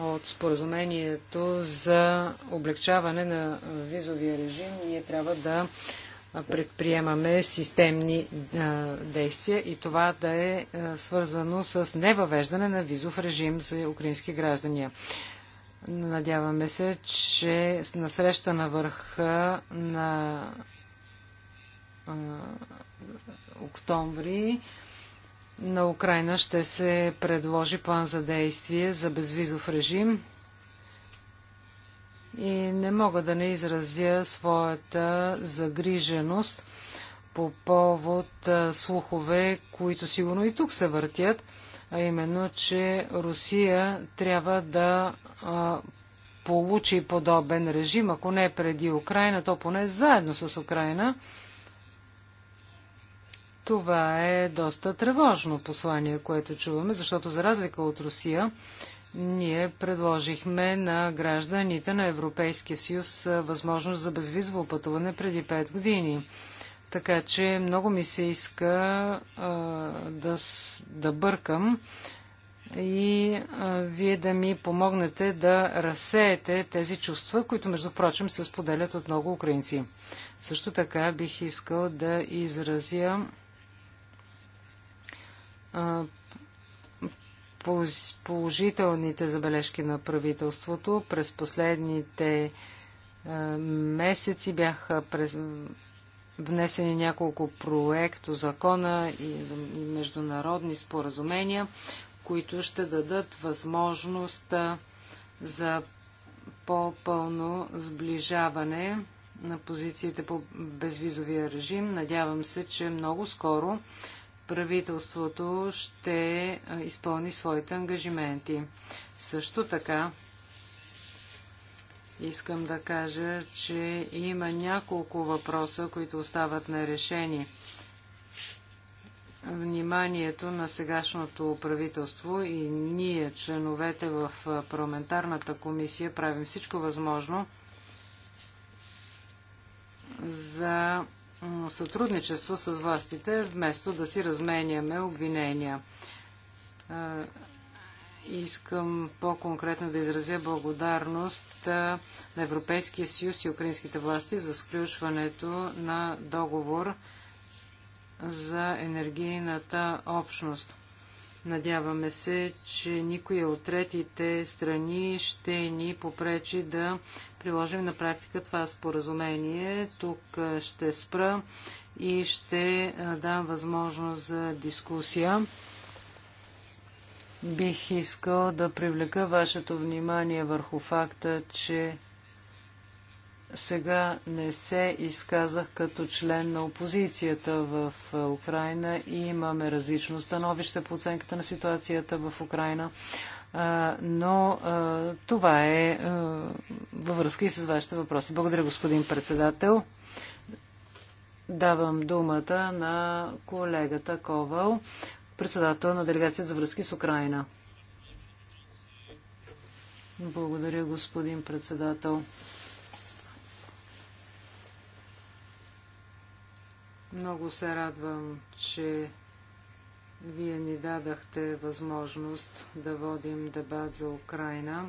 от споразумението за облегчаване на визовия режим, ние трябва да предприемаме системни а, действия и това да е а, свързано с невъвеждане на визов режим за украински граждани. Надяваме се, че на среща на върха на октомври на Украина ще се предложи план за действие за безвизов режим и не мога да не изразя своята загриженост по повод слухове, които сигурно и тук се въртят, а именно, че Русия трябва да получи подобен режим, ако не преди Украина, то поне заедно с Украина. Това е доста тревожно послание, което чуваме, защото за разлика от Русия, ние предложихме на гражданите на Европейския съюз възможност за безвизово пътуване преди 5 години. Така че много ми се иска а, да, да бъркам и а, вие да ми помогнете да разсеете тези чувства, които между прочим се споделят от много украинци. Също така бих искал да изразя положителните забележки на правителството. През последните месеци бяха през... внесени няколко проекто закона и международни споразумения, които ще дадат възможност за по-пълно сближаване на позициите по безвизовия режим. Надявам се, че много скоро правителството ще изпълни своите ангажименти. Също така, искам да кажа, че има няколко въпроса, които остават нерешени. Вниманието на сегашното правителство и ние, членовете в парламентарната комисия, правим всичко възможно за сътрудничество с властите, вместо да си разменяме обвинения. Искам по-конкретно да изразя благодарност на Европейския съюз и украинските власти за сключването на договор за енергийната общност. Надяваме се, че никоя от третите страни ще ни попречи да приложим на практика това споразумение. Тук ще спра и ще дам възможност за дискусия. Бих искал да привлека вашето внимание върху факта, че сега не се изказах като член на опозицията в е, Украина и имаме различно становище по оценката на ситуацията в Украина, е, но е, това е във връзка и с вашите въпроси. Благодаря, господин председател. Давам думата на колегата Ковал, председател на делегация за връзки с Украина. Благодаря, господин председател. Много се радвам, че вие ни дадахте възможност да водим дебат за Украина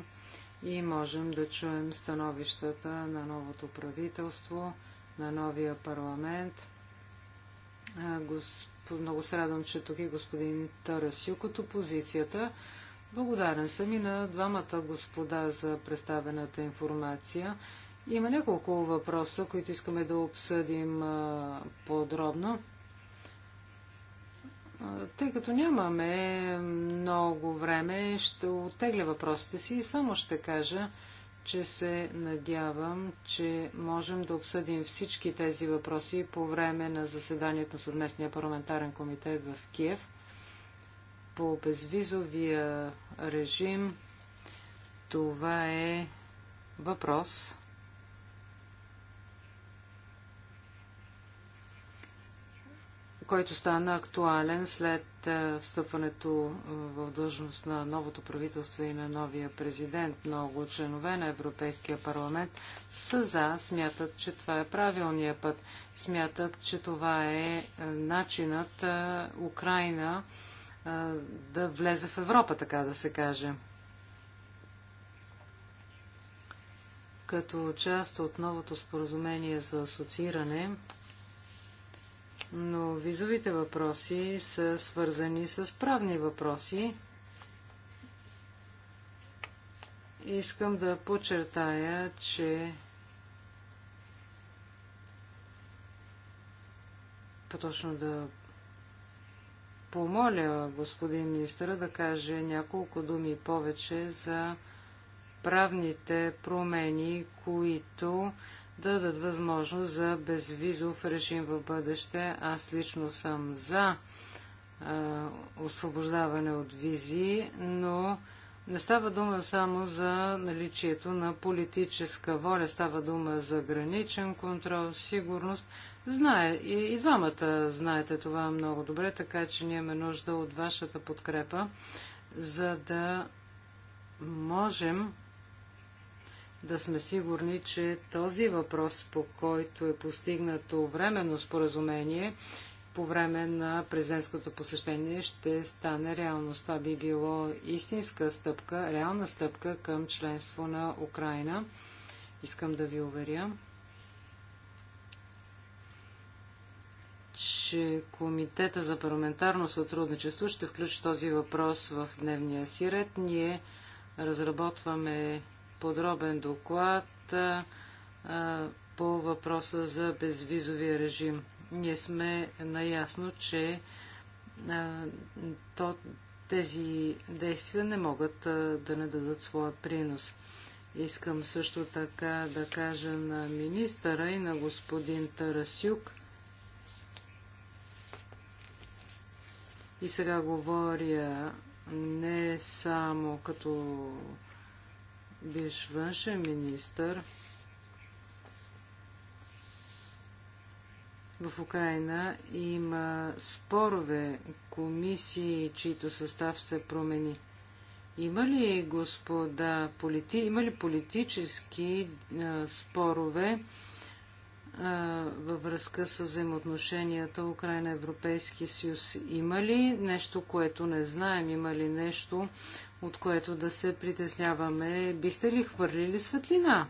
и можем да чуем становищата на новото правителство, на новия парламент. Много се радвам, че тук е господин Тарасюк от опозицията. Благодарен съм и на двамата господа за представената информация. Има няколко въпроса, които искаме да обсъдим подробно. Тъй като нямаме много време, ще оттегля въпросите си и само ще кажа, че се надявам, че можем да обсъдим всички тези въпроси по време на заседанието на съвместния парламентарен комитет в Киев по безвизовия режим. Това е въпрос, който стана актуален след е, встъпването е, в длъжност на новото правителство и на новия президент. Много членове на Европейския парламент са за, смятат, че това е правилния път. Смятат, че това е, е начинът Украина да влезе в Европа, така да се каже. Като част от новото споразумение за асоцииране, но визовите въпроси са свързани с правни въпроси. Искам да подчертая, че по-точно да помоля господин министъра да каже няколко думи повече за правните промени, които да дадат възможност за безвизов режим в бъдеще. Аз лично съм за а, освобождаване от визи, но не става дума само за наличието на политическа воля, става дума за граничен контрол, сигурност. Знае, и, и двамата знаете това много добре, така че ние имаме нужда от вашата подкрепа, за да можем да сме сигурни, че този въпрос, по който е постигнато временно споразумение по време на президентското посещение, ще стане реалност. Това би било истинска стъпка, реална стъпка към членство на Украина. Искам да ви уверя, че Комитета за парламентарно сътрудничество ще включи този въпрос в дневния си ред. Ние разработваме подробен доклад а, по въпроса за безвизовия режим. Ние сме наясно, че а, то, тези действия не могат а, да не дадат своя принос. Искам също така да кажа на министъра и на господин Тарасюк, и сега говоря не само като Биш външен министр в Украина има спорове, комисии, чието състав се промени. Има ли, господа, полити... има ли политически а, спорове във връзка с взаимоотношенията Украина-Европейски съюз. Има ли нещо, което не знаем? Има ли нещо, от което да се притесняваме? Бихте ли хвърлили светлина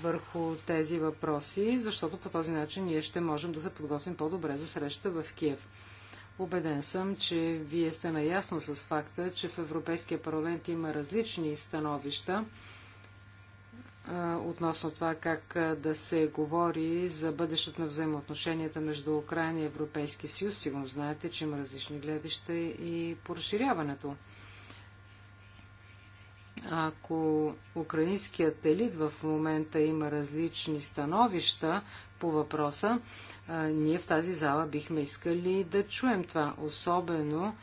върху тези въпроси? Защото по този начин ние ще можем да се подготвим по-добре за среща в Киев. Обеден съм, че вие сте наясно с факта, че в Европейския парламент има различни становища относно това как да се говори за бъдещето на взаимоотношенията между Украина и Европейския съюз. Сигурно знаете, че има различни гледаща и по разширяването. Ако украинският елит в момента има различни становища по въпроса, ние в тази зала бихме искали да чуем това. Особено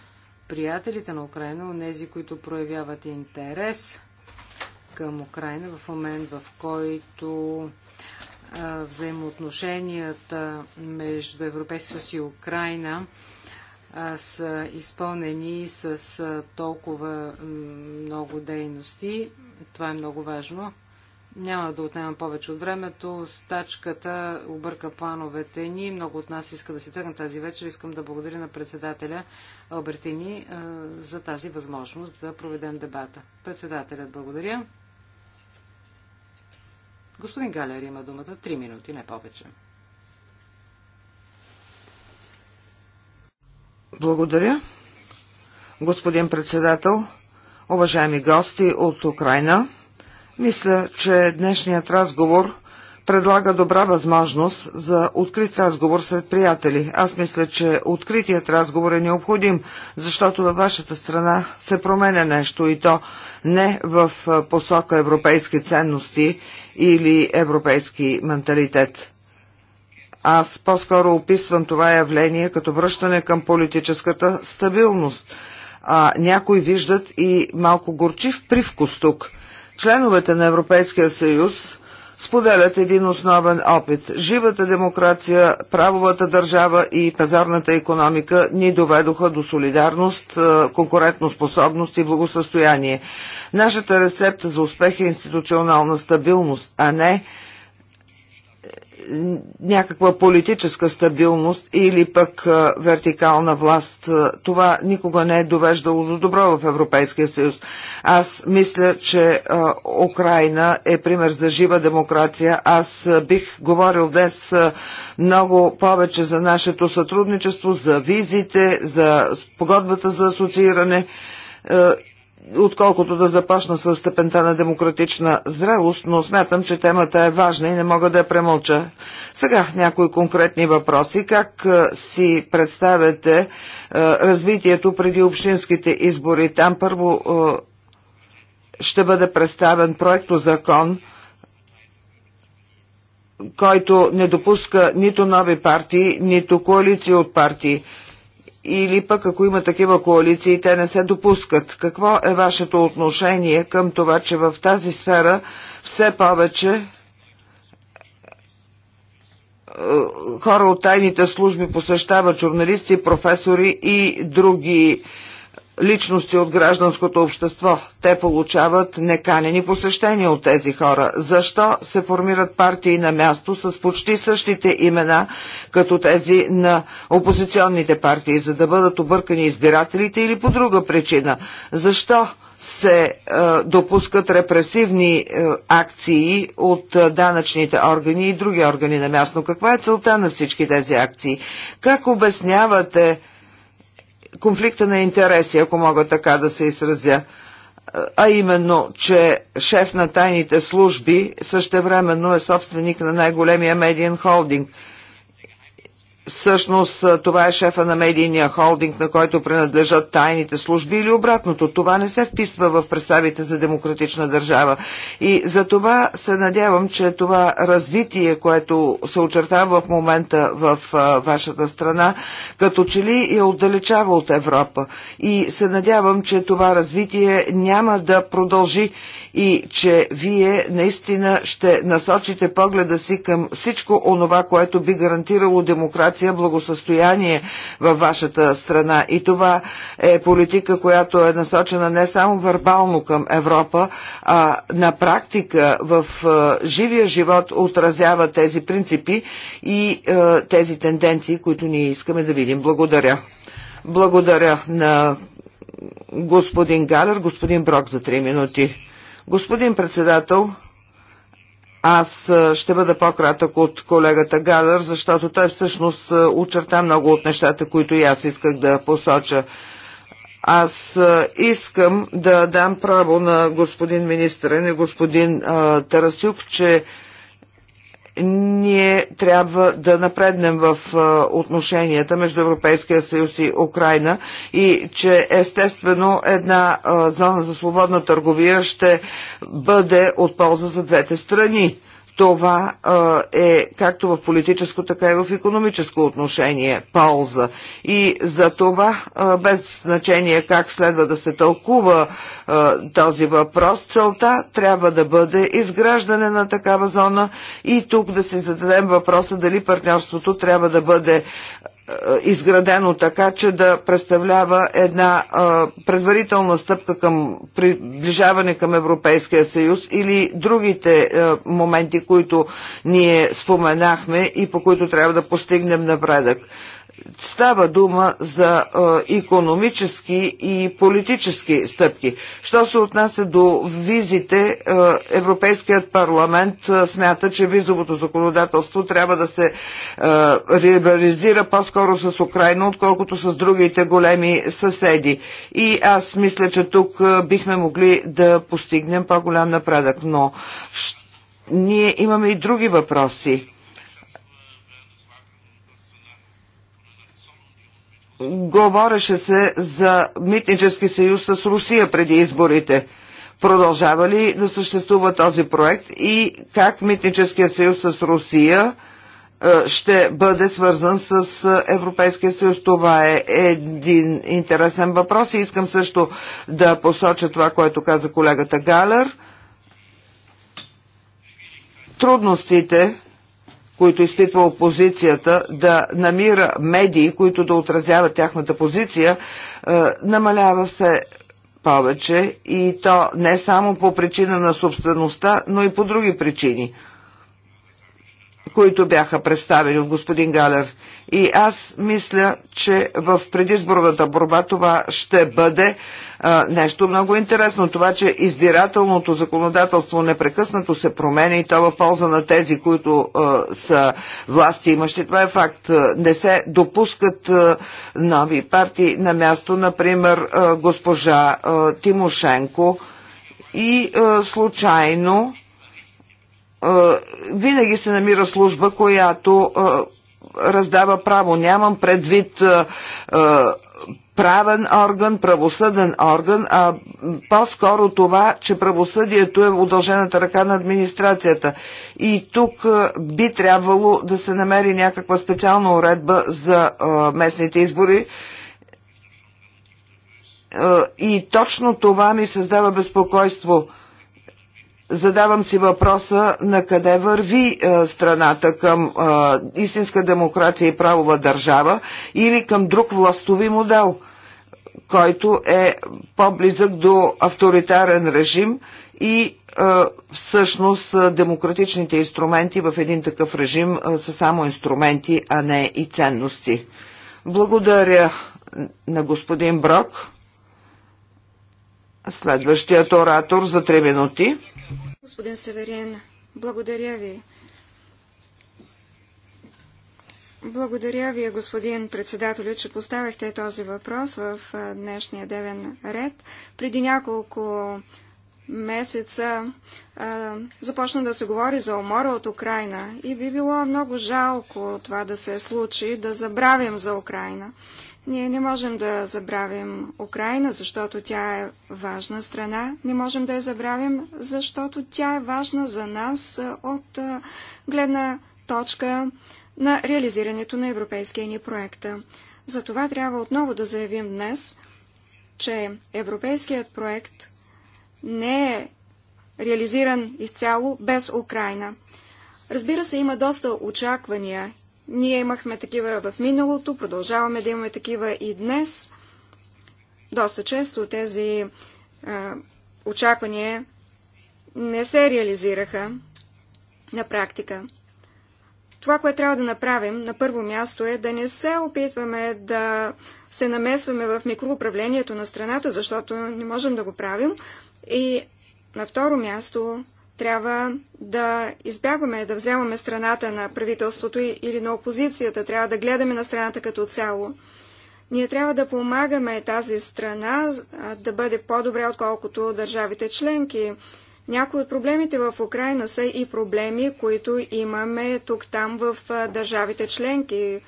приятелите на Украина, нези, които проявяват интерес към Украина в момент, в който взаимоотношенията между Европейския съюз и Украина са изпълнени с толкова много дейности. Това е много важно. Няма да отнемам повече от времето. Стачката обърка плановете ни. Много от нас иска да си тръгна тази вечер. Искам да благодаря на председателя Албертини за тази възможност да проведем дебата. Председателят благодаря. Господин Галер има думата. Три минути, не повече. Благодаря. Господин председател, уважаеми гости от Украина, мисля, че днешният разговор предлага добра възможност за открит разговор сред приятели. Аз мисля, че откритият разговор е необходим, защото във вашата страна се променя нещо и то не в посока европейски ценности или европейски менталитет. Аз по-скоро описвам това явление като връщане към политическата стабилност. А, някои виждат и малко горчив привкус тук. Членовете на Европейския съюз споделят един основен опит. Живата демокрация, правовата държава и пазарната економика ни доведоха до солидарност, е, способност и благосъстояние. Нашата рецепта за успех е институционална стабилност, а не – някаква политическа стабилност или пък вертикална власт. Това никога не е довеждало до добро в Европейския съюз. Аз мисля, че Украина е пример за жива демокрация. Аз бих говорил днес много повече за нашето сътрудничество, за визите, за погодбата за асоцииране отколкото да започна с степента на демократична зрелост, но смятам, че темата е важна и не мога да я премълча. Сега някои конкретни въпроси. Как си представяте развитието преди общинските избори? Там първо ще бъде представен проекто закон, който не допуска нито нови партии, нито коалиции от партии или пък ако има такива коалиции, те не се допускат. Какво е вашето отношение към това, че в тази сфера все повече е, хора от тайните служби посещават журналисти, професори и други личности от гражданското общество. Те получават неканени посещения от тези хора. Защо се формират партии на място с почти същите имена, като тези на опозиционните партии, за да бъдат объркани избирателите или по друга причина? Защо се е, допускат репресивни е, акции от е, данъчните органи и други органи на място. Каква е целта на всички тези акции? Как обяснявате конфликта на интереси, ако мога така да се изразя, а именно, че шеф на тайните служби същевременно е собственик на най-големия медиен холдинг – всъщност това е шефа на медийния холдинг, на който принадлежат тайните служби или обратното. Това не се вписва в представите за демократична държава. И за това се надявам, че това развитие, което се очертава в момента в вашата страна, като че ли я отдалечава от Европа. И се надявам, че това развитие няма да продължи и че вие наистина ще насочите погледа си към всичко онова, което би гарантирало демокрация, благосъстояние във вашата страна. И това е политика, която е насочена не само вербално към Европа, а на практика в е, живия живот отразява тези принципи и е, тези тенденции, които ние искаме да видим. Благодаря. Благодаря на господин Галер, господин Брок за 3 минути. Господин председател, аз ще бъда по-кратък от колегата Гадър, защото той всъщност очерта много от нещата, които и аз исках да посоча. Аз искам да дам право на господин министър, и господин а, Тарасюк, че ние трябва да напреднем в отношенията между Европейския съюз и Украина и че естествено една зона за свободна търговия ще бъде от полза за двете страни. Това е както в политическо, така и в економическо отношение полза. И за това, без значение как следва да се тълкува този въпрос, целта трябва да бъде изграждане на такава зона и тук да си зададем въпроса дали партньорството трябва да бъде е, изградено така, че да представлява една а, е, предварителна стъпка към приближаване към Европейския съюз или другите а, е, моменти, които ние споменахме и по които трябва да постигнем напредък. Става дума за е, економически и политически стъпки. Що се отнася до визите, е, Европейският парламент е, смята, че визовото законодателство трябва да се либерализира по-скоро с Украина, отколкото с другите големи съседи. И аз мисля, че тук бихме могли да постигнем по-голям напредък. Но ние имаме и други въпроси Говореше се за митнически съюз с Русия преди изборите. Продължава ли да съществува този проект и как митническия съюз с Русия е, ще бъде свързан с е, Европейския съюз. Това е един интересен въпрос и искам също да посоча това, което каза колегата Галер. Трудностите които изпитва опозицията, да намира медии, които да отразяват тяхната позиция, е, намалява все повече и то не само по причина на собствеността, но и по други причини, които бяха представени от господин Галер. И аз мисля, че в предизборната борба това ще бъде нещо много интересно. Това, че избирателното законодателство непрекъснато се променя и то в полза на тези, които са власти имащи. Това е факт. Не се допускат нови партии на място, например, госпожа Тимошенко и случайно винаги се намира служба, която раздава право. Нямам предвид правен орган, правосъден орган, а по-скоро това, че правосъдието е удължената ръка на администрацията. И тук би трябвало да се намери някаква специална уредба за местните избори. И точно това ми създава безпокойство – задавам си въпроса на къде върви а, е, страната към а, е, истинска демокрация и правова държава или към друг властови модел, който е по-близък до авторитарен режим и а, е, всъщност демократичните инструменти в един такъв режим са само инструменти, а не и ценности. Благодаря на господин Брок. Следващият оратор за 3 минути. Господин Северин, благодаря ви. Благодаря ви, господин председател, че поставихте този въпрос в днешния девен ред. Преди няколко месеца а, започна да се говори за умора от Украина и би било много жалко това да се случи, да забравим за Украина. Ние не можем да забравим Украина, защото тя е важна страна. Не можем да я забравим, защото тя е важна за нас от гледна точка на реализирането на европейския ни проекта. Затова трябва отново да заявим днес, че европейският проект – не е реализиран изцяло без Украина. Разбира се, има доста очаквания. Ние имахме такива в миналото, продължаваме да имаме такива и днес. Доста често тези е, очаквания не се реализираха на практика. Това, което трябва да направим на първо място е да не се опитваме да се намесваме в микроуправлението на страната, защото не можем да го правим, и на второ място трябва да избягваме да вземаме страната на правителството или на опозицията. Трябва да гледаме на страната като цяло. Ние трябва да помагаме тази страна да бъде по-добре, отколкото държавите членки. Някои от проблемите в Украина са и проблеми, които имаме тук-там в държавите членки.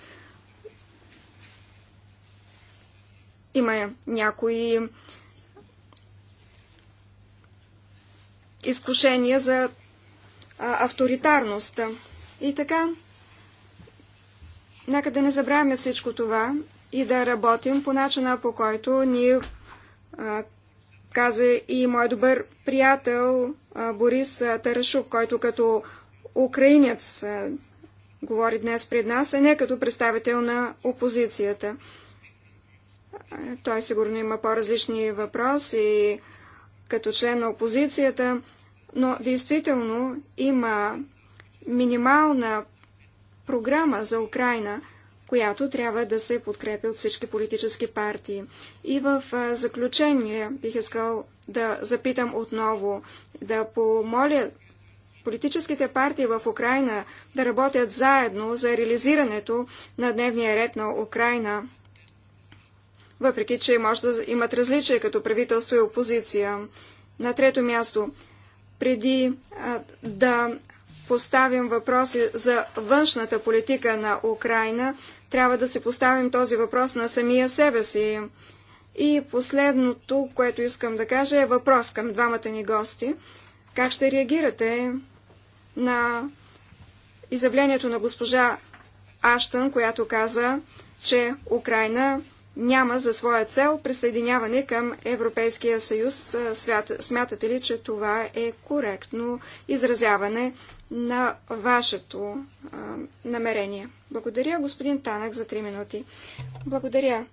Има някои изкушения за а, авторитарност. И така, нека да не забравяме всичко това и да работим по начина, по който ни а, каза и мой добър приятел а, Борис а, Тарашук, който като украинец а, говори днес пред нас, а не като представител на опозицията. Той сигурно има по-различни въпроси като член на опозицията, но действително има минимална програма за Украина, която трябва да се подкрепи от всички политически партии. И в заключение бих искал да запитам отново, да помоля политическите партии в Украина да работят заедно за реализирането на дневния ред на Украина въпреки че може да имат различия като правителство и опозиция. На трето място, преди а, да поставим въпроси за външната политика на Украина, трябва да се поставим този въпрос на самия себе си. И последното, което искам да кажа, е въпрос към двамата ни гости. Как ще реагирате на изявлението на госпожа Аштън, която каза, че Украина няма за своя цел присъединяване към Европейския съюз. Е, смятате ли, че това е коректно изразяване на вашето а, е, намерение? Благодаря, господин Танък, за 3 минути. Благодаря.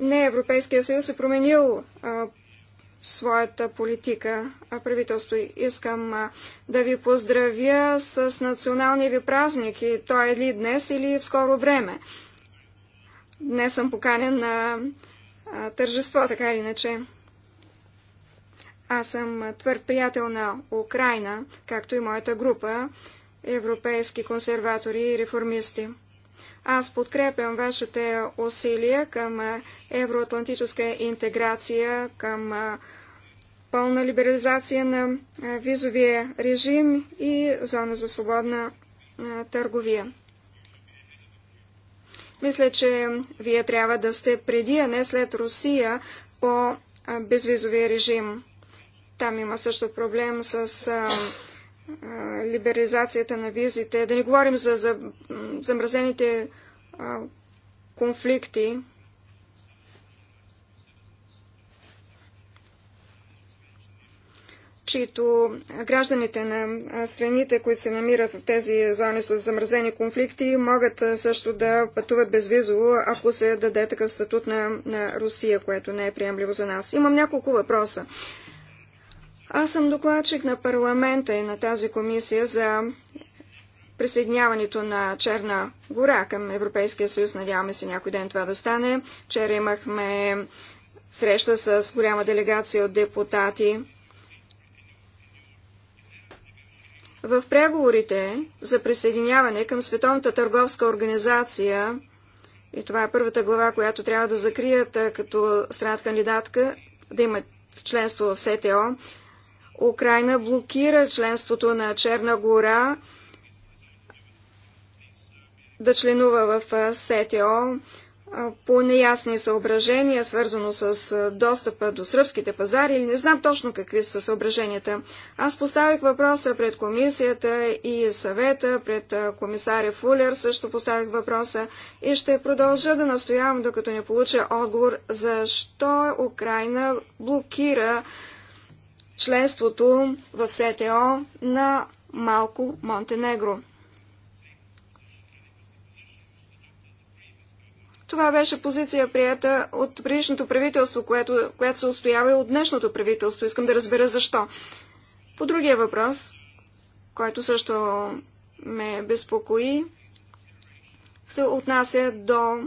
Не, Европейския съюз е променил а, е, своята политика, правителство. Искам да ви поздравя с националния ви празник и той е ли днес или в скоро време. Днес съм поканен на тържество, така или иначе. Аз съм твърд приятел на Украина, както и моята група европейски консерватори и реформисти. Аз подкрепям вашите усилия към евроатлантическа интеграция, към пълна либерализация на визовия режим и зона за свободна търговия. Мисля, че вие трябва да сте преди, а не след Русия по безвизовия режим. Там има също проблем с либерализацията на визите, да не говорим за замразените конфликти. чието гражданите на страните, които се намират в тези зони с замразени конфликти, могат също да пътуват безвизово, ако се даде такъв статут на, на Русия, което не е приемливо за нас. Имам няколко въпроса. Аз съм докладчик на парламента и на тази комисия за присъединяването на Черна гора към Европейския съюз. Надяваме се някой ден това да стане. Вчера имахме среща с голяма делегация от депутати. В преговорите за присъединяване към Световната търговска организация, и това е първата глава, която трябва да закрият като страна кандидатка, да имат членство в СТО, Украина блокира членството на Черна гора да членува в СТО по неясни съображения, свързано с достъпа до сръбските пазари или не знам точно какви са съображенията. Аз поставих въпроса пред комисията и съвета, пред комисаря Фулер също поставих въпроса и ще продължа да настоявам, докато не получа отговор, защо Украина блокира членството в СТО на Малко Монтенегро. Това беше позиция прията от предишното правителство, което, което се отстоява и от днешното правителство. Искам да разбера защо. По другия въпрос, който също ме безпокои, се отнася до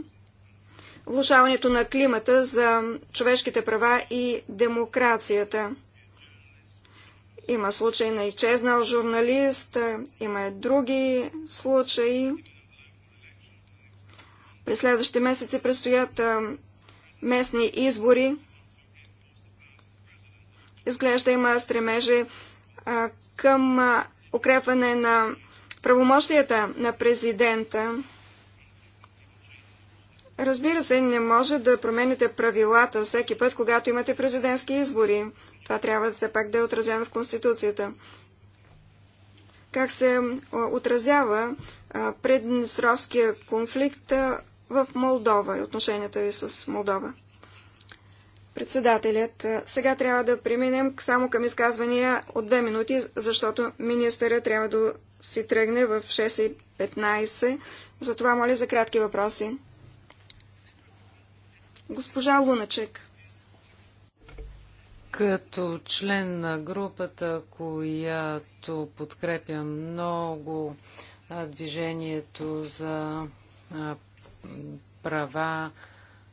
влушаването на климата за човешките права и демокрацията. Има случай на изчезнал журналист, е, има и други случаи. През следващите месеци предстоят е, местни избори. Изглежда има стремежи е, към укрепване на правомощията на президента. Разбира се, не може да промените правилата всеки път, когато имате президентски избори. Това трябва все се пак да е отразено в Конституцията. Как се отразява преднесровския конфликт в Молдова и отношенията ви с Молдова? Председателят, сега трябва да преминем само към изказвания от две минути, защото министъра трябва да си тръгне в 6.15. Затова моля за кратки въпроси. Госпожа Луначек. Като член на групата, която подкрепя много движението за права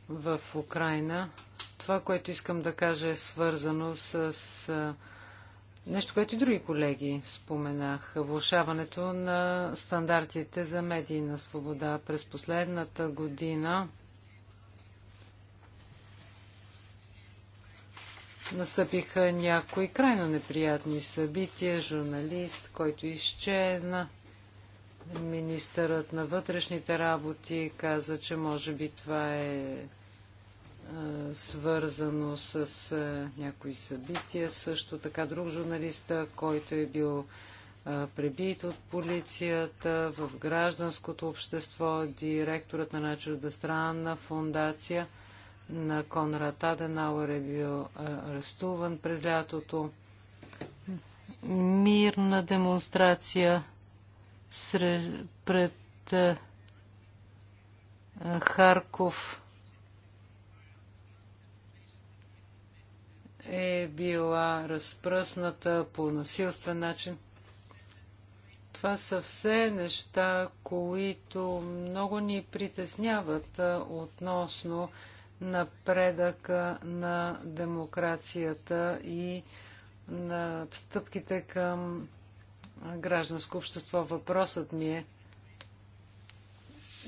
в Украина, това, което искам да кажа е свързано с нещо, което и други колеги споменах. Влушаването на стандартите за медийна свобода през последната година настъпиха някои крайно неприятни събития. Журналист, който изчезна. Министърът на вътрешните работи каза, че може би това е, е свързано с е, някои събития. Също така друг журналист, който е бил е, пребит от полицията в гражданското общество, директорът на да странна фундация – на Конрад Аденауер е бил е, арестуван през лятото. Мирна демонстрация пред е, е, Харков е била разпръсната по насилствен начин. Това са все неща, които много ни притесняват относно напредъка на демокрацията и на стъпките към гражданско общество. Въпросът ми е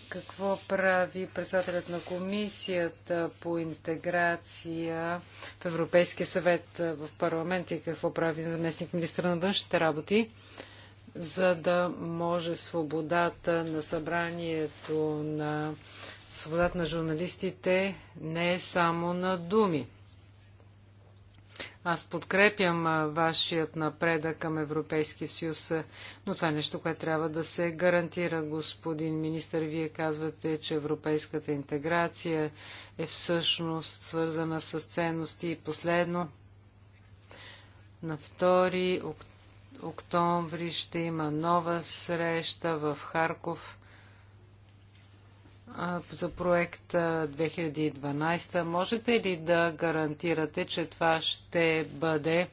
какво прави председателят на комисията по интеграция в Европейския съвет в парламент и какво прави заместник министра на външните работи, за да може свободата на събранието на свободата на журналистите не е само на думи. Аз подкрепям вашият напредък към Европейския съюз, но това е нещо, което трябва да се гарантира, господин министр. Вие казвате, че европейската интеграция е всъщност свързана с ценности. И последно, на 2 октомври ще има нова среща в Харков за проект 2012. Можете ли да гарантирате, че това ще бъде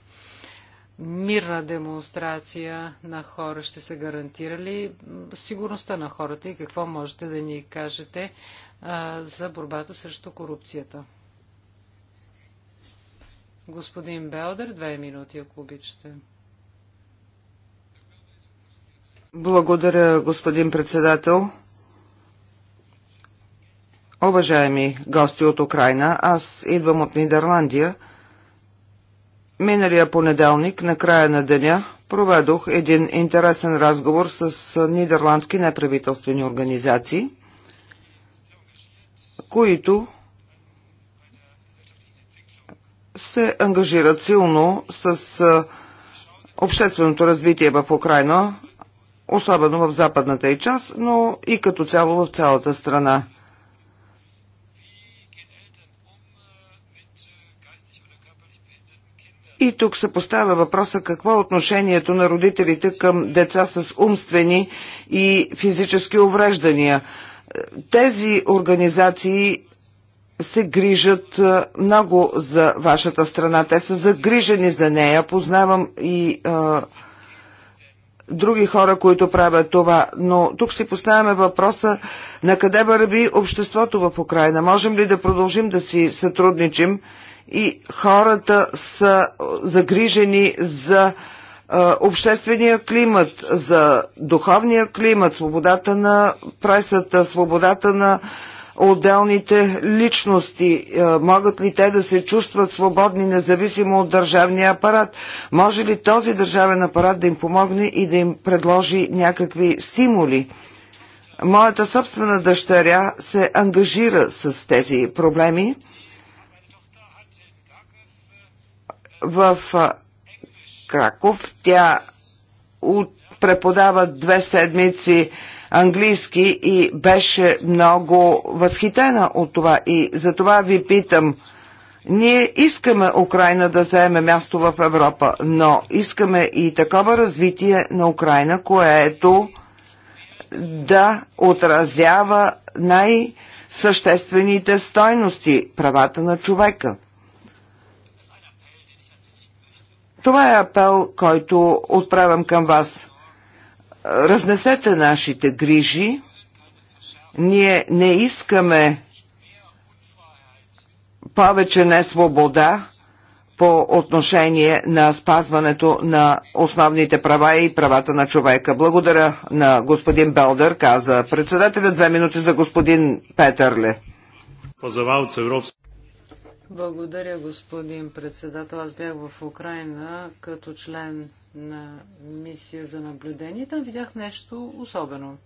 мирна демонстрация на хора? Ще се гарантира ли сигурността на хората и какво можете да ни кажете за борбата срещу корупцията? Господин Белдер, две минути, ако обичате. Благодаря, господин председател. Уважаеми гости от Украина, аз идвам от Нидерландия. Миналия понеделник, на края на деня, проведох един интересен разговор с нидерландски неправителствени организации, които се ангажират силно с общественото развитие в Украина, особено в западната и част, но и като цяло в цялата страна – И тук се поставя въпроса какво е отношението на родителите към деца с умствени и физически увреждания. Тези организации се грижат много за вашата страна. Те са загрижени за нея. Познавам и а, други хора, които правят това. Но тук си поставяме въпроса на къде върви обществото в Украина. Можем ли да продължим да си сътрудничим? и хората са загрижени за обществения климат, за духовния климат, свободата на пресата, свободата на отделните личности, могат ли те да се чувстват свободни, независимо от държавния апарат? Може ли този държавен апарат да им помогне и да им предложи някакви стимули? Моята собствена дъщеря се ангажира с тези проблеми. в Краков. Тя преподава две седмици английски и беше много възхитена от това. И за това ви питам, ние искаме Украина да заеме място в Европа, но искаме и такова развитие на Украина, което да отразява най- съществените стойности, правата на човека. Това е апел, който отправям към вас. Разнесете нашите грижи. Ние не искаме повече не свобода по отношение на спазването на основните права и правата на човека. Благодаря на господин Белдър, каза председателя. Две минути за господин Петърле. Благодаря, господин председател. Аз бях в Украина като член на мисия за наблюдение. Там видях нещо особено.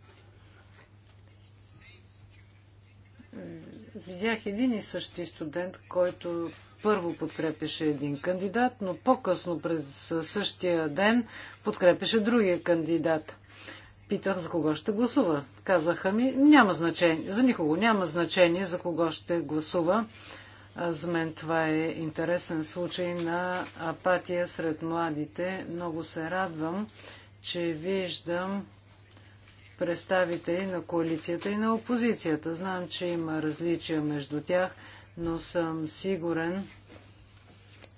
Видях един и същи студент, който първо подкрепеше един кандидат, но по-късно през същия ден подкрепеше другия кандидат. Питах за кого ще гласува. Казаха ми, няма значение, за никого няма значение за кого ще гласува за мен това е интересен случай на апатия сред младите. Много се радвам, че виждам представители на коалицията и на опозицията. Знам, че има различия между тях, но съм сигурен,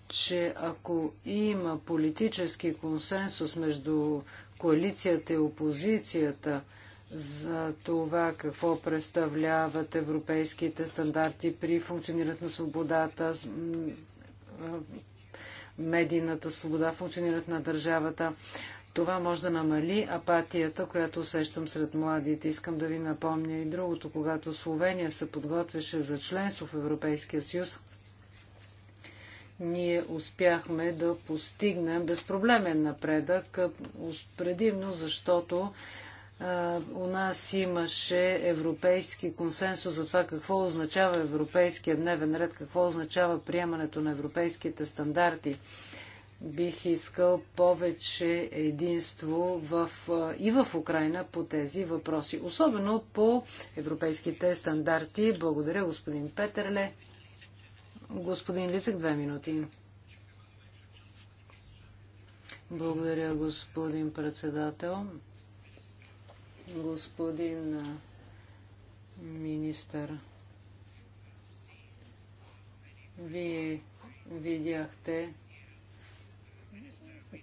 че ако има политически консенсус между коалицията и опозицията за това какво представляват европейските стандарти при функционирането на свободата, медийната свобода, функционирането на държавата. Това може да намали апатията, която усещам сред младите. Искам да ви напомня и другото. Когато Словения се подготвяше за членство в Европейския съюз, ние успяхме да постигнем безпроблемен напредък, предимно защото у нас имаше европейски консенсус за това какво означава европейския дневен ред, какво означава приемането на европейските стандарти. Бих искал повече единство в, и в Украина по тези въпроси, особено по европейските стандарти. Благодаря, господин Петърле. Господин Лисък, две минути. Благодаря, господин председател господин министър. Вие видяхте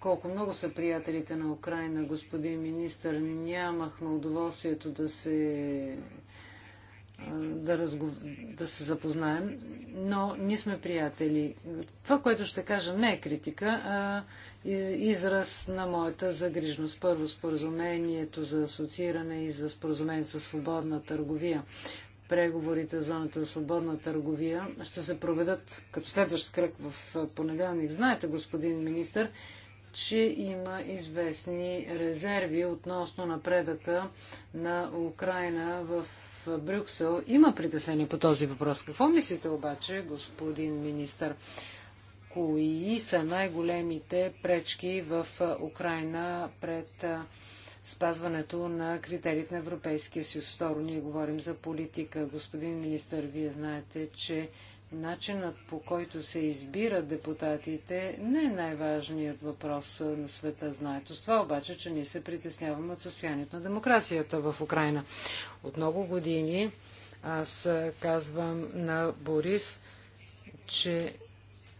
колко много са приятелите на Украина, господин министър. Нямахме удоволствието да се да, разгов... да се запознаем, но ние сме приятели. Това, което ще кажа, не е критика, а израз на моята загрижност. Първо, споразумението за асоцииране и за споразумението за свободна търговия. Преговорите за зоната за свободна търговия ще се проведат като следващ кръг в понеделник. Знаете, господин министр, че има известни резерви относно напредъка на Украина в Брюксел има притеснение по този въпрос. Какво мислите обаче, господин министър? Кои са най-големите пречки в Украина пред спазването на критериите на Европейския съюз? Второ, ние говорим за политика. Господин министър, вие знаете, че начинът по който се избират депутатите не е най-важният въпрос на света. Знаето с това обаче, че ние се притесняваме от състоянието на демокрацията в Украина. От много години аз казвам на Борис, че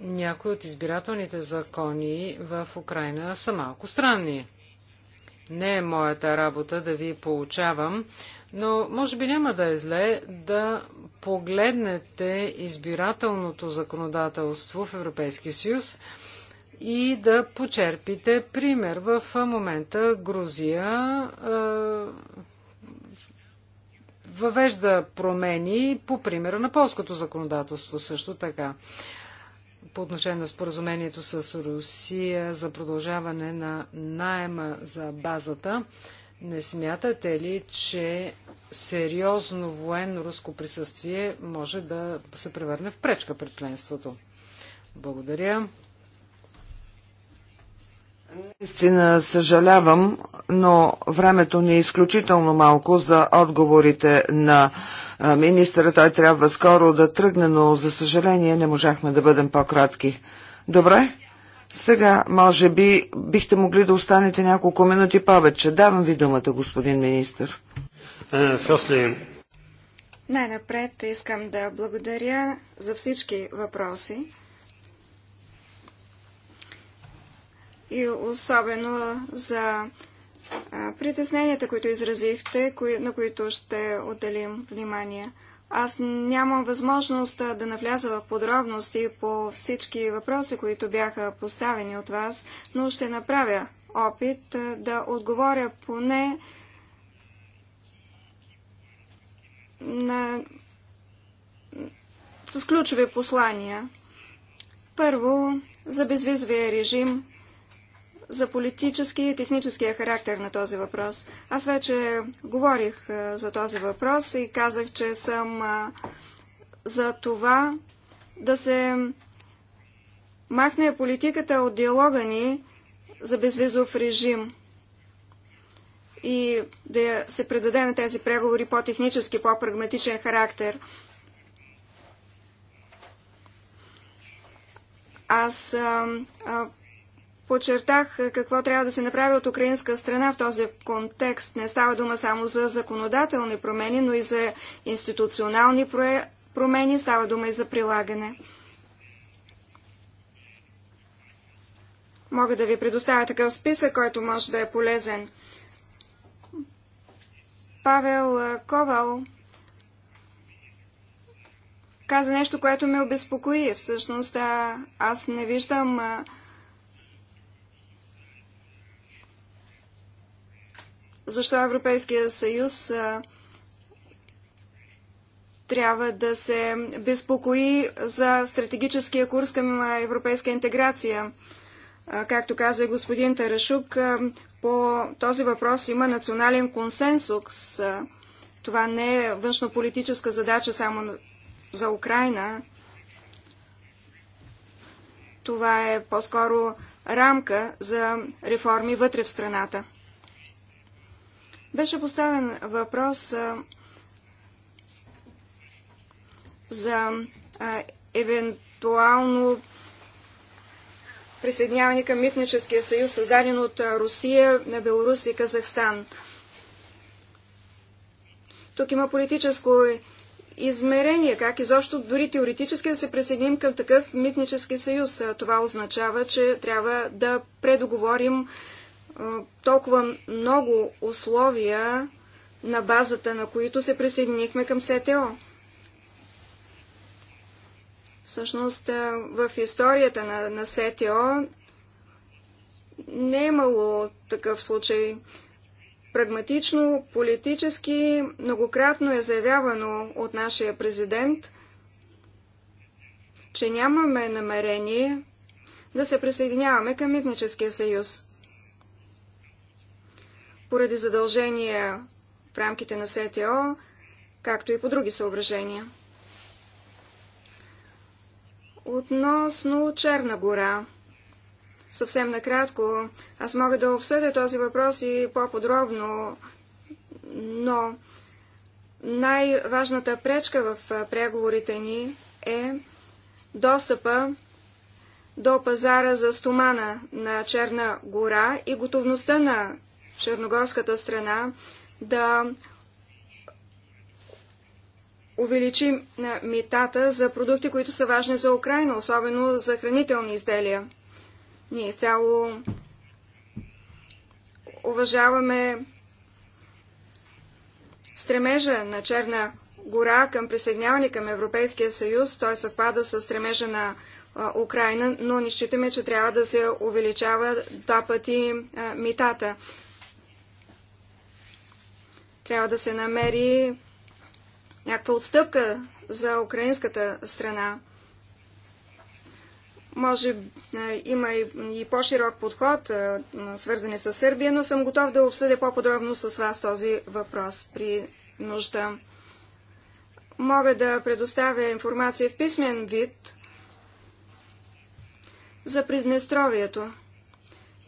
някои от избирателните закони в Украина са малко странни. Не е моята работа да ви получавам, но може би няма да е зле да погледнете избирателното законодателство в Европейския съюз и да почерпите пример. В момента Грузия е, въвежда промени по примера на полското законодателство също така по отношение на споразумението с Русия за продължаване на найема за базата. Не смятате ли, че сериозно военно руско присъствие може да се превърне в пречка пред членството. Благодаря. Наистина съжалявам, но времето ни е изключително малко за отговорите на министъра. Той трябва скоро да тръгне, но за съжаление не можахме да бъдем по-кратки. Добре? Сега, може би, бихте могли да останете няколко минути повече. Давам ви думата, господин министър. Е, Най-напред искам да благодаря за всички въпроси. И особено за притесненията, които изразихте, на които ще отделим внимание. Аз нямам възможност да навляза в подробности по всички въпроси, които бяха поставени от вас, но ще направя опит да отговоря поне на... с ключови послания. Първо, за безвизовия режим, за политически и техническия характер на този въпрос. Аз вече говорих за този въпрос и казах, че съм за това да се махне политиката от диалога ни за безвизов режим – и да се предаде на тези преговори по-технически, по-прагматичен характер. Аз а, а, подчертах какво трябва да се направи от украинска страна в този контекст. Не става дума само за законодателни промени, но и за институционални промени. Става дума и за прилагане. Мога да ви предоставя такъв списък, който може да е полезен. Павел Ковал каза нещо, което ме обезпокои. Всъщност, аз не виждам защо Европейския съюз трябва да се безпокои за стратегическия курс към европейска интеграция. както каза господин Тарашук, по този въпрос има национален консенсус. Това не е външнополитическа задача само за Украина. Това е по-скоро рамка за реформи вътре в страната. Беше поставен въпрос за евентуално присъединяване към Митническия съюз, създаден от Русия, на Беларус и Казахстан. Тук има политическо измерение, как изобщо дори теоретически да се присъединим към такъв митнически съюз. Това означава, че трябва да предоговорим толкова много условия, на базата на които се присъединихме към СТО. Всъщност в историята на, на СТО не е имало такъв случай. Прагматично, политически, многократно е заявявано от нашия президент, че нямаме намерение да се присъединяваме към Митническия съюз. Поради задължения в рамките на СТО, както и по други съображения. Относно Черна гора, съвсем накратко, аз мога да обсъдя този въпрос и по-подробно, но най-важната пречка в преговорите ни е достъпа до пазара за стомана на Черна гора и готовността на черногорската страна да увеличи митата за продукти, които са важни за Украина, особено за хранителни изделия. Ние цяло уважаваме стремежа на Черна гора към присъединяване към Европейския съюз. Той съвпада с стремежа на Украина, но не считаме, че трябва да се увеличава два пъти а, митата. Трябва да се намери някаква отстъпка за украинската страна. Може е, има и, и по-широк подход, е, свързани с Сърбия, но съм готов да обсъдя по-подробно с вас този въпрос при нужда. Мога да предоставя информация в писмен вид за Приднестровието.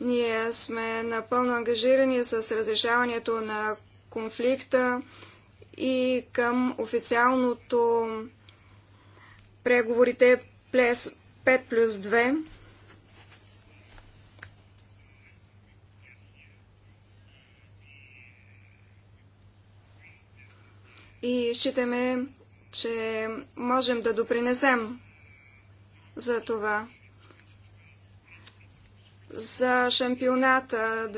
Ние сме напълно ангажирани с разрешаването на конфликта, и към официалното преговорите плес 5 плюс 2. И считаме, че можем да допринесем за това. За шампионата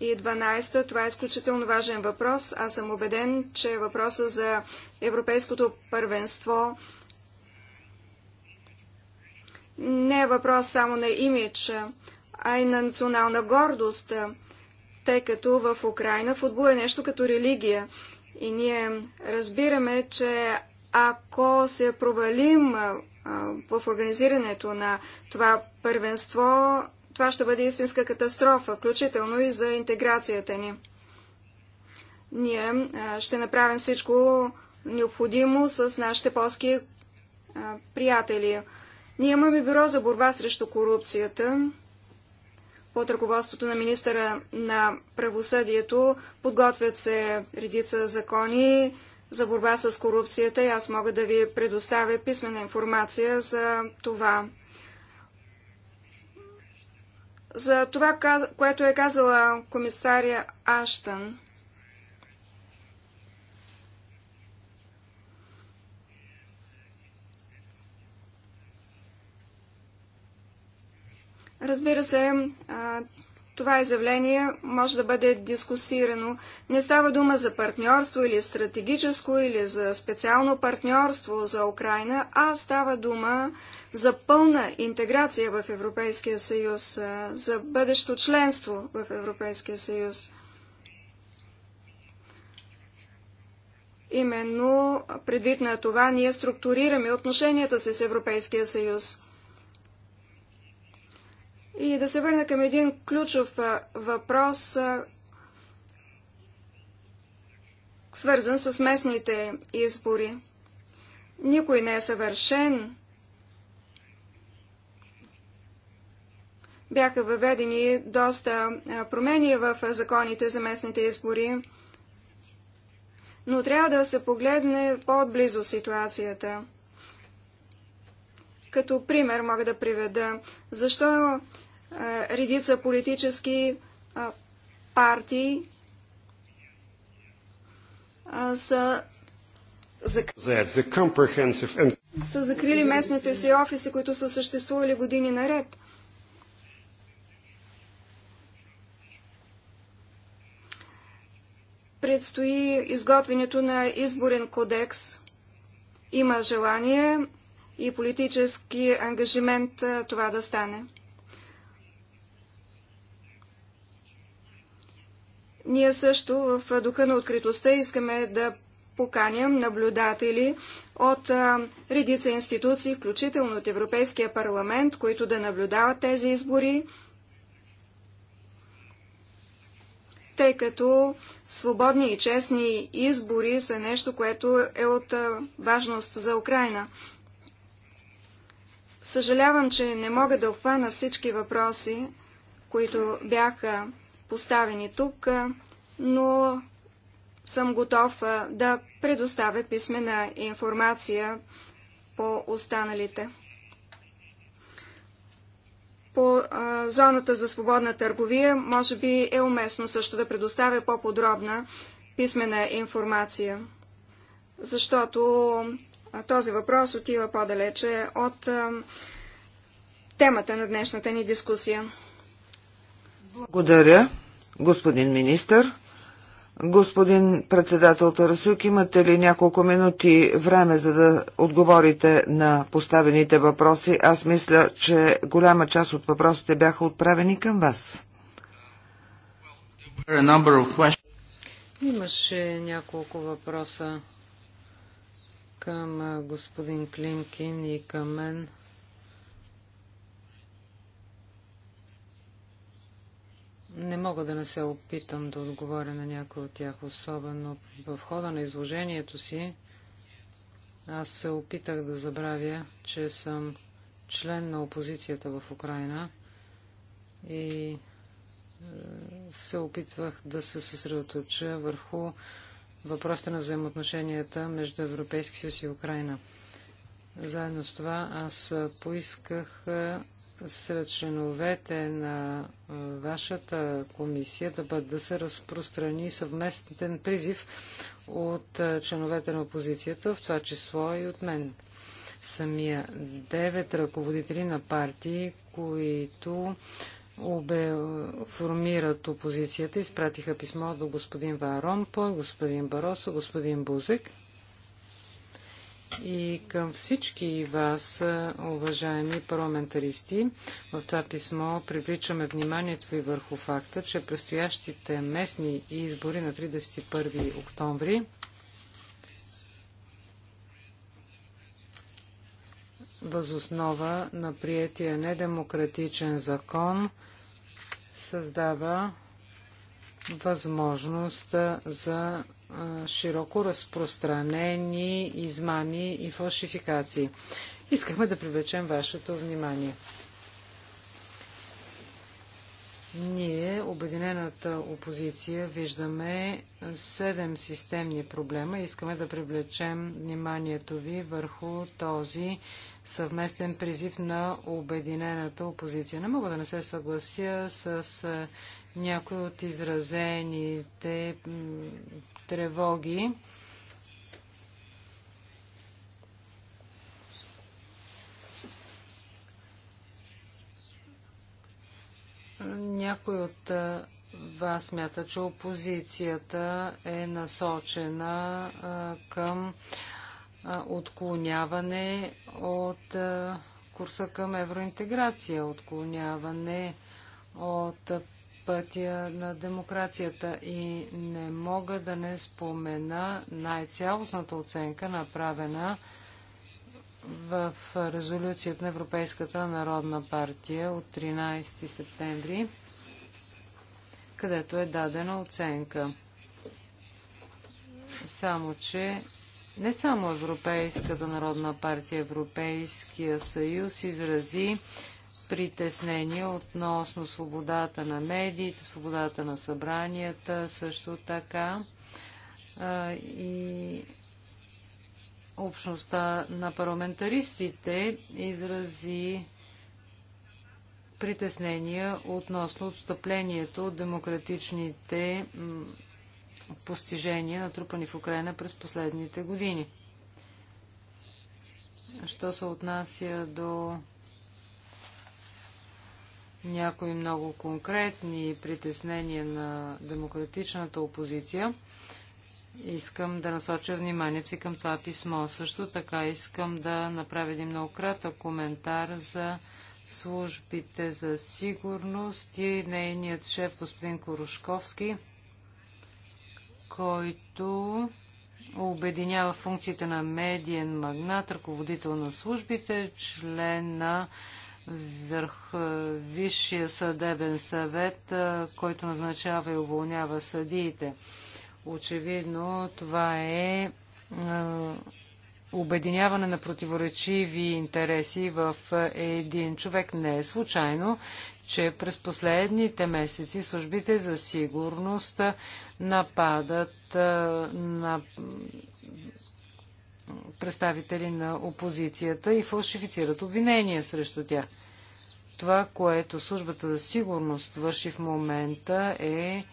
и 12. Това е изключително важен въпрос. Аз съм убеден, че въпроса за европейското първенство не е въпрос само на имидж, а и на национална гордост, тъй като в Украина футбол е нещо като религия. И ние разбираме, че ако се провалим в организирането на това първенство, това ще бъде истинска катастрофа, включително и за интеграцията ни. Ние ще направим всичко необходимо с нашите полски приятели. Ние имаме бюро за борба срещу корупцията под ръководството на министъра на правосъдието. Подготвят се редица закони за борба с корупцията и аз мога да ви предоставя писмена информация за това за това, което е казала комисаря Аштън. Разбира се, това изявление може да бъде дискусирано. Не става дума за партньорство или стратегическо, или за специално партньорство за Украина, а става дума за пълна интеграция в Европейския съюз, за бъдещо членство в Европейския съюз. Именно предвид на това ние структурираме отношенията си с Европейския съюз. И да се върна към един ключов въпрос, свързан с местните избори. Никой не е съвършен. Бяха въведени доста промени в законите за местните избори, но трябва да се погледне по-отблизо ситуацията. Като пример мога да приведа защо редица политически партии са са закрили местните си офиси, които са съществували години наред. Предстои изготвянето на изборен кодекс. Има желание и политически ангажимент това да стане. Ние също в духа на откритостта искаме да поканям наблюдатели от а, редица институции, включително от Европейския парламент, които да наблюдават тези избори, тъй като свободни и честни избори са нещо, което е от а, важност за Украина. Съжалявам, че не мога да обхвана всички въпроси, които бяха поставени тук, но съм готов да предоставя писмена информация по останалите. По а, зоната за свободна търговия, може би е уместно също да предоставя по-подробна писмена информация, защото този въпрос отива по-далече от а, темата на днешната ни дискусия. Благодаря, господин министър. Господин председател Тарасюк, имате ли няколко минути време за да отговорите на поставените въпроси? Аз мисля, че голяма част от въпросите бяха отправени към вас. Имаше няколко въпроса към господин Климкин и към мен. Не мога да не се опитам да отговоря на някой от тях, особено в хода на изложението си. Аз се опитах да забравя, че съм член на опозицията в Украина и е, се опитвах да се съсредоточа върху въпросите на взаимоотношенията между Европейски съюз и Украина. Заедно с това аз поисках е, сред членовете на вашата комисия да, бъд, да се разпространи съвместен призив от членовете на опозицията, в това число и от мен. Самия девет ръководители на партии, които обе формират опозицията, изпратиха писмо до господин Ван Ромпо, господин Баросо, господин Бузек и към всички вас, уважаеми парламентаристи. В това писмо привличаме вниманието ви върху факта, че предстоящите местни избори на 31 октомври възоснова на приятия недемократичен закон създава възможност за широко разпространени измами и фалшификации. Искахме да привлечем вашето внимание. Ние, Обединената опозиция, виждаме седем системни проблема. Искаме да привлечем вниманието ви върху този съвместен призив на Обединената опозиция. Не мога да не се съглася с някои от изразените тревоги. Някой от вас смята, че опозицията е насочена към отклоняване от курса към евроинтеграция, отклоняване от пътя на демокрацията и не мога да не спомена най-цялостната оценка, направена в резолюцията на Европейската народна партия от 13 септември, където е дадена оценка. Само, че не само Европейската народна партия, Европейския съюз изрази притеснения относно свободата на медиите, свободата на събранията, също така и общността на парламентаристите изрази притеснения относно отстъплението от демократичните постижения, натрупани в Украина през последните години. Що се отнася до някои много конкретни притеснения на демократичната опозиция, искам да насоча вниманието ви към това писмо. Също така искам да направя един много кратък коментар за службите за сигурност и нейният шеф господин Корошковски, който обединява функциите на медиен магнат, ръководител на службите, член на върх Висшия съдебен съвет, който назначава и уволнява съдиите. Очевидно това е, е обединяване на противоречиви интереси в един човек. Не е случайно, че през последните месеци службите за сигурност нападат на представители на опозицията и фалшифицират обвинения срещу тях. Това, което службата за сигурност върши в момента е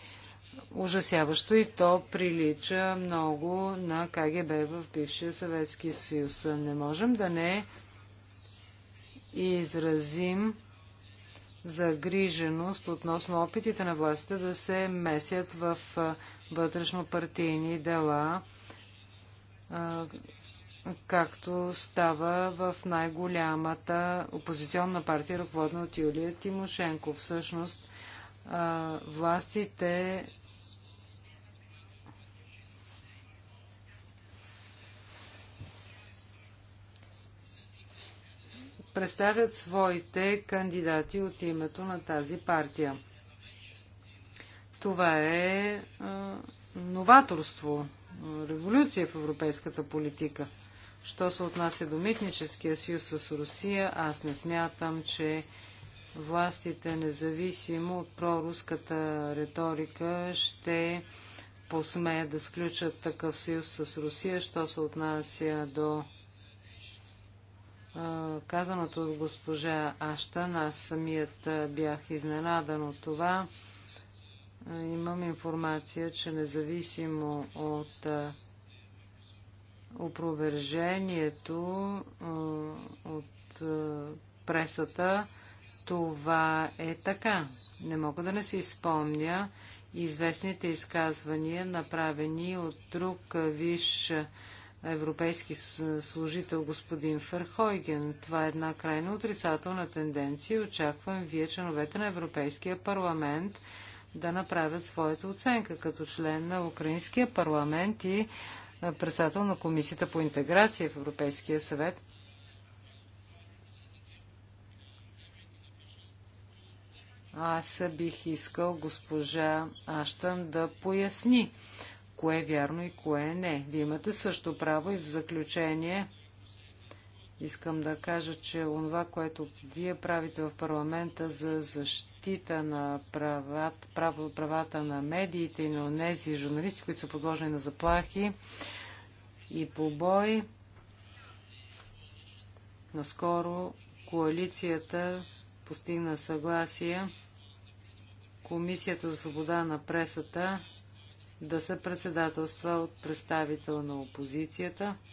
ужасяващо и то прилича много на КГБ в бившия Съветски съюз. Не можем да не изразим загриженост относно опитите на властите да се месят в вътрешно партийни дела както става в най-голямата опозиционна партия, ръководна от Юлия Тимошенко. Всъщност, властите представят своите кандидати от името на тази партия. Това е новаторство, революция в европейската политика – Що се отнася до митническия съюз с Русия, аз не смятам, че властите, независимо от проруската риторика, ще посмеят да сключат такъв съюз с Русия, що се отнася до казаното от госпожа Аштан. Аз самият бях изненадан от това. имам информация, че независимо от а, опровержението от пресата, това е така. Не мога да не си спомня известните изказвания, направени от друг виш европейски служител господин Ферхойген. Това е една крайно отрицателна тенденция. Очаквам вие, членовете на Европейския парламент, да направят своята оценка като член на Украинския парламент и председател на Комисията по интеграция в Европейския съвет. Аз бих искал госпожа Аштън да поясни кое е вярно и кое не. Вие имате също право и в заключение Искам да кажа, че онова, което вие правите в парламента за защита на правата, право, правата на медиите и на тези журналисти, които са подложени на заплахи и побой, наскоро коалицията постигна съгласие Комисията за свобода на пресата да се председателства от представител на опозицията –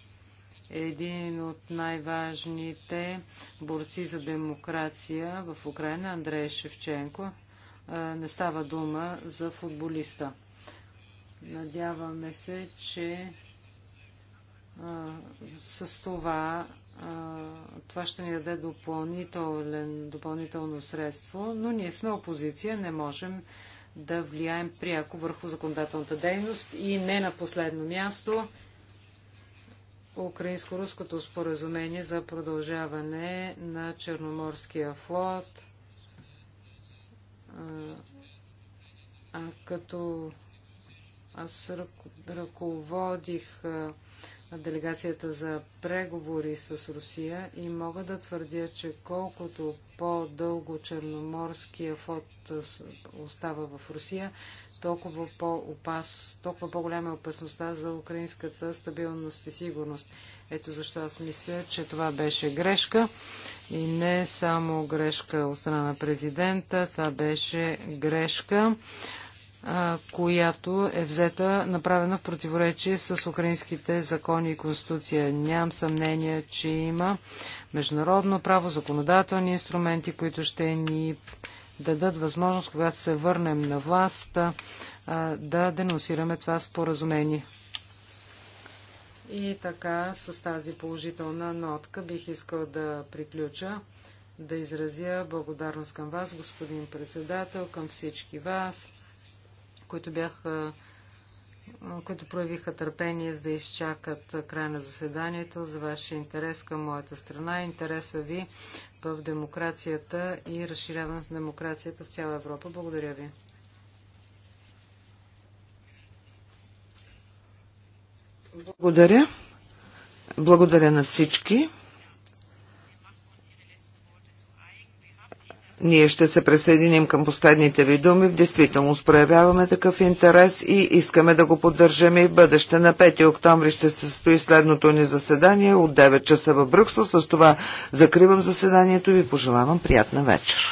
един от най-важните борци за демокрация в Украина, Андрей Шевченко. Не става дума за футболиста. Надяваме се, че а, с това а, това ще ни даде допълнително средство, но ние сме опозиция, не можем да влияем пряко върху законодателната дейност и не на последно място украинско-руското споразумение за продължаване на Черноморския флот, а като аз ръководих делегацията за преговори с Русия и мога да твърдя, че колкото по-дълго Черноморския флот остава в Русия, толкова, по-опас, толкова по-голяма е опасността за украинската стабилност и сигурност. Ето защо аз мисля, че това беше грешка и не само грешка от страна на президента, това беше грешка която е взета, направена в противоречие с украинските закони и конституция. Нямам съмнение, че има международно право, законодателни инструменти, които ще ни дадат възможност, когато се върнем на власт, да денонсираме това споразумение. И така, с тази положителна нотка бих искал да приключа, да изразя благодарност към вас, господин председател, към всички вас, които бяха които проявиха търпение за да изчакат край на заседанието за вашия интерес към моята страна, интереса ви в демокрацията и разширяването на демокрацията в цяла Европа. Благодаря ви. Благодаря. Благодаря на всички. Ние ще се присъединим към последните ви думи. В действителност проявяваме такъв интерес и искаме да го поддържаме и в бъдеще. На 5 октомври ще се състои следното ни заседание от 9 часа в Брюксел. С това закривам заседанието и ви пожелавам приятна вечер.